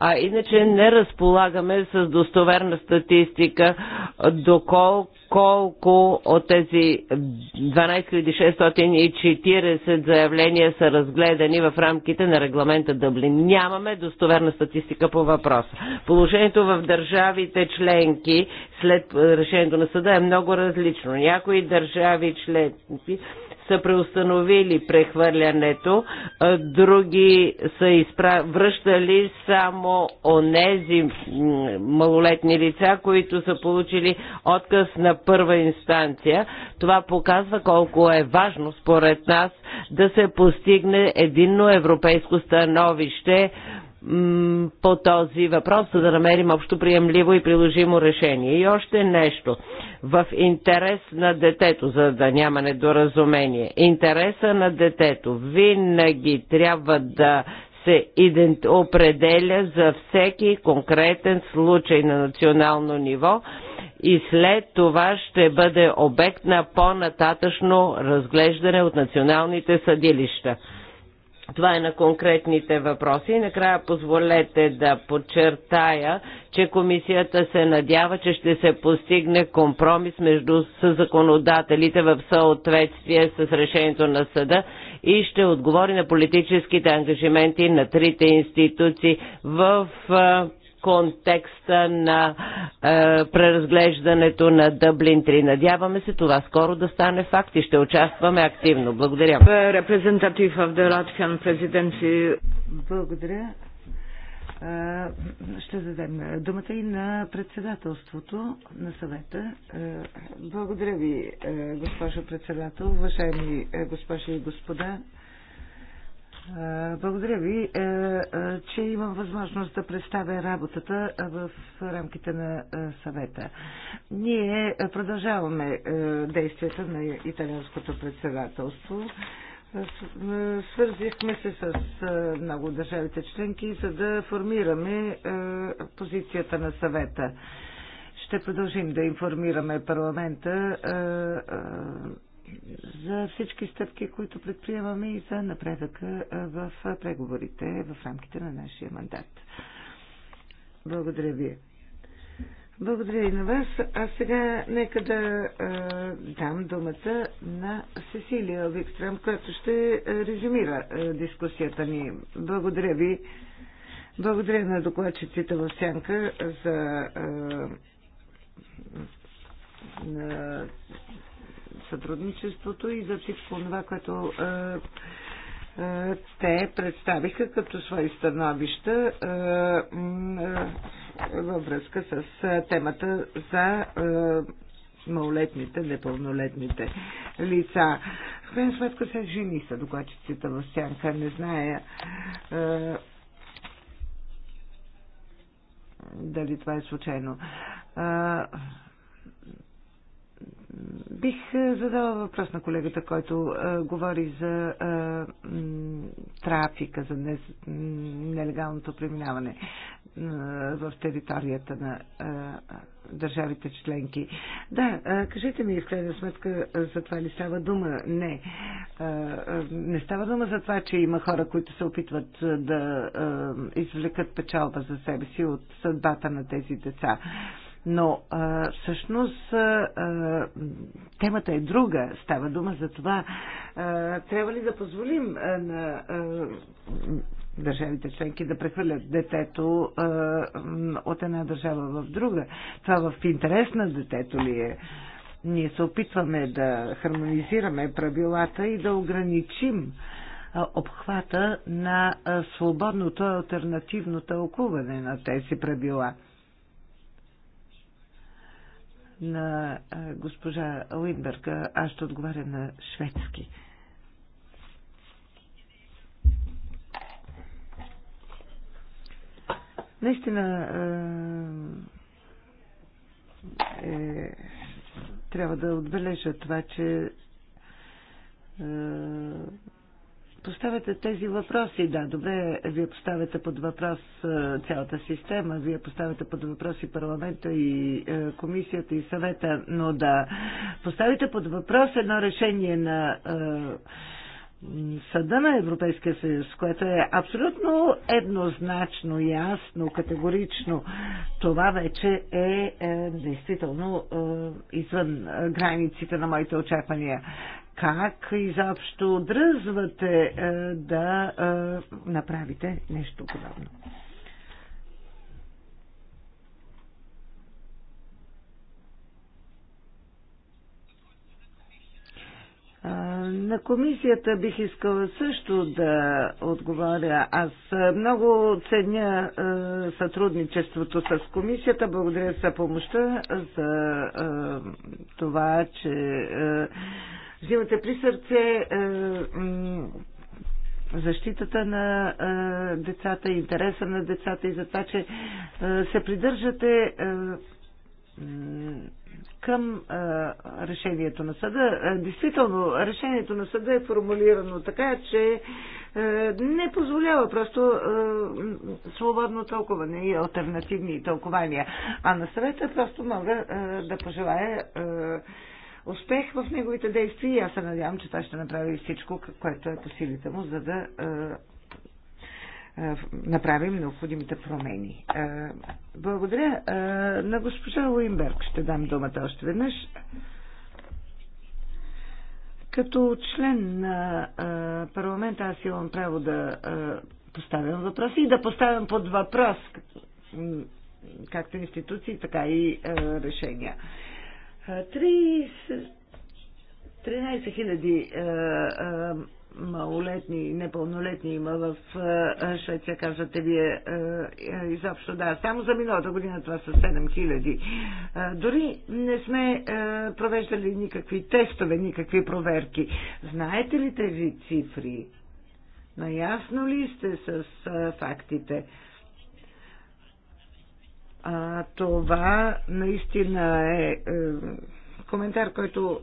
Speaker 1: А иначе не разполагаме с достоверна статистика доколко колко от тези 12640 заявления са разгледани в рамките на регламента Дъблин. Нямаме достоверна статистика по въпроса. Положението в държавите членки след решението на съда е много различно. Някои държави членки са преустановили прехвърлянето, други са изпра... връщали само онези малолетни лица, които са получили отказ на първа инстанция. Това показва колко е важно според нас да се постигне единно европейско становище по този въпрос, за да намерим общо приемливо и приложимо решение. И още нещо. В интерес на детето, за да няма недоразумение. Интереса на детето винаги трябва да се определя за всеки конкретен случай на национално ниво и след това ще бъде обект на по-нататъчно разглеждане от националните съдилища. Това е на конкретните въпроси. И накрая позволете да подчертая, че комисията се надява, че ще се постигне компромис между законодателите в съответствие с решението на съда и ще отговори на политическите ангажименти на трите институции в контекста на е, преразглеждането на Дъблин 3. Надяваме се това скоро да стане факт и ще участваме активно. Благодаря.
Speaker 2: Репрезентатив в Латвиан президенци. Благодаря. Е, ще дадем думата и на председателството на съвета. Е, благодаря ви, е, госпожо председател, уважаеми госпожи и господа. Е, благодаря ви, е, е, че имам възможност да представя работата в рамките на съвета. Ние продължаваме действията на италианското председателство. Свързихме се с много държавите членки, за да формираме позицията на съвета. Ще продължим да информираме парламента за всички стъпки, които предприемаме и за напредъка в преговорите в рамките на нашия мандат. Благодаря ви. Благодаря и на вас. А сега нека да а, дам думата на Сесилия Викстрам, която ще резюмира а, дискусията ни. Благодаря ви. Благодаря на докладчиците в Сянка за а, сътрудничеството и за всичко това, което е, е, те представиха като свои становища е, във връзка с темата за малолетните, непълнолетните лица. В крайна сметка се жени са докладчиците в сянка, не зная дали това е случайно. Бих е, задала въпрос на колегата, който а, е, говори за а, е, м, трафика, за не, нелегалното преминаване в територията на а, държавите членки. Да, а, кажете ми в крайна сметка за това ли става дума? Не. А, не става дума за това, че има хора, които се опитват да а, извлекат печалба за себе си от съдбата на тези деца. Но а, всъщност а, темата е друга. Става дума за това. А, трябва ли да позволим а, на а, държавите членки да прехвърлят детето а, от една държава в друга? Това в интерес на детето ли е? Ние се опитваме да хармонизираме правилата и да ограничим обхвата на свободното альтернативно тълкуване на тези правила – на госпожа Уинберга. Аз ще отговаря на шведски. Наистина е, трябва да отбележа това, че е, поставяте тези въпроси. Да, добре, вие поставяте под въпрос цялата система, вие поставяте под въпрос и парламента, и комисията, и съвета, но да поставите под въпрос едно решение на съда на Европейския съюз, което е абсолютно еднозначно, ясно, категорично, това вече е, е действително е, извън е, границите на моите очаквания как изобщо дръзвате е, да е, направите нещо подобно. Е, на комисията бих искала също да отговаря. Аз много ценя сътрудничеството с комисията. Благодаря за помощта, за това, че взимате при сърце е, защитата на е, децата, интереса на децата и за това, че е, се придържате е, към е, решението на съда. Е, действително, решението на съда е формулирано така, че е, не позволява просто е, свободно тълкуване и альтернативни тълкования. А на съвета просто мога е, да пожелая. е, успех в неговите действия и аз се надявам, че той ще направи всичко, което е по силите му, за да е, е, направим необходимите промени. Е, благодаря. На госпожа Уинберг ще дам думата още веднъж. Като член на парламента аз имам право да поставям въпроси и да поставям под въпрос както институции, така и решения. 13 хиляди малолетни и непълнолетни има в Швеция, казвате вие изобщо. Да, само за миналата година това са 7 хиляди. Дори не сме провеждали никакви тестове, никакви проверки. Знаете ли тези цифри? Наясно ли сте с фактите? А, това наистина е, е коментар, който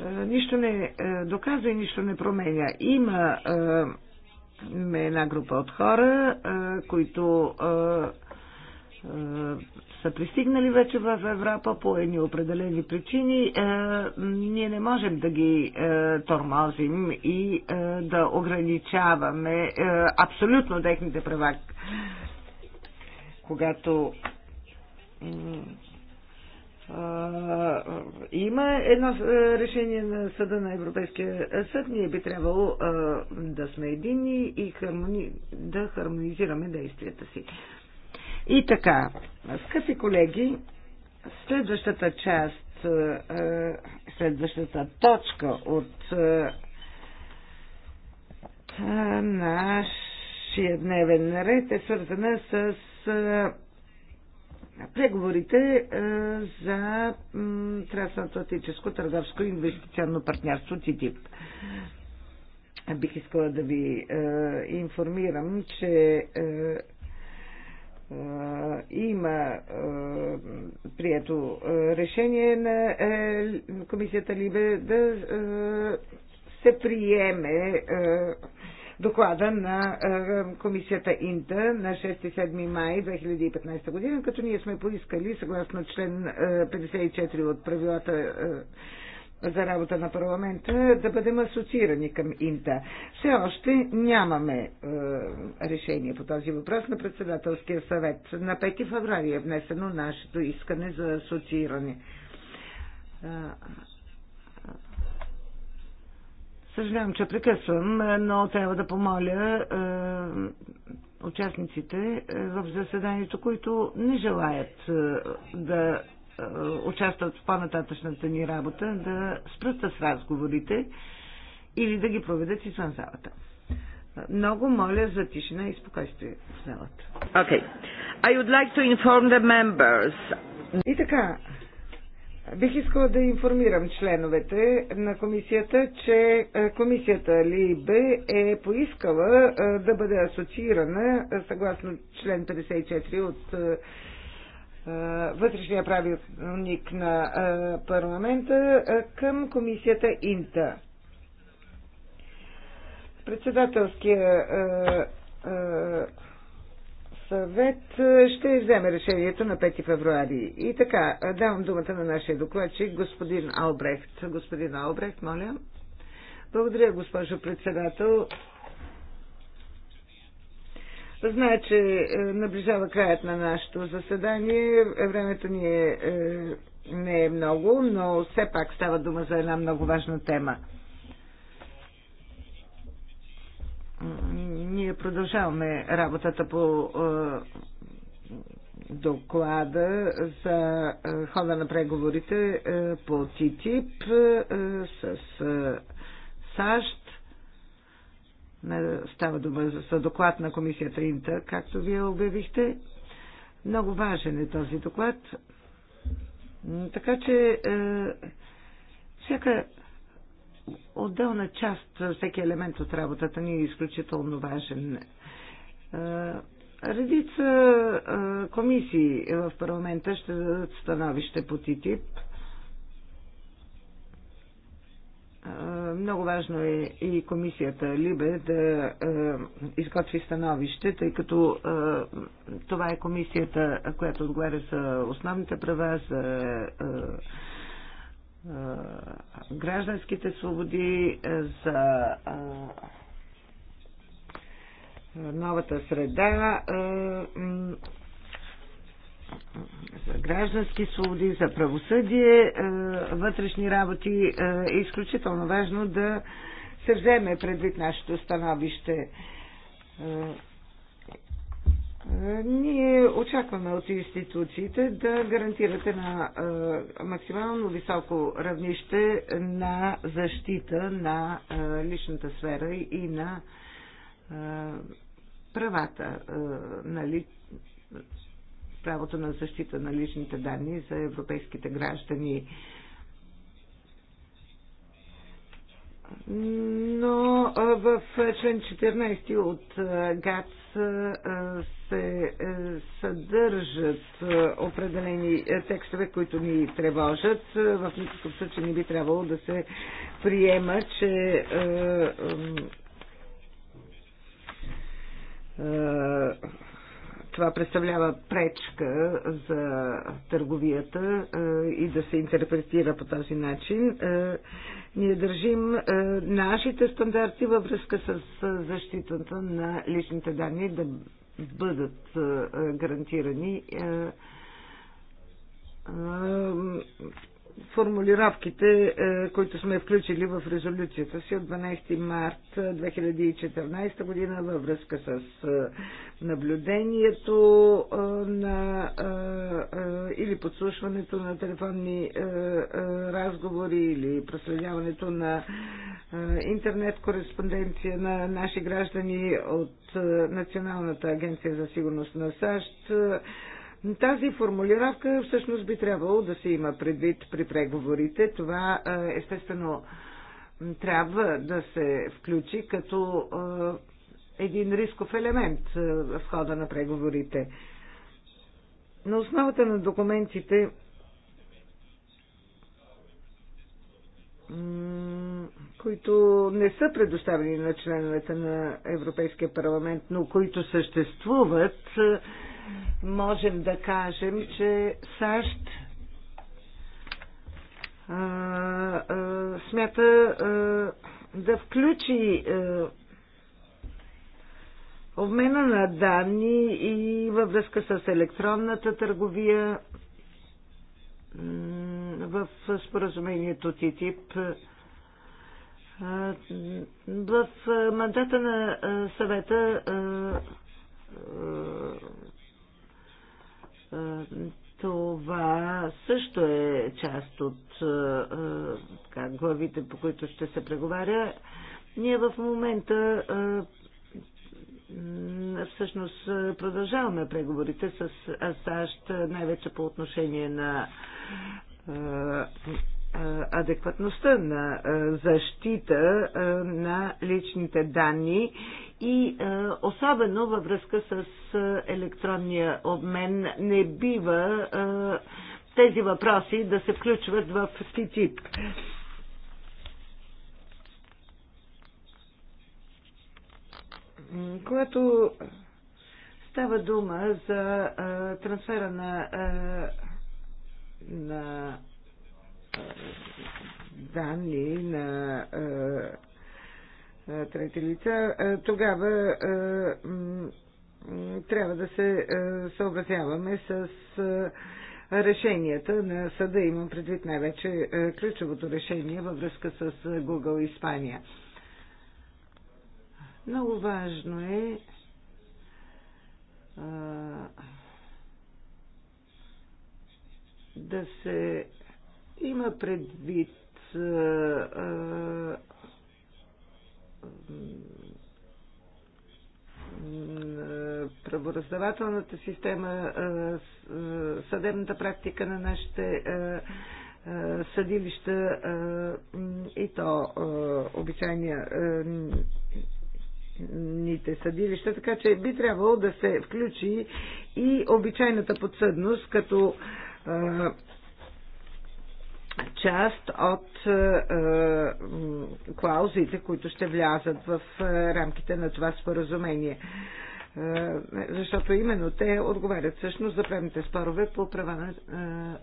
Speaker 2: е, нищо не е, доказва и нищо не променя. Има е, една група от хора, е, които е, е, са пристигнали вече в Европа по едни определени причини. Е, ние не можем да ги е, тормозим и е, да ограничаваме е, абсолютно техните права когато има едно решение на Съда на Европейския съд, ние би трябвало да сме едини и хармони... да хармонизираме действията си. И така, скъпи колеги, следващата част, следващата точка от наш нашия дневен ред е свързана с преговорите за трансатлантическо търговско инвестиционно партньорство ТИТИП. Бих искала да ви информирам, че има прието решение на комисията Либе да се приеме доклада на е, комисията Инта на 6-7 май 2015 година, като ние сме поискали, съгласно член 54 е, от правилата е, за работа на парламента, да бъдем асоциирани към Инта. Все още нямаме е, решение по този въпрос на председателския съвет. На 5 феврари е внесено нашето искане за асоцииране. Съжалявам, че прекъсвам, но трябва да помоля е, участниците е, в заседанието, които не желаят е, да е, участват в по-нататъчната ни работа, да спрат с разговорите или да ги проведат извън залата. Много моля за тишина и спокойствие в залата. Okay. I would like to inform the members. И така, Бих искала да информирам членовете на комисията, че е, комисията ЛИБ е поискала е, да бъде асоциирана е, съгласно член 54 от вътрешния правилник на парламента към комисията Инта. Председателския съвет е, ще вземе решението на 5 февруари. И така, е, давам думата на нашия докладчик, господин Албрехт. Господин Албрехт, моля. Благодаря, госпожо председател. Знае, че е, наближава краят на нашето заседание. Времето ни е, е, не е много, но все пак става дума за една много важна тема ние продължаваме работата по е, доклада за е, хода на преговорите е, по ТИТИП с САЩ. Става дума за доклад на комисията Инта, както вие обявихте. Много важен е този доклад. Така че всяка отделна част, всеки елемент от работата ни е изключително важен. Редица комисии в парламента ще дадат становище по ТИТИП. Много важно е и комисията Либе да изготви становище, тъй като това е комисията, която отговаря за основните права, за гражданските свободи, за новата среда, за граждански свободи, за правосъдие, вътрешни работи. Е изключително важно да се вземе предвид нашето становище. Ние очакваме от институциите да гарантирате на максимално високо равнище на защита на личната сфера и на правата на ли... правото на защита на личните данни за европейските граждани. но в член 14 от ГАЦ се е, съдържат определени е, текстове, които ни тревожат. В никакъв случай не би трябвало да се приема, че това представлява пречка за търговията и да се интерпретира по този начин. Ние държим нашите стандарти във връзка с защитата на личните данни да бъдат гарантирани формулировките, е, които сме включили в резолюцията си от 12 март 2014 е, година във връзка с е, наблюдението на, или подслушването на телефонни разговори или проследяването на интернет кореспонденция на наши граждани от Националната агенция за сигурност на САЩ тази формулировка всъщност би трябвало да се има предвид при преговорите. Това е, естествено трябва да се включи като е, един рисков елемент е, в хода на преговорите. На основата на документите които не са предоставени на членовете на Европейския парламент, но които съществуват можем да кажем, че САЩ смята да включи обмена на данни и във връзка с електронната търговия в споразумението ТИТИП. В мандата на съвета е, това също е част от е, е, така, главите, по които ще се преговаря. Ние в момента всъщност продължаваме преговорите с САЩ, най-вече по отношение на адекватността на защита на личните данни и особено във връзка с електронния обмен не бива тези въпроси да се включват в ТТИП. Когато става дума за трансфера на, на данни на е, е, трети лица, е, тогава трябва да се съобразяваме с решенията на съда. Имам предвид най-вече ключовото решение във връзка с Google Испания. Много важно е да се има предвид а, а, правораздавателната система, съдебната практика на нашите съдилища и то обичайния ните съдилища, така че би трябвало да се включи и обичайната подсъдност като част от е, е клаузите, които ще влязат в е, рамките на това споразумение. Е, защото именно те отговарят всъщност за правните спорове по, права на,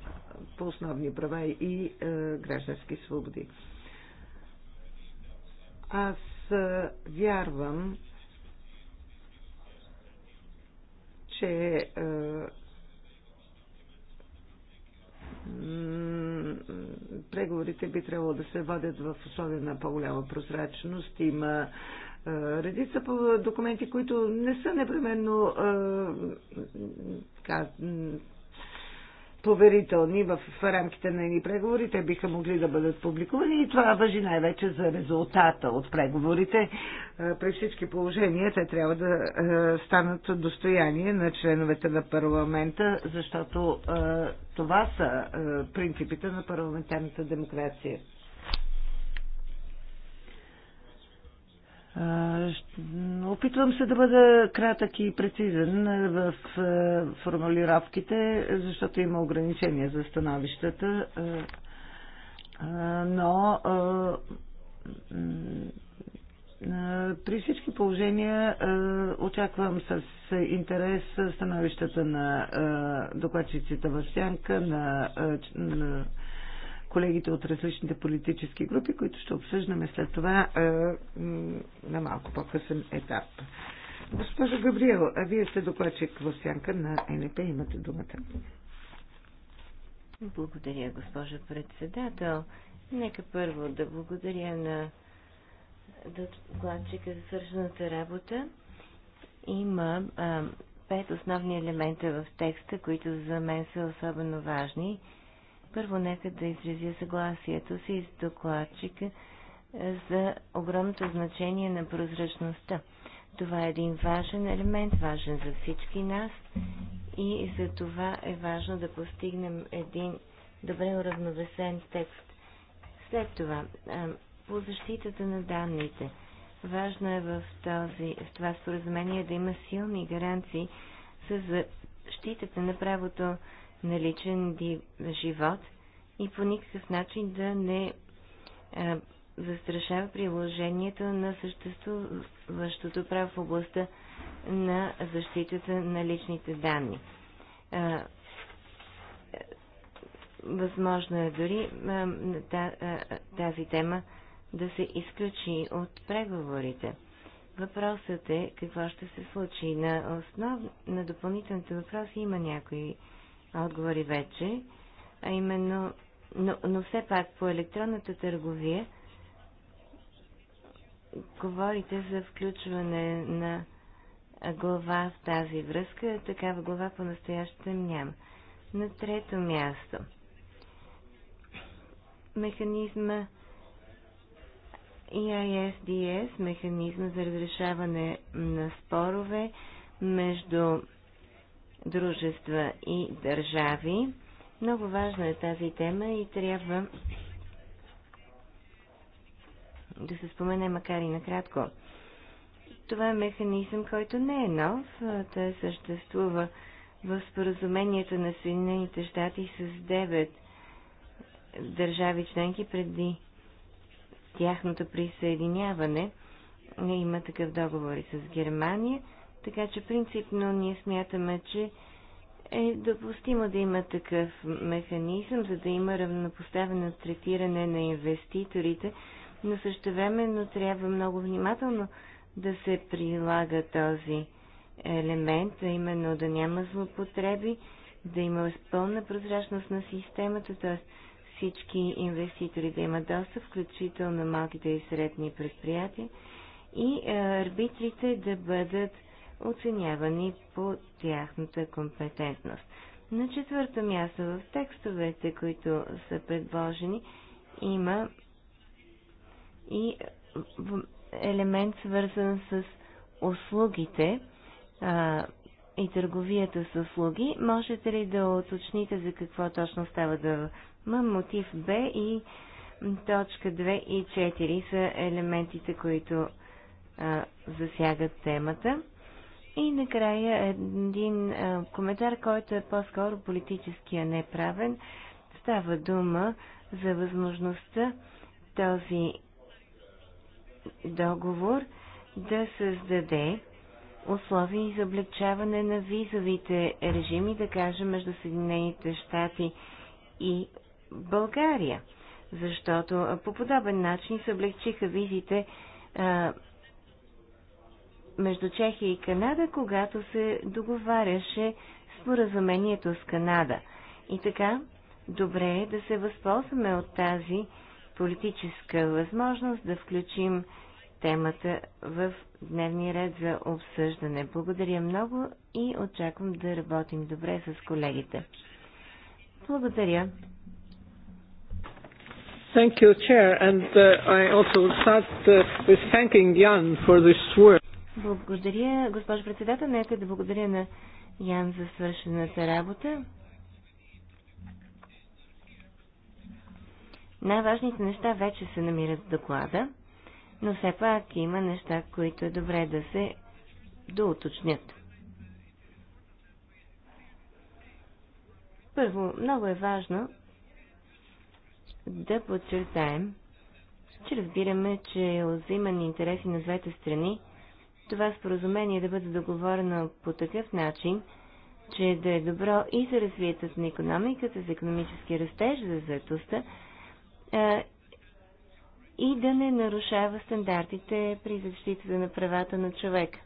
Speaker 2: по основни права и граждански свободи. Аз вярвам, че преговорите би трябвало да се водят в условия на по-голяма прозрачност. Има е, редица документи, които не са непременно е, поверителни в рамките на едни преговори. Те биха могли да бъдат публикувани и това въжи най-вече за резултата от преговорите. Е, при всички положения те трябва да е, станат достояние на членовете на парламента, защото е, това са принципите на парламентарната демокрация. Опитвам се да бъда кратък и прецизен в формулировките, защото има ограничения за становищата, но при всички положения очаквам с интерес становищата на докладчиците в сянка, на колегите от различните политически групи, които ще обсъждаме след това е, на малко по-късен етап. Госпожо Габриел, а вие сте докладчик в сянка на НП, имате думата.
Speaker 3: Благодаря, госпожо председател. Нека първо да благодаря на докладчика за свършената работа. Има а, пет основни елемента в текста, които за мен са особено важни първо нека да изразя съгласието си с докладчика е, за огромното значение на прозрачността. Това е един важен елемент, важен за всички нас и за това е важно да постигнем един добре уравновесен текст. След това, е, по защитата на данните. Важно е в, този, в това споразумение да има силни гаранции за защитата на правото на личен живот и по никакъв начин да не е, застрашава приложението на съществуващото право в областта на защитата на личните данни. Е, е, възможно е дори тази тема да се изключи от преговорите. Въпросът е какво ще се случи. На, основ... на допълнителните въпроси има някои отговори вече, а именно, но, но все пак по електронната търговия говорите за включване на глава в тази връзка, такава глава по-настоящем няма. На трето място механизма EISDS, механизма за разрешаване на спорове между дружества и държави. Много важна е тази тема и трябва да се спомене макар и накратко. Това е механизъм, който не е нов. Той съществува в споразумението на Съединените щати с 9 държави членки преди тяхното присъединяване. Има такъв договор и с Германия. Така че принципно ние смятаме, че е допустимо да има такъв механизъм, за да има равнопоставено третиране на инвеститорите, но същевременно трябва много внимателно да се прилага този елемент, а именно да няма злопотреби, да има пълна прозрачност на системата, т.е. всички инвеститори да имат достъп, включително малките и средни предприятия, и арбитрите да бъдат оценявани по тяхната компетентност. На четвърто място в текстовете, които са предложени, има и елемент свързан с услугите а, и търговията с услуги. Можете ли да уточните за какво точно става да има мотив Б и точка 2 и 4 са елементите, които а, засягат темата. И накрая един коментар, който е по-скоро политически, а не правен. Става дума за възможността този договор да създаде условия за облегчаване на визовите режими, да кажем, между Съединените щати и България. Защото по подобен начин се облегчиха визите а, между Чехия и Канада, когато се договаряше споразумението с Канада. И така, добре е да се възползваме от тази политическа възможност да включим темата в дневния ред за обсъждане. Благодаря много и очаквам да работим добре с колегите. Благодаря. Thank you, Chair, and uh, I also start uh, with thanking Jan
Speaker 4: for this work.
Speaker 3: Благодаря, госпожо председател. Нека да благодаря на Ян за свършената работа. Най-важните неща вече се намират в доклада, но все пак има неща, които е добре да се доуточнят. Първо, много е важно да подчертаем, че разбираме, че е взаимани интереси на двете страни – това споразумение да бъде договорено по такъв начин, че да е добро и за развитието на економиката, за економически растеж, за заетостта и да не нарушава стандартите при защитата на правата на човека.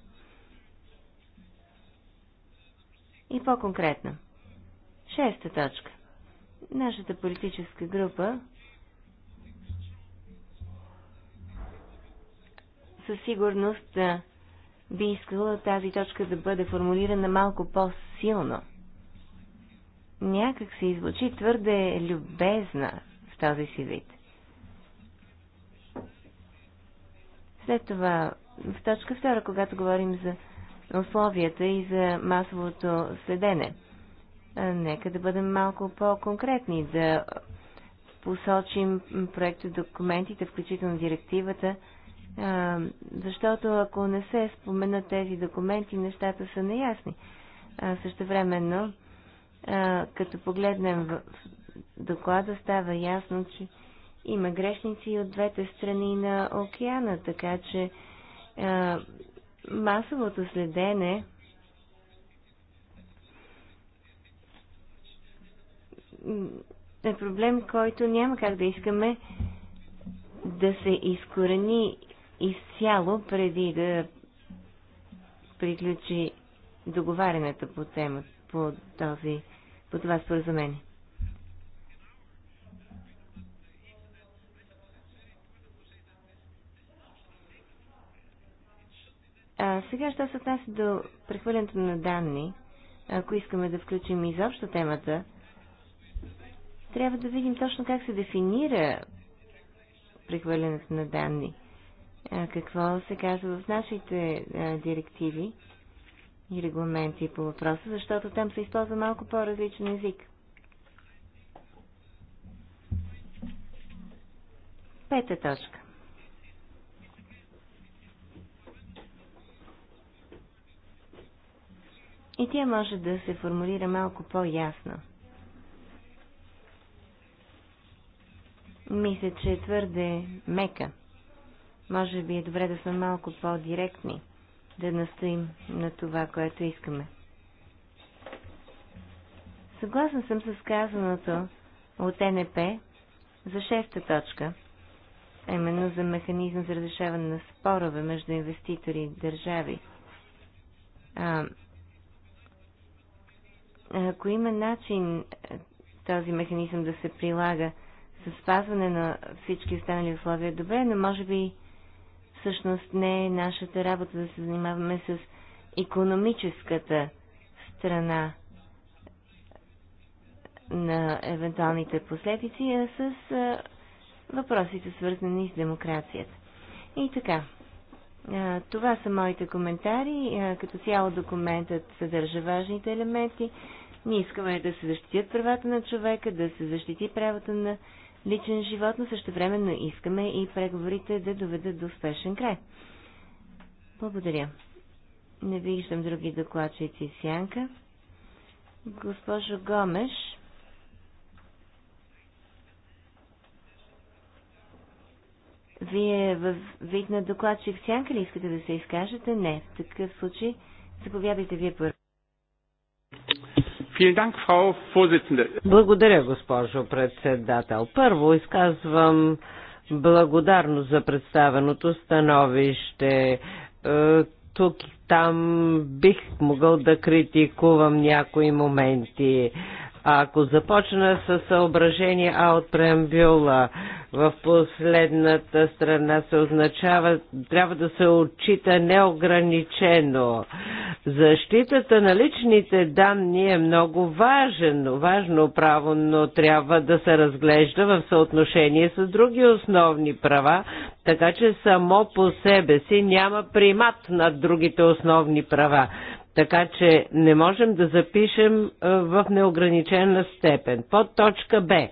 Speaker 3: И по-конкретно. Шеста точка. Нашата политическа група със сигурност би искала тази точка да бъде формулирана малко по-силно. Някак се излучи твърде любезна в този си вид. След това, в точка втора, когато говорим за условията и за масовото следене, нека да бъдем малко по-конкретни, да посочим проекта документите, включително директивата, а, защото ако не се споменат тези документи, нещата са неясни. А, същевременно, а, като погледнем в доклада, става ясно, че има грешници от двете страни на океана, така че а, масовото следене е проблем, който няма как да искаме да се изкорени изцяло преди да приключи договарянето по тема, по, този, по това споразумение. А, сега, що се отнася до прехвърлянето на данни, ако искаме да включим изобщо темата, трябва да видим точно как се дефинира прехвърлянето на данни – какво се казва в нашите директиви и регламенти по въпроса, защото там се използва малко по-различен език. Пета точка. И тя може да се формулира малко по-ясно. Мисля, че е твърде мека. Може би е добре да сме малко по-директни, да настоим на това, което искаме. Съгласна съм с казаното от НП за шеста точка, а именно за механизъм за разрешаване на спорове между инвеститори и държави. А, ако има начин е, този механизъм да се прилага с спазване на всички останали условия, добре, но може би всъщност не е нашата работа да се занимаваме с економическата страна на евентуалните последици, а с а, въпросите свързани с демокрацията. И така, а, това са моите коментари. А, като цяло документът съдържа важните елементи. Ние искаме да се защитят правата на човека, да се защити правото на личен живот, но същевременно искаме и преговорите да доведат до успешен край. Благодаря. Не виждам други докладчици в сянка. Госпожо Гомеш, Вие във вид на докладчик сянка ли искате да се изкажете? Не. В такъв случай заповядайте вие първо.
Speaker 1: Благодаря, госпожо председател. Първо изказвам благодарност за представеното становище. Е, тук там бих могъл да критикувам някои моменти. Ако започна с съображение А от преамбюла, в последната страна се означава, трябва да се отчита неограничено. Защитата на личните данни е много важен, важно право, но трябва да се разглежда в съотношение с други основни права, така че само по себе си няма примат над другите основни права. Така че не можем да запишем е, в неограничена степен. Под точка Б.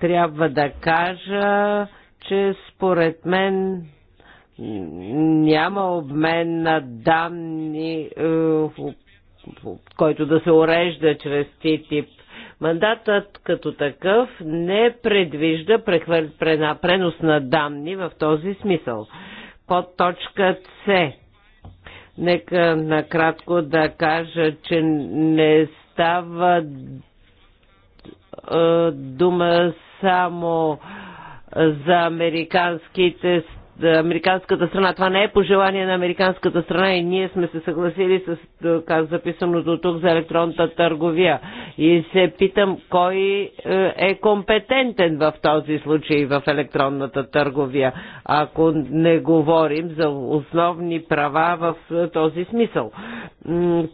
Speaker 1: Трябва да кажа, че според мен няма обмен на данни, е, който да се урежда чрез ТИТИП. Мандатът като такъв не предвижда пренос на данни в този смисъл. Под точка С Нека накратко да кажа, че не става е, дума само за американските е, американската страна. Това не е пожелание на американската страна и ние сме се съгласили с е, записаното тук за електронната търговия. И се питам кой е, е компетентен в този случай в електронната търговия, ако не говорим за основни права в този смисъл.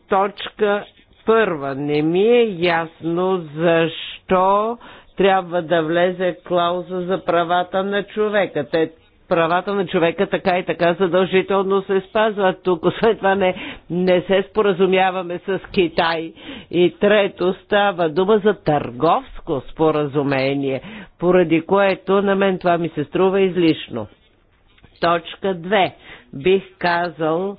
Speaker 1: Точка първа. Не ми е ясно защо трябва да влезе клауза за правата на човека. Те правата на човека така и така задължително се спазват тук. Освен това не, не се споразумяваме с Китай. И трето става дума за търговско споразумение, поради което на мен това ми се струва излишно. Точка 2. Бих казал,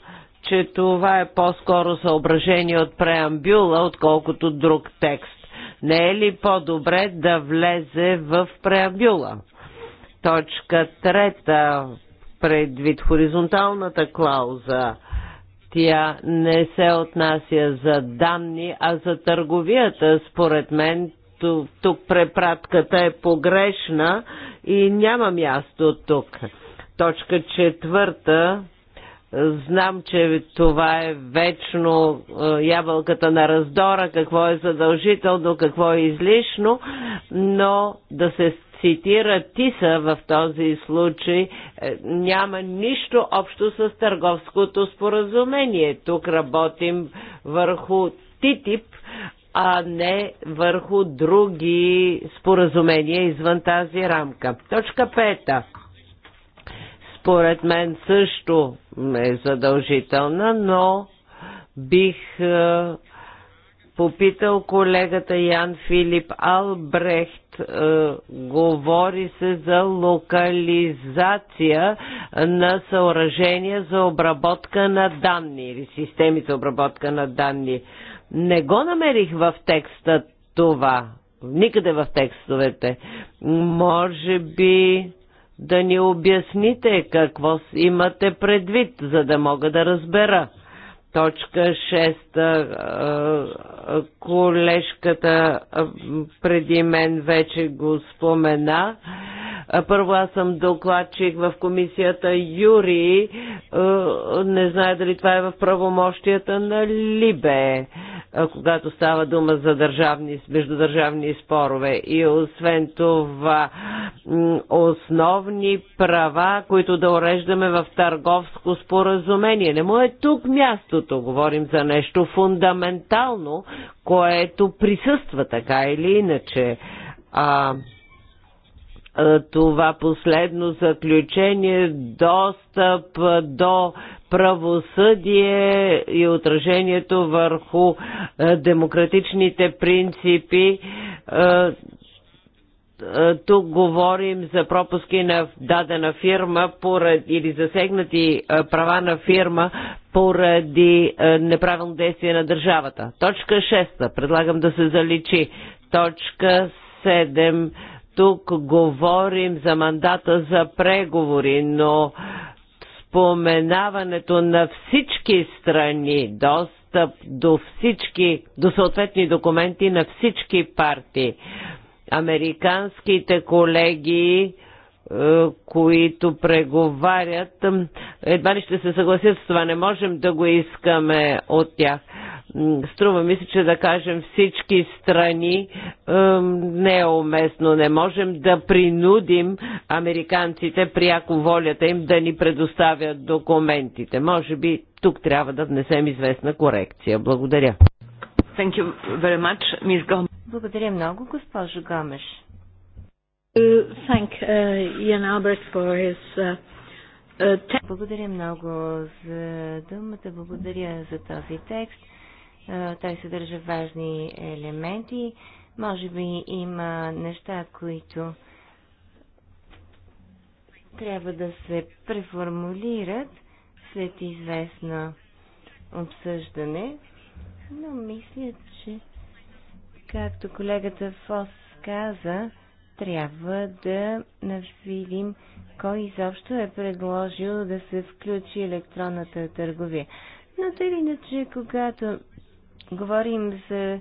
Speaker 1: че това е по-скоро съображение от преамбюла, отколкото друг текст. Не е ли по-добре да влезе в преамбюла? Точка трета, предвид хоризонталната клауза, тя не се отнася за данни, а за търговията. Според мен тук препратката е погрешна и няма място тук. Точка четвърта. Знам, че това е вечно е, ябълката на раздора, какво е задължително, какво е излишно, но да се цитира Тиса в този случай, е, няма нищо общо с търговското споразумение. Тук работим върху ТИТИП, а не върху други споразумения извън тази рамка. Точка пета. Според мен също е задължителна, но бих е, попитал колегата Ян Филип Албрехт. Е, говори се за локализация на съоръжения за обработка на данни или системи за обработка на данни. Не го намерих в текста това. Никъде в текстовете. Може би да ни обясните какво имате предвид, за да мога да разбера точка 6. Колежката преди мен вече го спомена. Първо аз съм докладчик в комисията Юри. Е, не знае дали това е в правомощията на Либе, е, когато става дума за държавни, междудържавни спорове. И освен това, основни права, които да уреждаме в търговско споразумение. Не му е тук мястото. Говорим за нещо фундаментално, което присъства така или иначе. А, е, това последно заключение достъп е, до правосъдие и отражението върху е, демократичните принципи тук говорим за пропуски на дадена фирма поради, или засегнати права на фирма поради неправилно действие на държавата. Точка 6. Предлагам да се заличи. Точка 7 тук говорим за мандата за преговори, но споменаването на всички страни, достъп до всички, до съответни документи на всички партии. Американските колеги е, които преговарят, едва ли ще се съгласят с това. Не можем да го искаме от тях струва ми се, че да кажем всички страни не е уместно. Не можем да принудим американците пряко волята им да ни предоставят документите. Може би тук трябва да внесем известна корекция. Благодаря. Thank you very much, Ms. Gomes.
Speaker 3: Благодаря много, госпожо Гомеш. Uh, uh, uh, благодаря много за думата, благодаря за този текст. Той съдържа важни елементи. Може би има неща, които трябва да се преформулират след известно обсъждане, но мисля, че, както колегата Фос каза, трябва да видим кой изобщо е предложил да се включи електронната търговия. Но тъй или иначе, когато говорим за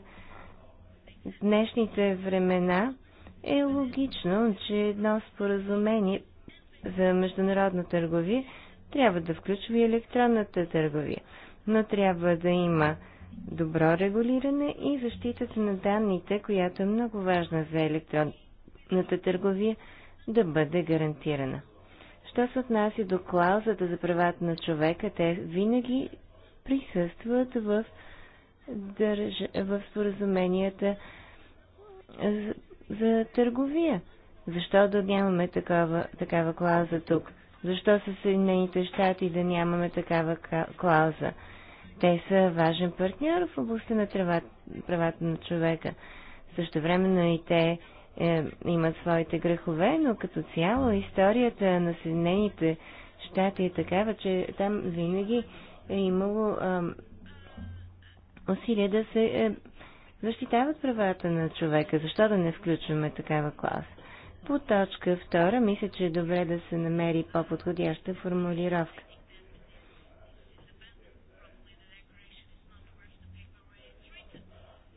Speaker 3: днешните времена, е логично, че едно споразумение за международна търговия трябва да включва и електронната търговия, но трябва да има добро регулиране и защитата на данните, която е много важна за електронната търговия, да бъде гарантирана. Що се отнася до клаузата за правата на човека, те винаги присъстват в в споразуменията за, за търговия. Защо да нямаме такава, такава клауза тук? Защо са Съединените щати да нямаме такава клауза? Те са важен партньор в областта на правата на човека. Също времено и те е, имат своите грехове, но като цяло историята на Съединените щати е такава, че там винаги е имало е, усилия да се е, защитават правата на човека. Защо да не включваме такава клас? По точка втора, мисля, че е добре да се намери по-подходяща формулировка.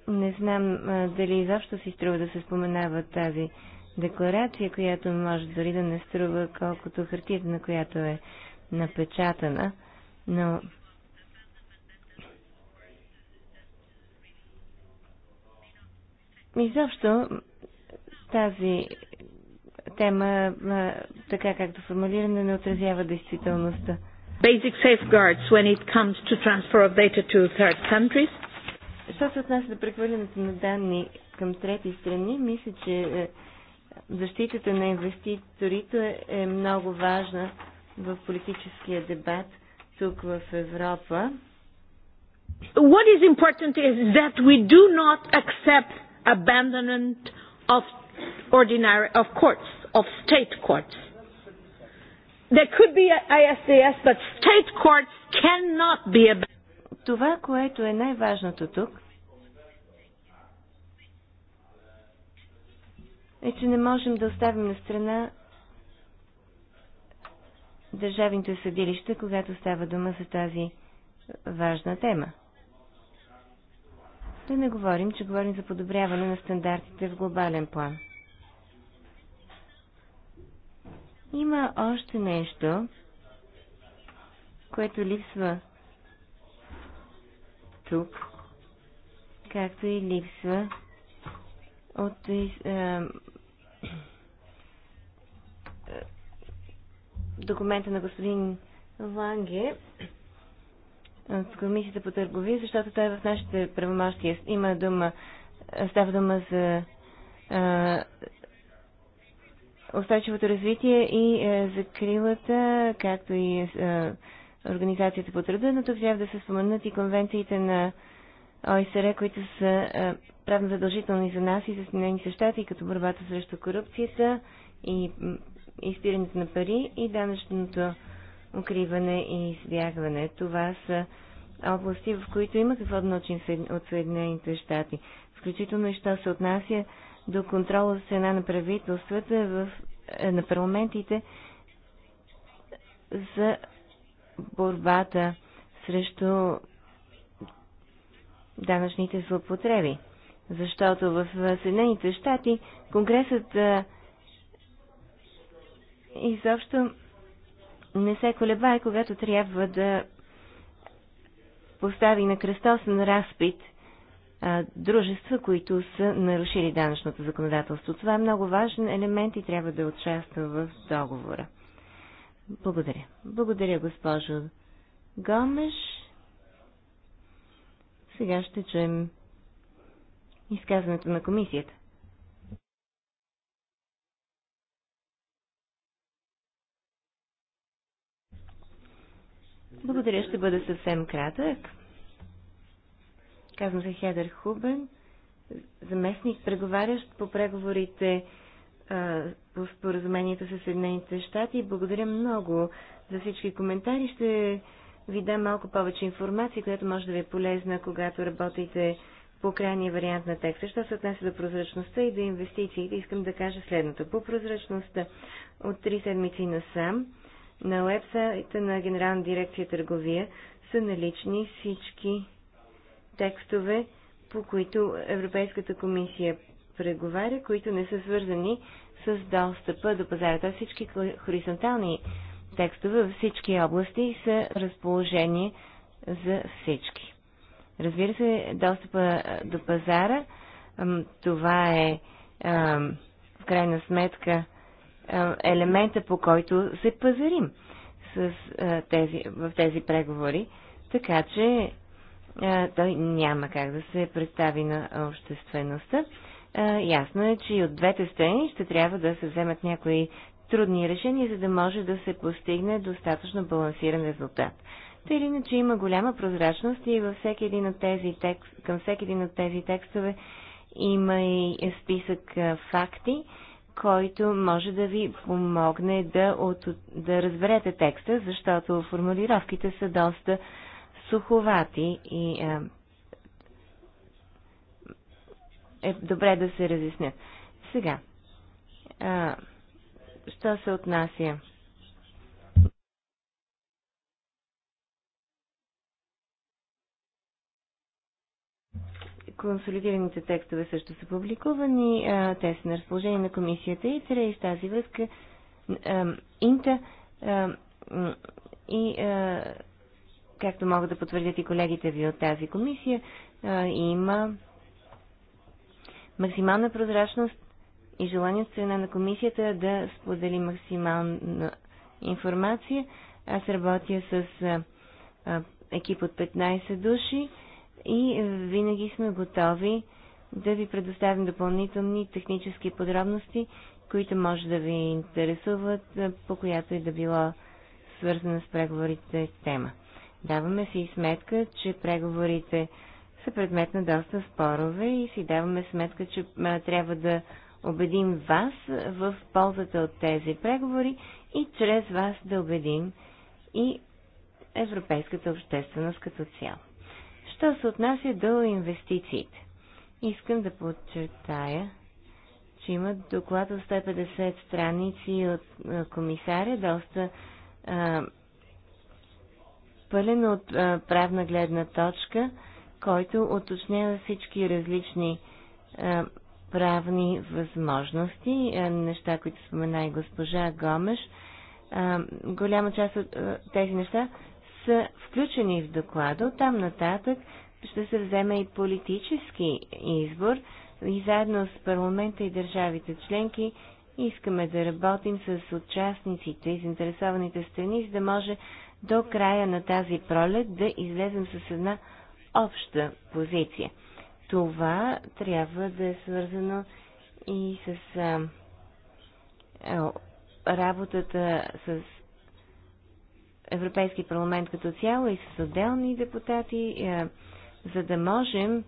Speaker 3: Не знам а, дали изобщо си струва да се споменава тази декларация, която може дори да не струва колкото хартията, на която е напечатана, но Изобщо тази тема, така както формулирана, не отразява действителността. Basic safeguards when it comes to transfer of data to third countries. Що се отнася до прехвърлянето на данни към трети страни, мисля, че е, защитата на инвеститорите е, е много важна в политическия дебат тук в Европа. What is important is that we do not accept abandonment of ordinary of courts of state courts. There could be ISDS, but state courts cannot be abandoned. Това, което е най-важното тук, е, че не можем да оставим на страна държавните съдилища, когато става дума за тази важна тема. Да не говорим, че говорим за подобряване на стандартите в глобален план. Има още нещо, което липсва тук, както и липсва от е, е документа на господин Ланге от Комисията по търговия, защото той е в нашите правомощия има дума, става дума за устойчивото развитие и за закрилата, както и Организацията по труда, но тук трябва да се споменат и конвенциите на ОИСР, които са правно задължителни за нас и за Съединените щати, като борбата срещу корупцията и изпирането на пари и данъчното укриване и избягване. Това са области, в които има какво да научим от Съединените щати. Включително и що се отнася до контрола за цена на правителствата в, е, на парламентите за борбата срещу данъчните злопотреби. Защото в Съединените щати Конгресът е, изобщо не се колебае, когато трябва да постави на кръстосен разпит а, дружества, които са нарушили данъчното законодателство. Това е много важен елемент и трябва да участва в договора. Благодаря. Благодаря, госпожо Гомеш. Сега ще чуем изказването на комисията. Благодаря, ще бъда съвсем кратък. Казвам се Хедър Хубен, заместник преговарящ по преговорите по споразумението с Съединените щати. Благодаря много за всички коментари. Ще ви дам малко повече информация, която може да ви е полезна, когато работите по крайния вариант на текста. Що се отнася до прозрачността и до инвестициите, искам да кажа следното. По прозрачността от три седмици насам на уебсайта на Генерална дирекция търговия са налични всички текстове, по които Европейската комисия преговаря, които не са свързани с достъпа до пазара. Това, всички хоризонтални текстове във всички области са разположение за всички. Разбира се, достъпа до пазара, това е в крайна сметка е, елемента, по който се пазарим с, а, е, тези, в тези преговори, така че а, е, той няма как да се представи на обществеността. А, ясно е, че и от двете страни ще трябва да се вземат някои трудни решения, за да може да се постигне достатъчно балансиран резултат. Тъй или иначе има голяма прозрачност и във всеки един от тези текст, към всеки един от тези текстове има и списък факти който може да ви помогне да, от, да разберете текста, защото формулировките са доста суховати и е, е добре да се разяснят. Сега, е, що се отнася консолидираните текстове също са публикувани. Те са на разположение на комисията и и в тази връзка Инта и както могат да потвърдят и колегите ви от тази комисия, има максимална прозрачност и желание от страна на комисията да сподели максимална информация. Аз работя с екип от 15 души и винаги сме готови да ви предоставим допълнителни технически подробности, които може да ви интересуват, по която и да било свързана с преговорите тема. Даваме си сметка, че преговорите са предмет на доста спорове и си даваме сметка, че трябва да убедим вас в ползата от тези преговори и чрез вас да убедим и европейската общественост като цяло. Що се отнася до инвестициите? Искам да подчертая, че има доклад от 150 страници от комисаря, доста а, пълен от а, правна гледна точка, който уточнява всички различни а, правни възможности, а, неща, които спомена и госпожа Гомеш. А, голяма част от а, тези неща са включени в доклада. Оттам нататък ще се вземе и политически избор и заедно с парламента и държавите членки искаме да работим с участниците и заинтересованите страни, за да може до края на тази пролет да излезем с една обща позиция. Това трябва да е свързано и с а, работата с Европейски парламент като цяло и с отделни депутати, е, за да можем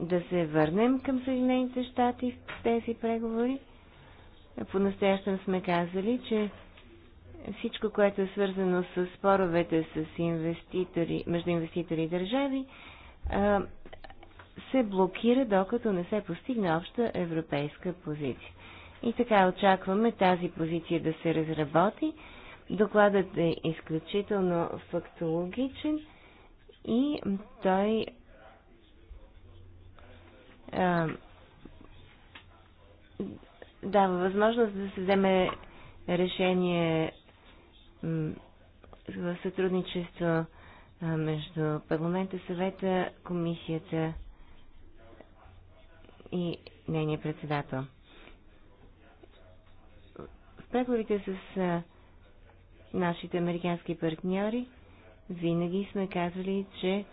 Speaker 3: да се върнем към Съединените щати в тези преговори. По-настоящем сме казали, че всичко, което е свързано с споровете с инвеститори, между инвеститори и държави, е, се блокира, докато не се постигне обща европейска позиция. И така очакваме тази позиция да се разработи. Докладът е изключително фактологичен и той а, дава възможност да се вземе решение в сътрудничество между парламента, съвета, комисията и нейния председател преговорите с а, нашите американски партньори винаги сме казвали, че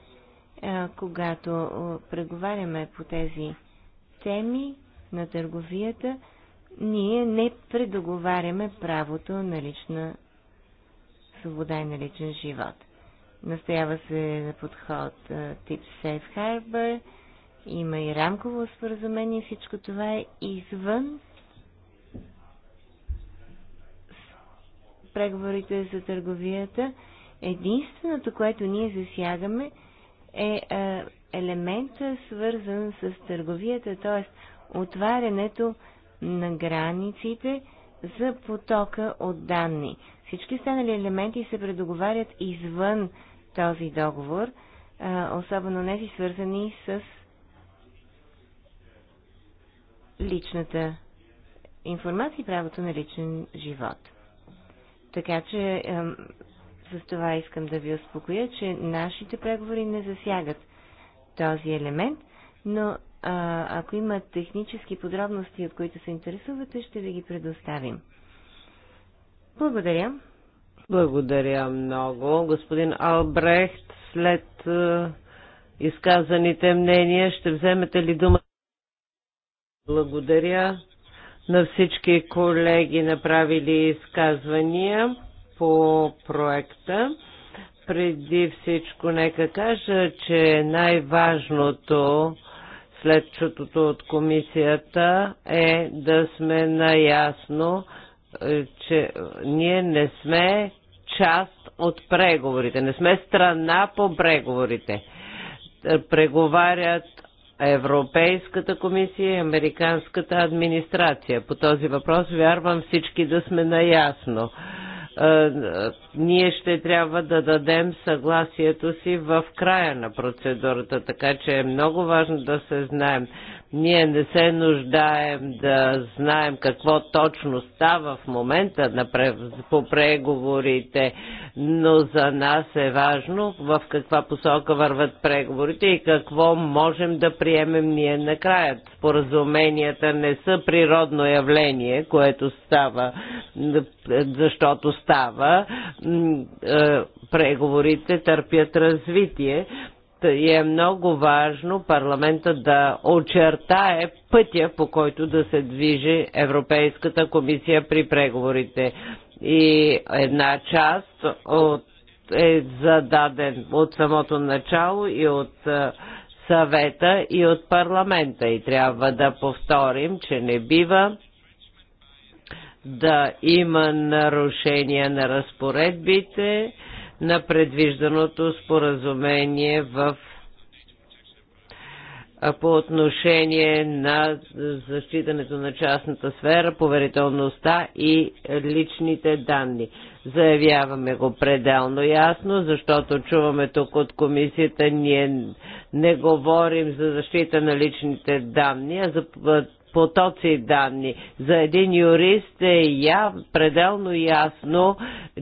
Speaker 3: а, когато а, преговаряме по тези теми на търговията, ние не предоговаряме правото на лична свобода и на личен живот. Настоява се на подход а, тип Safe Harbor, има и рамково споразумение, всичко това е извън преговорите за търговията, единственото, което ние засягаме, е, е елемента свързан с търговията, т.е. отварянето на границите за потока от данни. Всички останали елементи се предоговарят извън този договор, е, особено си, свързани с личната информация и правото на личен живот. Така че с това искам да ви успокоя, че нашите преговори не засягат този елемент, но а, ако има технически подробности, от които се интересувате, ще ви ги предоставим. Благодаря. Благодаря
Speaker 1: много. Господин Албрехт, след е, изказаните мнения, ще вземете ли дума? Благодаря на всички колеги направили изказвания по проекта. Преди всичко нека кажа, че най-важното след чутото от комисията е да сме наясно, е, че ние не сме част от преговорите, не сме страна по преговорите. Преговарят Европейската комисия и Американската администрация. По този въпрос вярвам всички да сме наясно. Е, е, ние ще трябва да дадем съгласието си в края на процедурата, така че е много важно да се знаем. Ние не се нуждаем да знаем какво точно става в момента по преговорите, но за нас е важно в каква посока върват преговорите и какво можем да приемем ние накрая. Споразуменията не са природно явление, което става защото става, е, преговорите търпят развитие и е много важно парламента да очертае пътя, по който да се движи Европейската комисия при преговорите. И една част от, е зададен от самото начало и от е, съвета и от парламента. И трябва да повторим, че не бива да има нарушения на разпоредбите на предвижданото споразумение в по отношение на защитането на частната сфера, поверителността и личните данни. Заявяваме го пределно ясно, защото чуваме тук от комисията, ние не говорим за защита на личните данни, а за потоци данни. За един юрист е я, пределно ясно,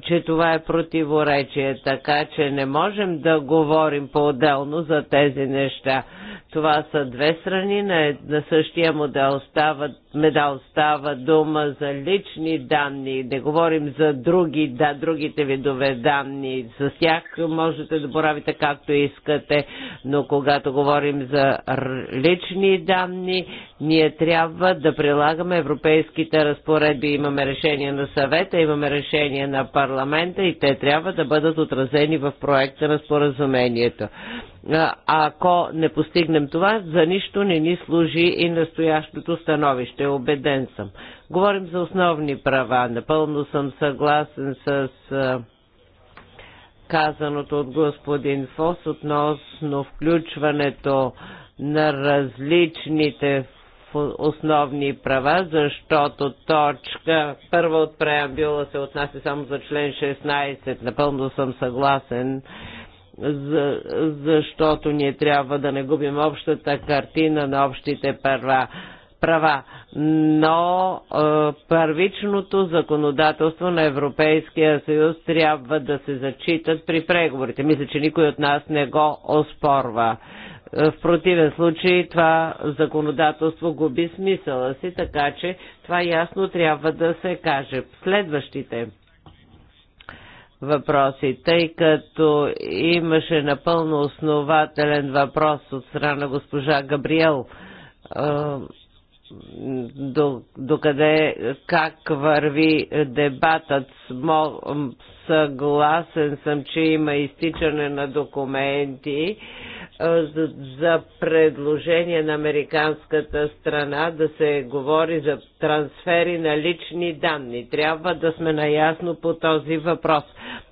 Speaker 1: че това е противоречие, така че не можем да говорим по-отделно за тези неща. Това са две страни на, е, на същия модел. Става, медал става дума за лични данни, не говорим за други, да, другите видове данни. С тях можете да боравите както искате, но когато говорим за лични данни, ние трябва трябва да прилагаме европейските разпоредби. Имаме решение на съвета, имаме решение на парламента и те трябва да бъдат отразени в проекта на споразумението. А ако не постигнем това, за нищо не ни служи и настоящото становище. Обеден съм. Говорим за основни права. Напълно съм съгласен с казаното от господин Фос относно включването на различните основни права, защото точка първа от преамбюла се отнася само за член 16. Напълно съм съгласен за, защото ние трябва да не губим общата картина на общите права. права. Но е, първичното законодателство на Европейския съюз трябва да се зачитат при преговорите. Мисля, че никой от нас не го оспорва. Е, в противен случай това законодателство губи смисъла си, така че това ясно трябва да се каже. Следващите въпроси, тъй като имаше напълно основателен въпрос от страна госпожа Габриел е, докъде, как върви дебатът. Съгласен съм, че има изтичане на документи е, за предложение на американската страна да се говори за трансфери на лични данни. Трябва да сме наясно по този въпрос.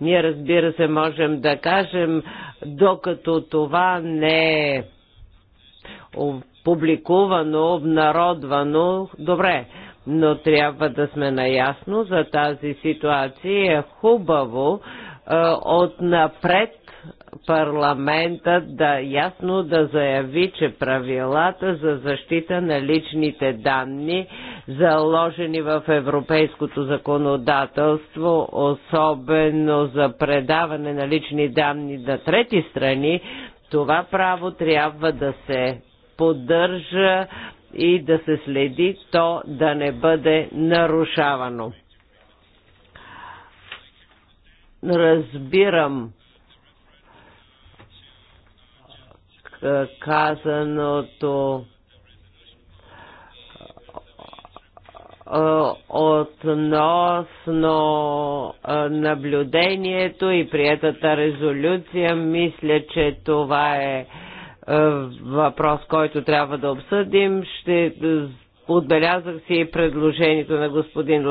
Speaker 1: Ние, разбира се, можем да кажем, докато това не е публикувано, обнародвано, добре, но трябва да сме наясно за тази ситуация. Е хубаво е, от напред парламентът да ясно да заяви, че правилата за защита на личните данни, заложени в европейското законодателство, особено за предаване на лични данни на трети страни, това право трябва да се поддържа и да се следи то да не бъде нарушавано. Разбирам казаното относно наблюдението и приятата резолюция. Мисля, че това е е, въпрос, който трябва да обсъдим. Ще Отбелязах си и предложението на господин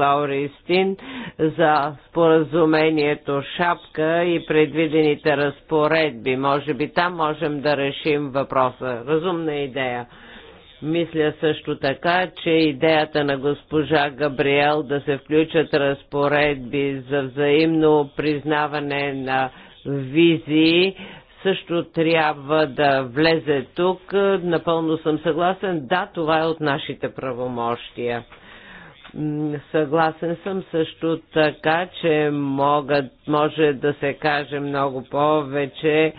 Speaker 1: Стин за споразумението Шапка и предвидените разпоредби. Може би там можем да решим въпроса. Разумна идея. Мисля също така, че идеята на госпожа Габриел да се включат разпоредби за взаимно признаване на визии също трябва да влезе тук. Напълно съм съгласен. Да, това е от нашите правомощия. Съгласен съм също така, че могат, може да се каже много повече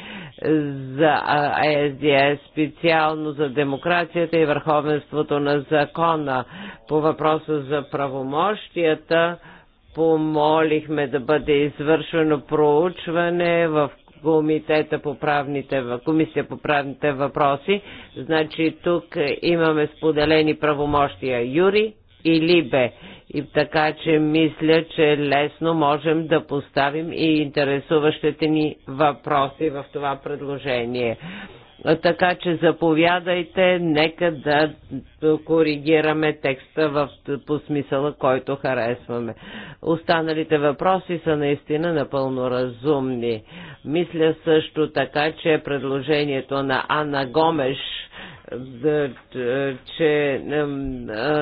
Speaker 1: за ЕСДС, специално за демокрацията и върховенството на закона. По въпроса за правомощията помолихме да бъде извършено проучване, в комитета по правните, комисия по правните въпроси. Значи тук имаме споделени правомощия Юри и Либе. И така, че мисля, че лесно можем да поставим и интересуващите ни въпроси в това предложение. Така че заповядайте, нека да коригираме текста в, по смисъла, който харесваме. Останалите въпроси са наистина напълно разумни. Мисля също така, че предложението на Анна Гомеш че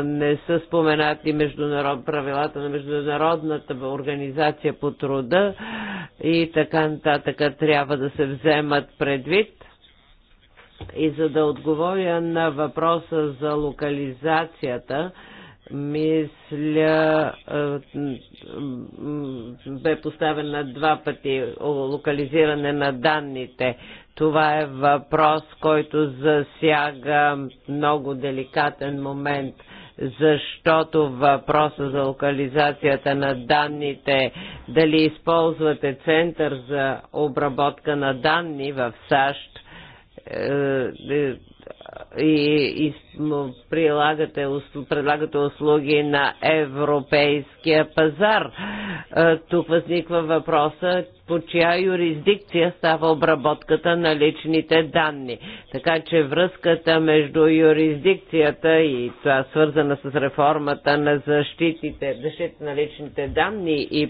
Speaker 1: не са споменати международ, правилата на Международната организация по труда и така нататък трябва да се вземат предвид и за да отговоря на въпроса за локализацията, мисля, е, бе поставен на два пъти локализиране на данните. Това е въпрос, който засяга много деликатен момент, защото въпроса за локализацията на данните, дали използвате център за обработка на данни в САЩ, е, е, и, и прилагате, предлагате услуги на европейския пазар. Е, тук възниква въпроса, по чия юрисдикция става обработката на личните данни. Така че връзката между юрисдикцията и това свързана с реформата на защитите, защита на личните данни и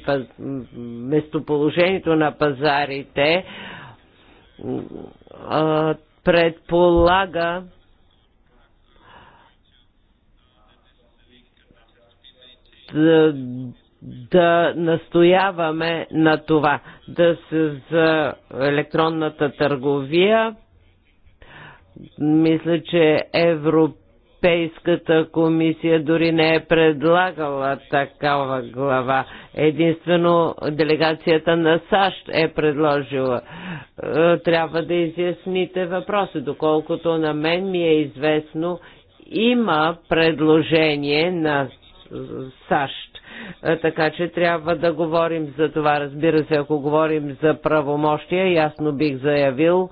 Speaker 1: местоположението на пазарите предполага да, да настояваме на това, да се за електронната търговия. Мисля, че Европа Европейската комисия дори не е предлагала такава глава. Единствено делегацията на САЩ е предложила. Е, трябва да изясните въпроси, Доколкото на мен ми е известно, има предложение на САЩ. Е, така че трябва да говорим за това. Разбира се, ако говорим за правомощия, ясно бих заявил,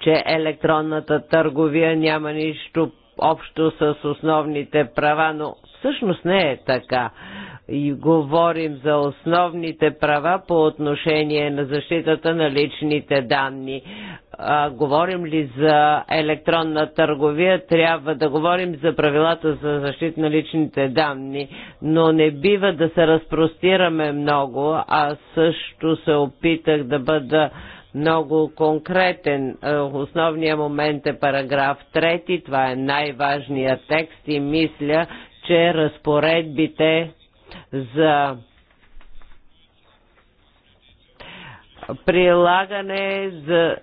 Speaker 1: че електронната търговия няма нищо общо с основните права, но всъщност не е така. И говорим за основните права по отношение на защитата на личните данни. А, говорим ли за електронна търговия, трябва да говорим за правилата за защита на личните данни, но не бива да се разпростираме много. Аз също се опитах да бъда много конкретен. Е, основният момент е параграф 3. Това е най-важният текст и мисля, че разпоредбите за прилагане за,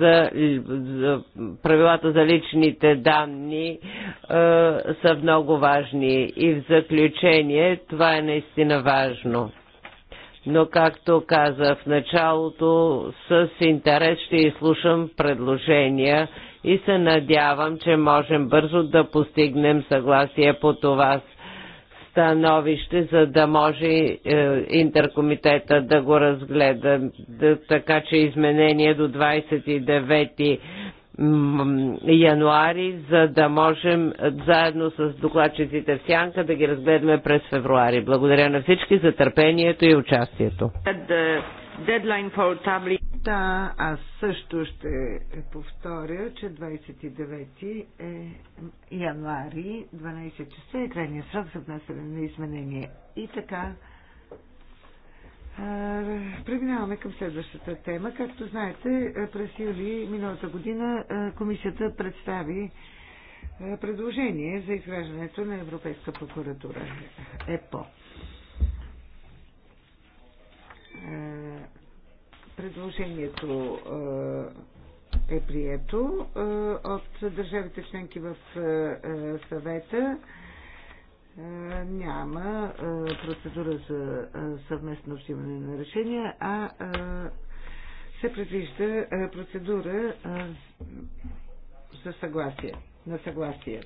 Speaker 1: за, за правилата за личните данни е, са много важни. И в заключение това е наистина важно но както каза в началото, с интерес ще изслушам предложения и се надявам, че можем бързо да постигнем съгласие по това становище, за да може е, интеркомитета да го разгледа. Да, така че изменение до 29 януари, за да можем заедно с докладчиците в Сянка да ги разгледаме през февруари. Благодаря на всички за търпението и участието.
Speaker 2: Да, аз също ще повторя, че 29 е януари, 12 часа е крайния срок за внасяне на изменения. И така, Преминаваме към следващата тема. Както знаете, през юли миналата година комисията представи предложение за изграждането на Европейска прокуратура ЕПО. Предложението е прието от държавите членки в съвета е, няма е, процедура за е, съвместно взимане на решения, а се предвижда процедура за съгласие, на съгласие.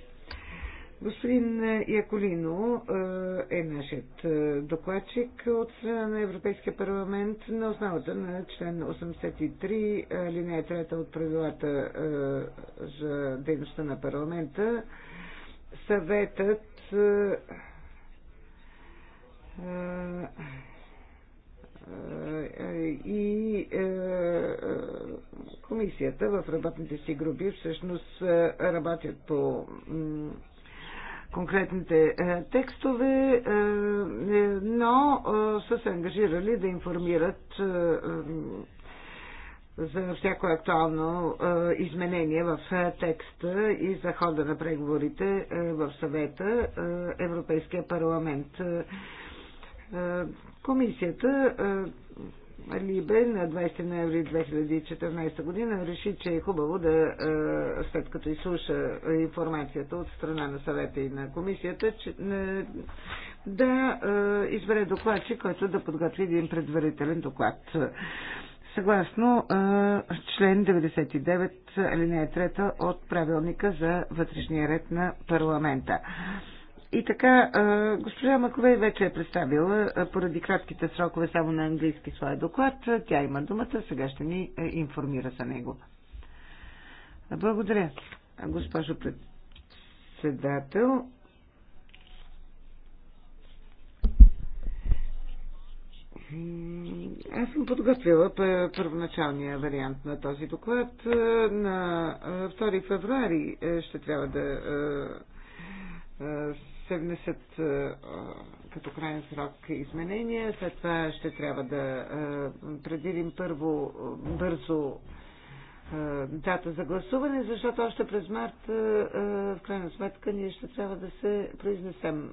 Speaker 2: Господин Яколино е нашият докладчик от страна на Европейския парламент на основата на член 83, линия 3 от правилата за дейността на парламента. Съветът е, е, е, и комисията в работните си групи всъщност работят по конкретните текстове, но са се ангажирали да информират за всяко актуално е, изменение в е, текста и за хода на преговорите е, в съвета е, Европейския парламент. Е, е комисията е, Либе на 20 ноември 2014 година реши, че е хубаво да, е, след като изслуша информацията от страна на съвета и на комисията, че, е, да е, избере докладчик, който да подготви един предварителен доклад. Е, съгласно член 99, алинея 3 от правилника за вътрешния ред на парламента. И така, госпожа Маковей вече е представила поради кратките срокове само на английски своя доклад. Тя има думата, сега ще ни информира за него. Благодаря, госпожо председател. Аз съм подготвила първоначалния вариант на този доклад. Е, на 2 е, февруари е, ще трябва да се внесат като крайен срок изменения. След това ще трябва да предвидим първо бързо дата за гласуване, защото още през март в крайна сметка ние ще трябва да се произнесем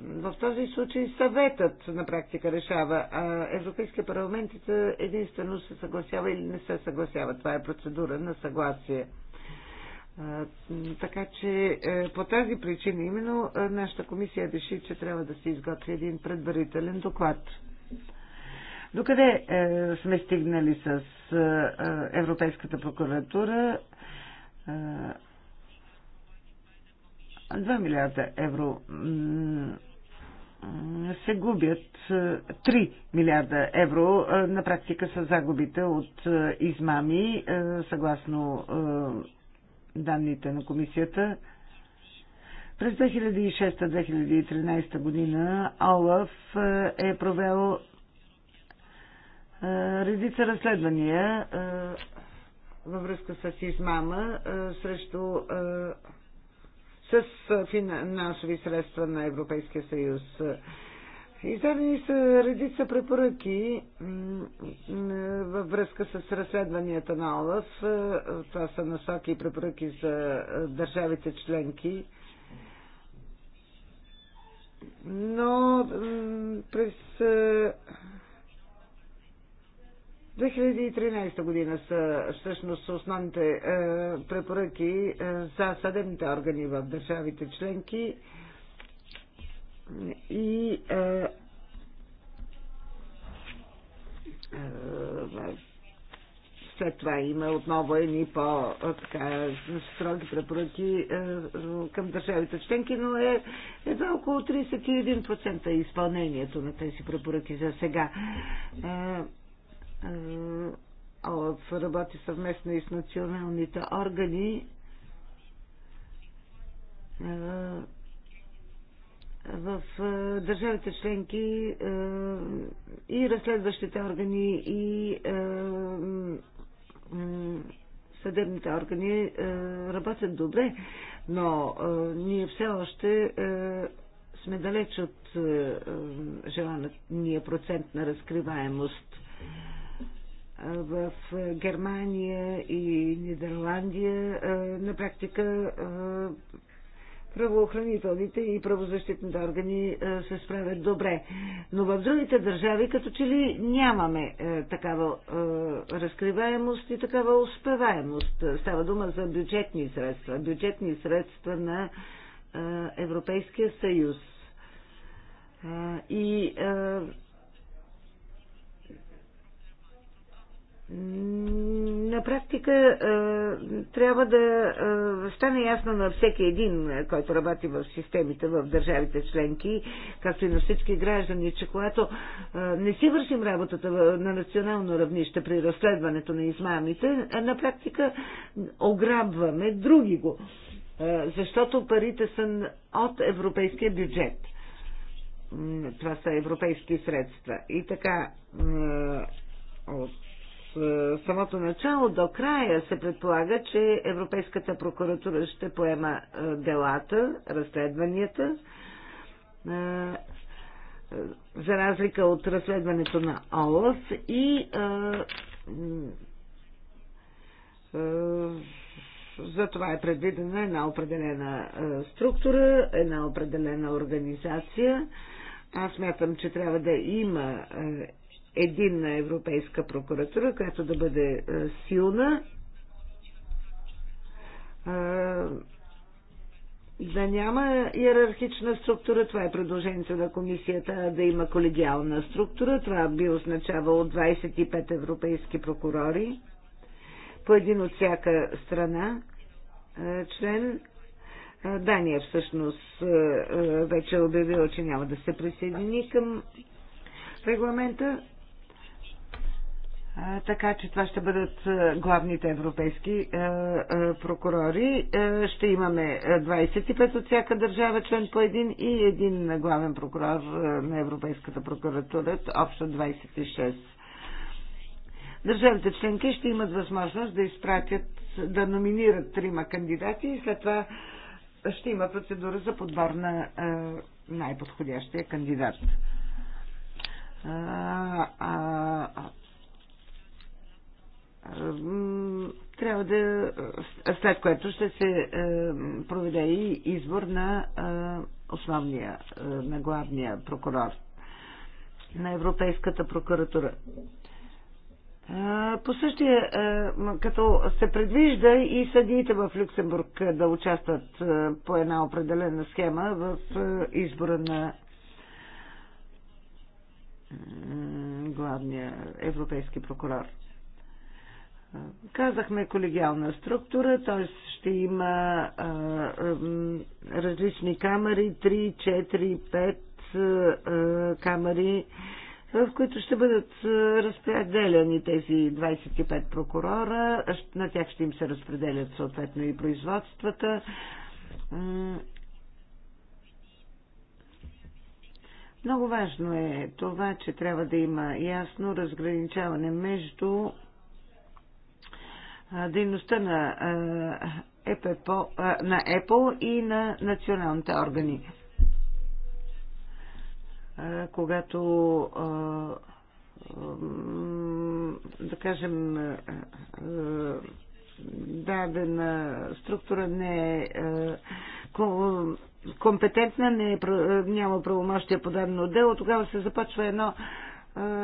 Speaker 2: в този случай съветът на практика решава, а Европейския парламент е единствено се съгласява или не се съгласява. Това е процедура на съгласие. Така че е, по тази причина именно е, нашата комисия реши, че трябва да се изготви един предварителен доклад. Докъде сме стигнали с Европейската прокуратура? 2 милиарда евро се губят 3 е, милиарда евро. Е, на практика са загубите от е, измами, съгласно данните на комисията. През 2006-2013 година ОЛАФ е провел редица разследвания във връзка с измама срещу с финансови средства на Европейския съюз. Издадени са редица препоръки във връзка с разследванията на ОЛАФ. Това са насоки и препоръки за държавите членки. Но през 2013 година са всъщност основните е, препоръки е, за съдебните органи в държавите членки и е, е, след това има отново едни по-строги препоръки е, към държавите членки, но е едва около 31% изпълнението на тези препоръки за сега. Е, ОЛАФ е, работи съвместно и с националните органи. Е, в е, държавите членки и разследващите органи и съдебните органи работят добре, но ние все още сме далеч от желания процент на разкриваемост в Германия и Нидерландия на практика правоохранителните и правозащитните органи се справят добре. Но в другите държави като че ли нямаме такава разкриваемост и такава успеваемост. Става дума за бюджетни средства, бюджетни средства на Европейския съюз. И На практика е, трябва да е, стане ясно на всеки един, който работи в системите в държавите членки, както и на всички граждани, че когато е, не си вършим работата на национално равнище при разследването на измамите, на практика ограбваме други го, защото парите са от европейския бюджет. Това са европейски средства. И така, от е, самото начало до края се предполага, че Европейската прокуратура ще поема е, делата, разследванията, е, за разлика от разследването на ОЛАФ и за това е предвидена една определена структура, една определена организация. Аз мятам, че трябва да има единна европейска прокуратура, която да бъде е, силна, е, да няма иерархична структура, това е предложението на комисията, да има колегиална структура, това би означавало 25 европейски прокурори, по един от всяка страна е, член. Дания всъщност вече е обявила, че няма да се присъедини към регламента. Така че това ще бъдат главните европейски прокурори. Ще имаме 25 от всяка държава, член по един и един главен прокурор на Европейската прокуратура, общо 26. Държавите членки ще имат възможност да изпратят, да номинират трима кандидати и след това ще има процедура за подбор на най-подходящия кандидат. А, а, трябва да, след което ще се е, проведе и избор на е, основния, е, на главния прокурор на Европейската прокуратура. По същия, като се предвижда и съдиите в Люксембург да участват по една определена схема в избора на главния европейски прокурор. Казахме колегиална структура, т.е. ще има а, а, различни камери, 3, 4, 5 а, камери, в които ще бъдат разпределяни тези 25 прокурора. На тях ще им се разпределят съответно и производствата. Много важно е това, че трябва да има ясно разграничаване между дейността на, ЕПО, на Apple и на националните органи. Когато да кажем дадена структура не е компетентна, не е, няма правомощия по дадено дело, тогава се започва едно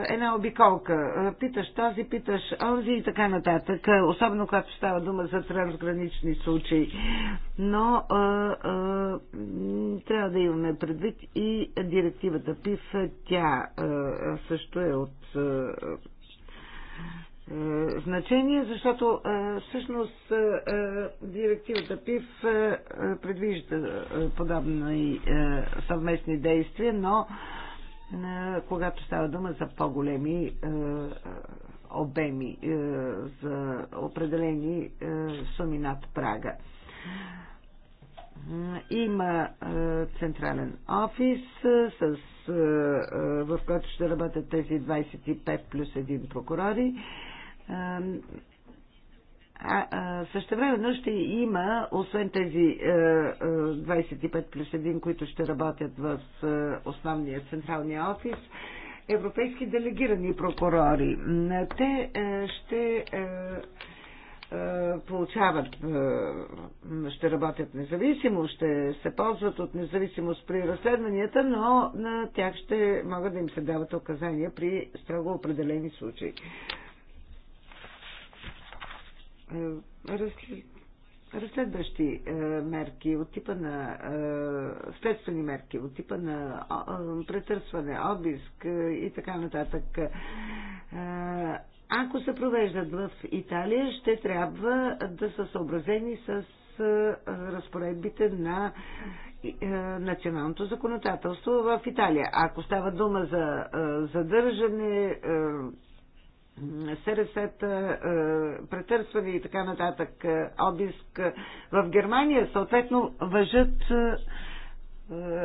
Speaker 2: една обиколка. Питаш този, питаш онзи и така нататък. Особено когато става дума за трансгранични случаи. Но а, а, трябва да имаме предвид и директивата ПИФ. Тя а, също е от а, значение, защото а, всъщност а, директивата ПИФ а, предвижда подобни а, съвместни действия, но а, когато става дума за по-големи е, е, обеми, е, за определени суми над прага. Има централен офис, с, в който ще работят тези 25 плюс 1 прокурори. А, а същевременно ще има, освен тези а, а, 25 плюс 1, които ще работят в а, е, основния централния офис, европейски делегирани прокурори. Те а, е, ще а, е, получават, ще работят независимо, ще се ползват от независимост при разследванията, но на тях ще могат да им се дават указания при строго определени случаи. Е, разследващи е, мерки от типа на е, следствени мерки, от типа на претърсване, обиск и така нататък. Ако се провеждат в Италия, ще трябва да са съобразени с разпоредбите на националното законодателство в Италия. Ако става дума за задържане, СРС-та, е, претърсване и така нататък, е, обиск е, в Германия, съответно въжат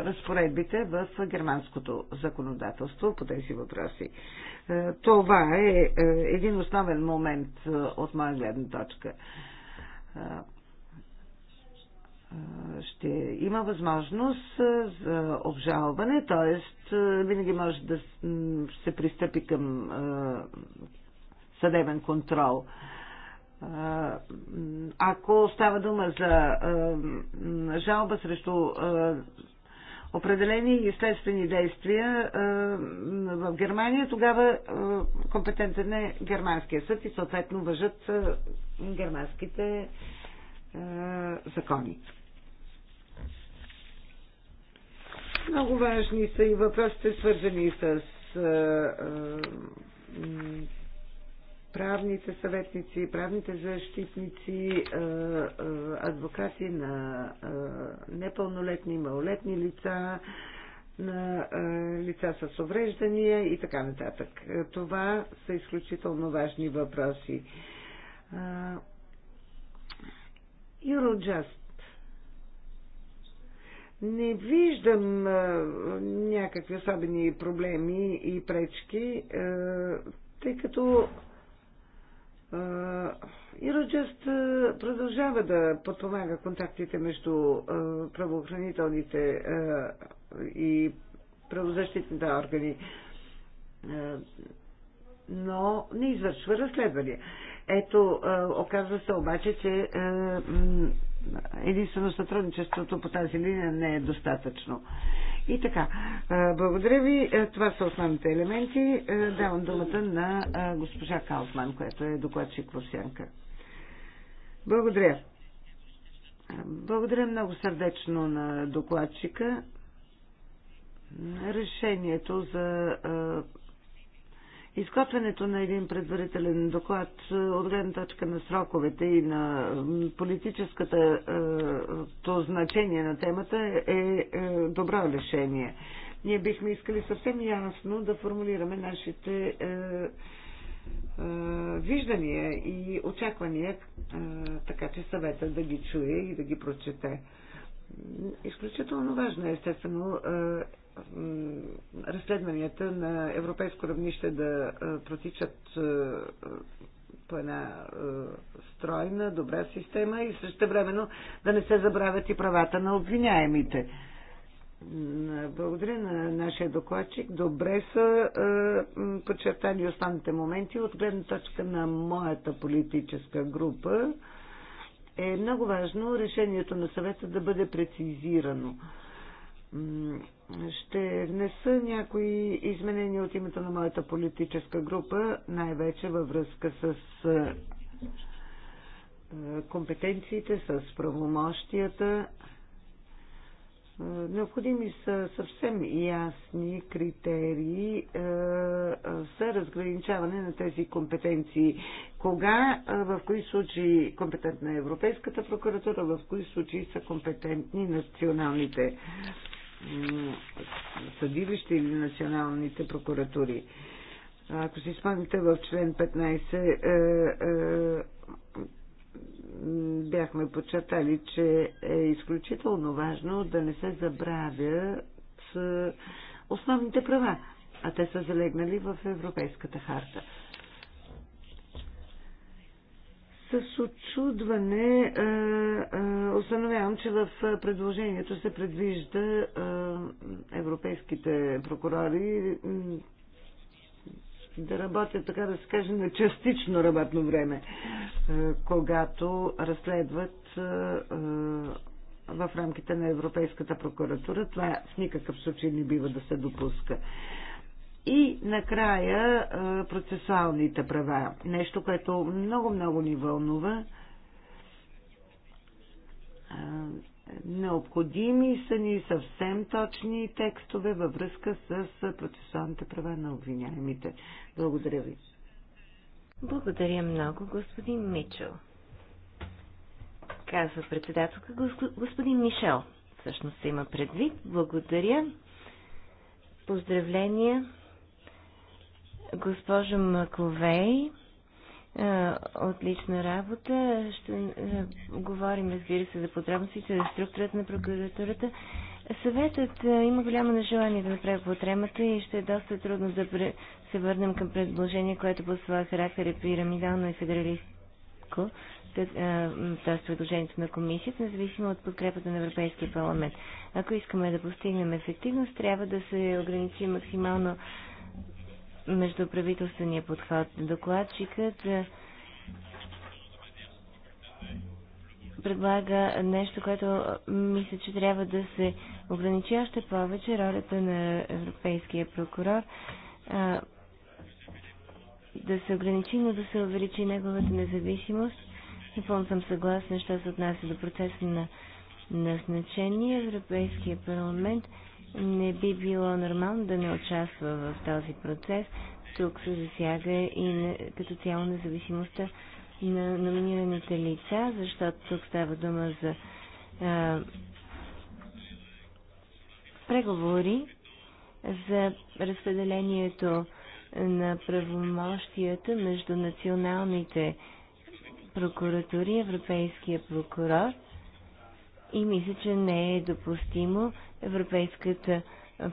Speaker 2: разпоредбите в германското законодателство по тези въпроси. Това е един основен момент от моя гледна точка. Ще има възможност за обжалване, т.е. винаги може да се пристъпи към съдебен контрол. Ако става дума за жалба срещу определени и следствени действия в Германия, тогава компетентен е германския съд и съответно въжат германските закони. Много важни са и въпросите, свързани с правните съветници, правните защитници, е, е, адвокати на е, непълнолетни, малолетни лица, на лица с увреждания и така нататък. Това са изключително важни въпроси. Юроджаст. Не виждам някакви особени проблеми и пречки, тъй като Ирожест продължава да подпомага контактите между правоохранителните и правозащитните органи, но не извършва разследвания. Ето, оказва се обаче, че единствено сътрудничеството по тази линия не е достатъчно. И така, благодаря ви. Е, това са основните елементи. Е, давам думата на госпожа Калфман, която е докладчик в Сянка. Благодаря. Е, благодаря много сърдечно на докладчика. Решението за Изготвянето на един предварителен доклад е, от гледна точка на сроковете и на политическата е, то значение на темата е, е добро решение. Ние бихме искали съвсем ясно да формулираме нашите виждания и очаквания, така че съвета да ги чуе и да ги прочете. Изключително важно естествено разследванията на европейско равнище да протичат по една стройна, добра система и също времено да не се забравят и правата на обвиняемите. Благодаря на нашия докладчик. Добре са е, подчертани останалите моменти от гледна точка на моята политическа група. Е много важно решението на съвета да бъде прецизирано. Ще внеса някои изменения от името на моята политическа група, най-вече във връзка с компетенциите, с правомощията. Необходими са съвсем ясни критерии за разграничаване на тези компетенции. Кога, в кои случаи компетентна е Европейската прокуратура, в кои случаи са компетентни националните съдилища или националните прокуратури. Ако си спомните в член 15 е, е, бяхме подчертали, че е изключително важно да не се забравя с основните права, а те са залегнали в Европейската харта. С очудване е, е, установявам, че в предложението се предвижда е, европейските прокурори да работят, така да се каже, на частично работно време, когато разследват в рамките на Европейската прокуратура. Това в никакъв случай не бива да се допуска. И накрая процесуалните права. Нещо, което много-много ни вълнува. Необходими са ни съвсем точни текстове във връзка с процесуалните права на обвиняемите. Благодаря
Speaker 3: ви. Благодаря много, господин Мичел. Казва председателка господин Мишел. Всъщност се има предвид. Благодаря. Поздравления Госпожа Маковей, отлична работа. Ще говорим, разбира се, за подробностите за структурата на прокуратурата. Съветът има голямо нежелание да направи по тремата и ще е доста трудно да се върнем към предложение, което по своя характер е пирамидално и федералистко, т.е. предложението на комисията, независимо от подкрепата на Европейския парламент. Ако искаме да постигнем ефективност, трябва да се ограничи максимално междуправителствения подход. Докладчикът е, предлага нещо, което е, мисля, че трябва да се ограничи още повече ролята на европейския прокурор е, да се ограничи, но да се увеличи неговата независимост. Напълно съм съгласна, що се отнася до процеса на назначение. Европейския парламент не би било нормално да не участва в този процес. Тук се засяга и на, като цяло независимостта на номинираните лица, защото тук става дума за а, преговори за разпределението на правомощията между националните прокуратури, Европейския прокурор и мисля, че не е допустимо Европейската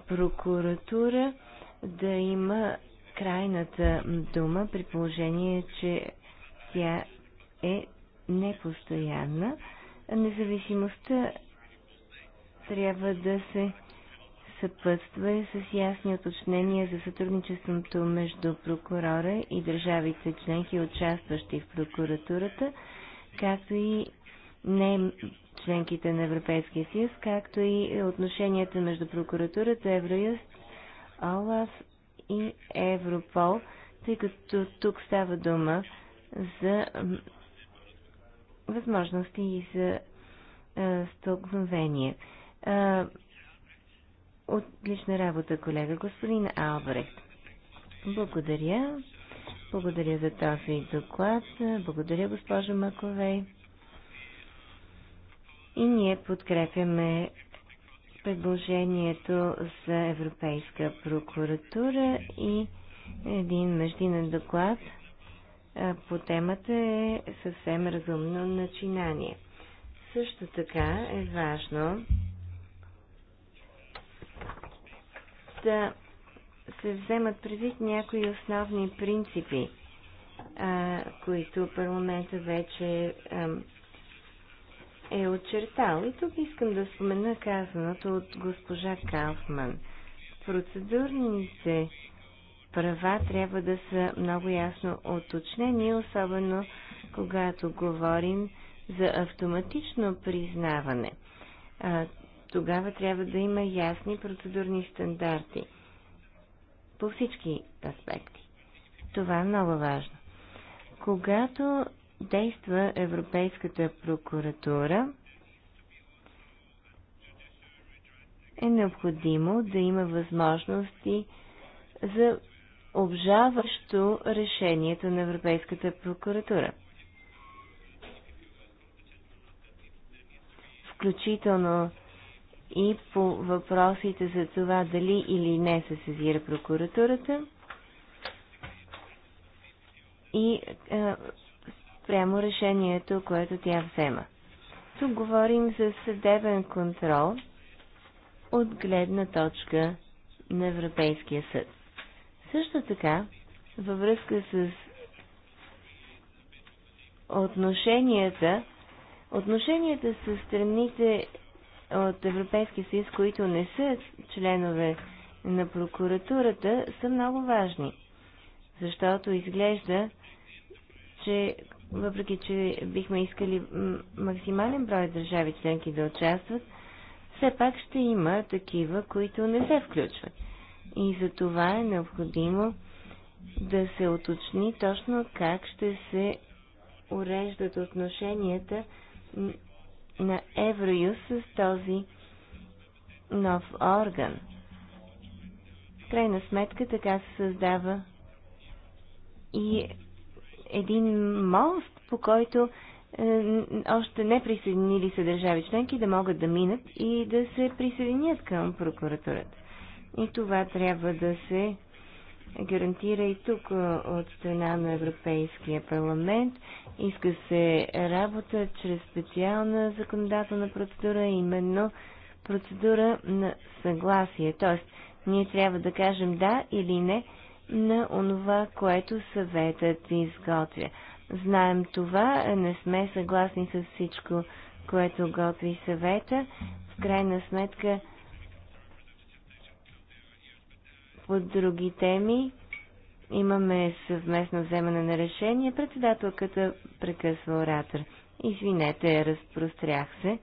Speaker 3: прокуратура да има крайната дума при положение, че тя е непостоянна. Независимостта трябва да се съпътства и с ясни уточнения за сътрудничеството между прокурора и държавите членки, участващи в прокуратурата, както и не членките на Европейския съюз, както и отношенията между прокуратурата, Евроюст, ОЛАФ и Европол, тъй като тук става дума за възможности и за а, столкновение. отлична работа, колега. Господин Албрехт, благодаря. Благодаря за този доклад. Благодаря, госпожа Маковей и ние подкрепяме предложението за Европейска прокуратура и един междинен доклад по темата е съвсем разумно начинание. Също така е важно да се вземат предвид някои основни принципи, които парламента вече е очертал. И тук искам да спомена казаното от госпожа Кауфман. Процедурните права трябва да са много ясно оточнени, особено когато говорим за автоматично признаване. А, тогава трябва да има ясни процедурни стандарти по всички аспекти. Това е много важно. Когато действа Европейската прокуратура, е необходимо да има възможности за обжаващо решението на Европейската прокуратура. Включително и по въпросите за това дали или не се сезира прокуратурата и а, е, спрямо решението, което тя взема. Тук говорим за съдебен контрол от гледна точка на Европейския съд. Също така, във връзка с отношенията, отношенията с страните от Европейския съюз, които не са членове на прокуратурата, са много важни. Защото изглежда, че въпреки че бихме искали максимален брой държави членки да участват, все пак ще има такива, които не се включват. И за това е необходимо да се оточни точно как ще се уреждат отношенията на Евроюз с този нов орган. В крайна сметка така се създава и един мост, по който е, още не присъединили се държави членки да могат да минат и да се присъединят към прокуратурата. И това трябва да се гарантира и тук е, от страна на Европейския парламент. Иска се работа чрез специална законодателна процедура, именно процедура на съгласие. Тоест, ние трябва да кажем да или не на онова, което съветът изготвя. Знаем това, не сме съгласни с всичко, което готви съвета. В крайна сметка, по други теми имаме съвместно вземане на решение. Председателката прекъсва оратор. Извинете, разпрострях се,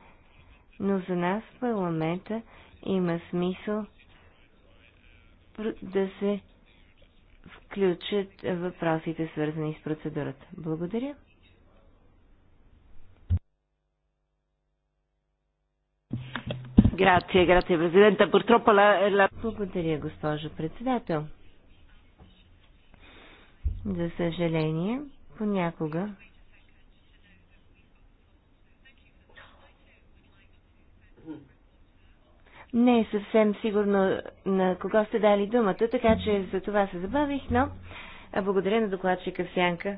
Speaker 3: но за нас в парламента има смисъл да се включат въпросите, свързани с процедурата. Благодаря. Грация, грация, президента. Благодаря, госпожо председател. За съжаление, понякога Не е съвсем сигурно на кого сте дали думата, така че за това се забавих, но благодаря на докладчика Сянка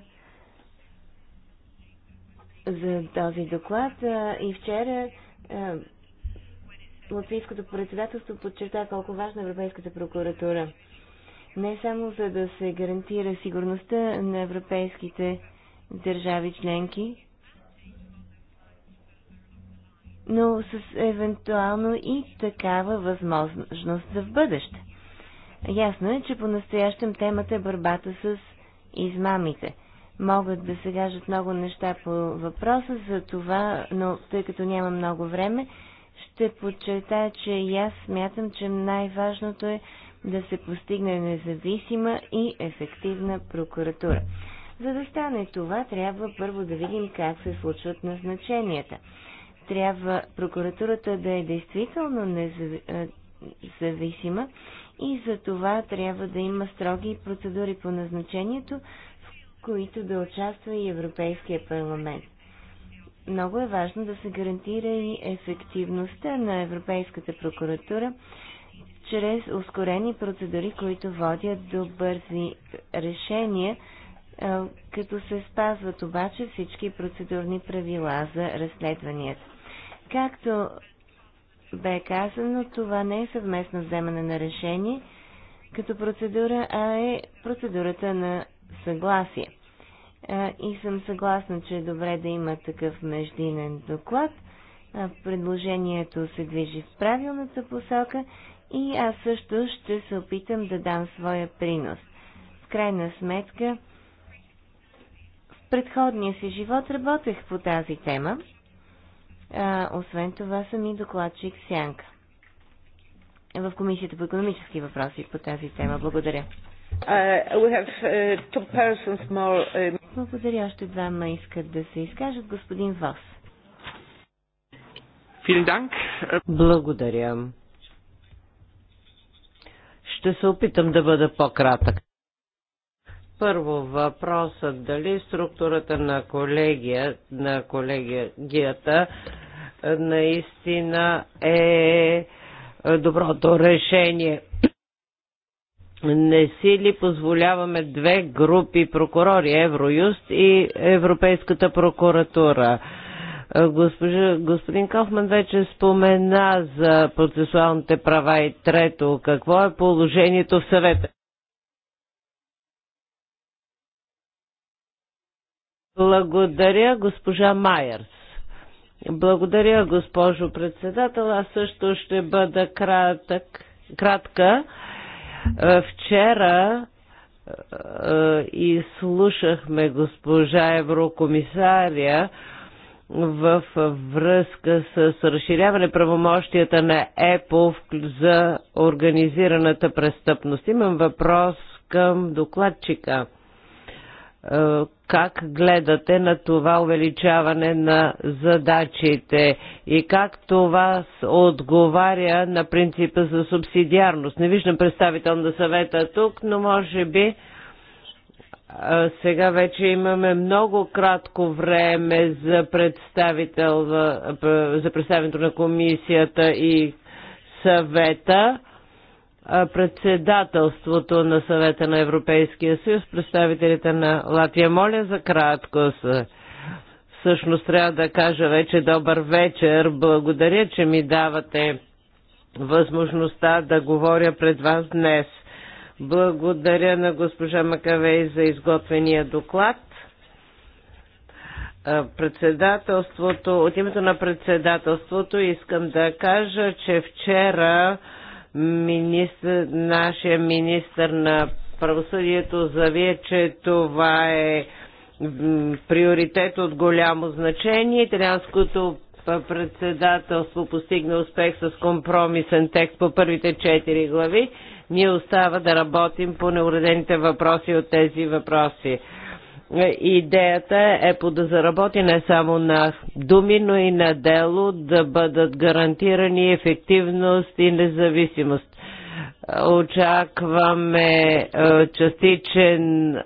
Speaker 3: за този доклад. И вчера Латвийското председателство подчерта колко важна е Европейската прокуратура. Не само за да се гарантира сигурността на европейските държави членки, но с евентуално и такава възможност за в бъдеще. Ясно е, че по-настоящем темата е борбата с измамите. Могат да се кажат много неща по въпроса за това, но тъй като няма много време, ще подчертая, че и аз смятам, че най-важното е да се постигне независима и ефективна прокуратура. За да стане това, трябва първо да видим как се случват назначенията трябва прокуратурата да е действително независима и за това трябва да има строги процедури по назначението, в които да участва и Европейския парламент. Много е важно да се гарантира и ефективността на Европейската прокуратура чрез ускорени процедури, които водят до бързи решения, като се спазват обаче всички процедурни правила за разследванията. Както бе казано, това не е съвместно вземане на решение като процедура, а е процедурата на съгласие. И съм съгласна, че е добре да има такъв междинен доклад. Предложението се движи в правилната посока и аз също ще се опитам да дам своя принос. В крайна сметка, в предходния си живот работех по тази тема а, освен това съм и докладчик Сянка в Комисията по економически въпроси по тази тема. Благодаря. Uh, have, uh, more, uh... Благодаря. Още двама искат да се изкажат. Господин Вос. Благодаря.
Speaker 1: Ще се опитам да бъда по-кратък. Първо въпросът дали структурата на, колегия, на колегията е, наистина е, е доброто решение. Не си ли позволяваме две групи прокурори, Евроюст и Европейската прокуратура? Е, госпожа, господин Кафман вече спомена за процесуалните права и трето. Какво е положението в съвета? Благодаря, госпожа Майерс. Благодаря, госпожо председател. Аз също ще бъда кратък, кратка. Е, вчера е, е, и слушахме госпожа еврокомисаря в връзка с разширяване правомощията на ЕПО за организираната престъпност. Имам въпрос към докладчика е, как гледате на това увеличаване на задачите и как това отговаря на принципа за субсидиарност. Не виждам представител на съвета тук, но може би е, сега вече имаме много кратко време за, представител, е, за представенето на комисията и съвета председателството на съвета на Европейския съюз, представителите на Латвия. Моля за краткост. Всъщност трябва да кажа вече добър вечер. Благодаря, че ми давате възможността да говоря пред вас днес. Благодаря на госпожа Макавей за изготвения доклад председателството, от името на председателството искам да кажа, че вчера Министр, нашия министр на правосъдието завие, че това е приоритет от голямо значение. Италианското председателство постигна успех с компромисен текст по първите четири глави. Ние остава да работим по неуредените въпроси от тези въпроси. Идеята е по да заработи не само на думи, но и на дело да бъдат гарантирани ефективност и независимост очакваме е, частичен е,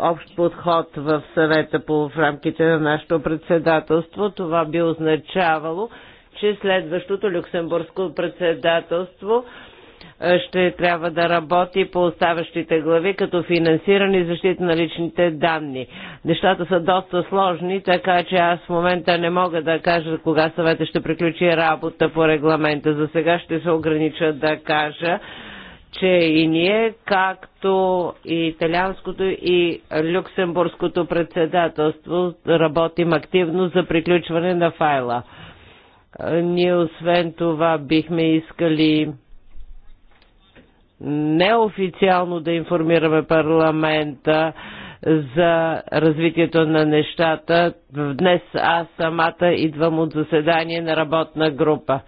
Speaker 1: общ подход в съвета по в рамките на нашето председателство. Това би означавало, че следващото люксембургско председателство е, ще трябва да работи по оставащите глави, като финансиране и защита на личните данни. Нещата са доста сложни, така че аз в момента не мога да кажа кога съвета ще приключи работа по регламента. За сега ще се огранича да кажа, че и ние, както и италианското и люксембургското председателство, работим активно за приключване на файла. Е, ние освен това бихме искали неофициално да информираме парламента за развитието на нещата. Днес аз самата идвам от заседание на работна група.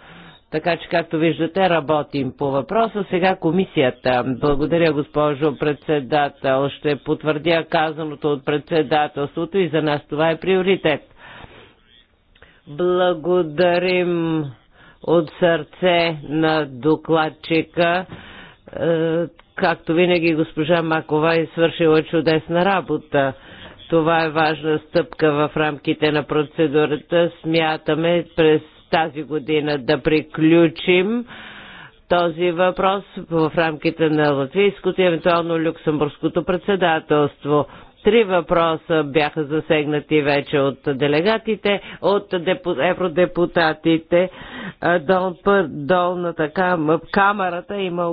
Speaker 1: Така че, както виждате, работим по въпроса. Сега комисията. Благодаря, госпожо председател. Ще потвърдя казаното от председателството и за нас това е приоритет. Благодарим от сърце на докладчика е, както винаги госпожа Макова е свършила чудесна работа. Това е важна стъпка в рамките на процедурата. Смятаме през тази година да приключим този въпрос в рамките на латвийското и евентуално люксембургското председателство. Три въпроса бяха засегнати вече от делегатите, от евродепутатите. Дол, долната кам, камерата има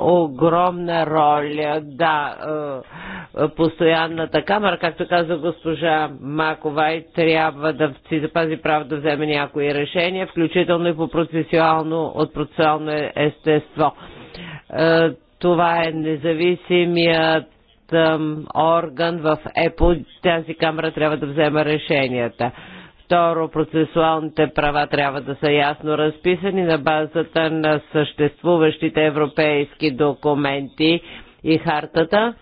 Speaker 1: огромна роля. Да, постоянната камера, както каза госпожа Маковай, трябва да си запази право да вземе някои решения, включително и по процесуално, от процесуално естество. Това е независимият орган в ЕПО, тази камера трябва да взема решенията. Второ, процесуалните права трябва да са ясно разписани на базата на съществуващите европейски документи и хартата.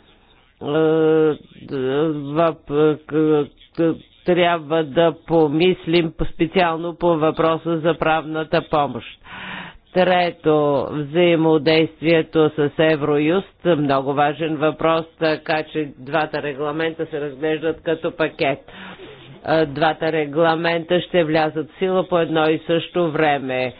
Speaker 1: Е, трябва да помислим специално по въпроса за правната помощ Трето, взаимодействието с Евроюст. Много важен въпрос, така че двата регламента се разглеждат като пакет двата регламента ще влязат в сила по едно и също време.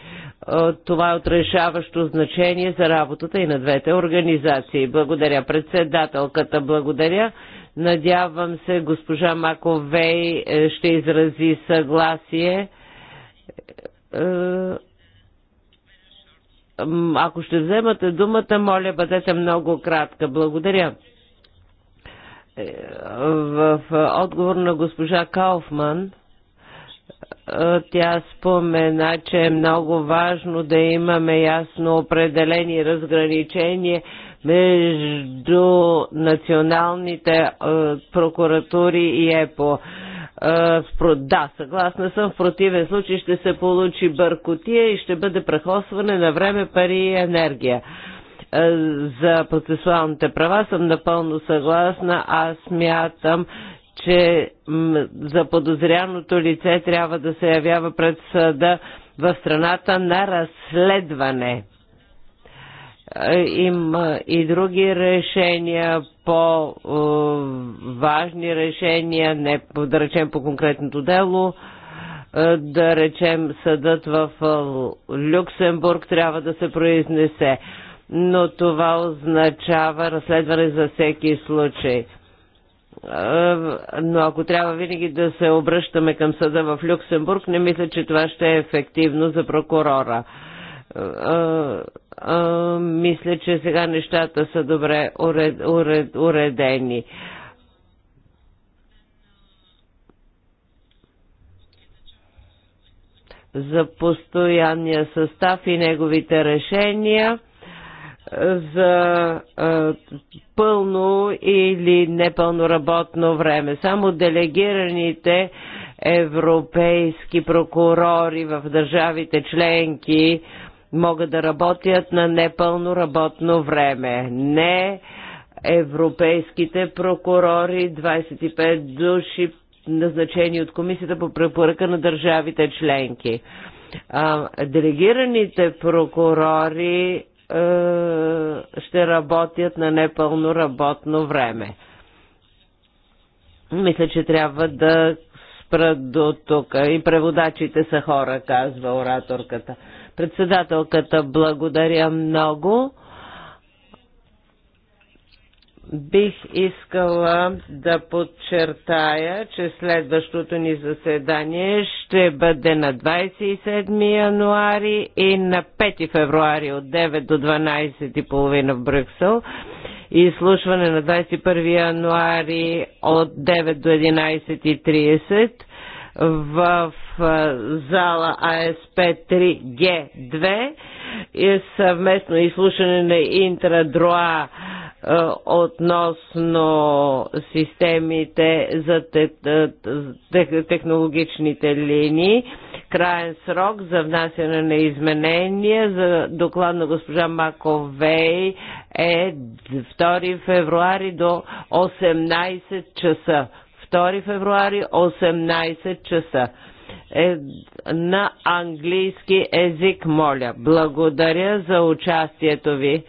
Speaker 1: Това е отрешаващо значение за работата и на двете организации. Благодаря председателката, благодаря. Надявам се госпожа Маковей е, ще изрази съгласие е, ако ще вземате думата, моля, бъдете много кратка. Благодаря. Е, в отговор на госпожа Кауфман, е, тя спомена, че е много важно да имаме ясно определени разграничения между националните е, прокуратури и ЕПО да, съгласна съм, в противен случай ще се получи бъркотия и ще бъде прехосване на време, пари и енергия. За процесуалните права съм напълно съгласна. Аз мятам, че за подозряното лице трябва да се явява пред съда в страната на разследване. Има и други решения по-важни решения, не да речем по конкретното дело, е, да речем съдът в е, Люксембург трябва да се произнесе. Но това означава разследване за всеки случай. Е, но ако трябва винаги да се обръщаме към съда в Люксембург, не мисля, че това ще е ефективно за прокурора мисля, че сега нещата са добре уред, уред, уредени. За постоянния състав и неговите решения за а, пълно или непълно работно време. Само делегираните европейски прокурори в държавите членки а, могат да работят на непълно работно време. Не европейските прокурори, 25 души назначени от комисията по препоръка на държавите членки. Делегираните прокурори е, ще работят на непълно работно време. Мисля, че трябва да спра до тук. И преводачите са хора, казва ораторката. Председателката, благодаря много. Бих искала да подчертая, че следващото ни заседание ще бъде на 27 януари и на 5 февруари от 9 до 12.30 в Брюксел и изслушване на 21 януари от 9 до 11.30 в зала АСП-3Г2 и съвместно изслушане на Интрадроа относно системите за технологичните линии. Краен срок за внасяне на изменения за доклад на госпожа Маковей е 2 февруари до 18 часа. 2 февруари 18 часа е, на английски език, моля. Благодаря за участието ви.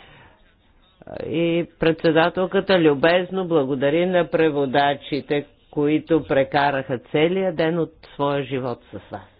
Speaker 1: И председателката любезно благодари на преводачите, които прекараха целия ден от своя живот с вас.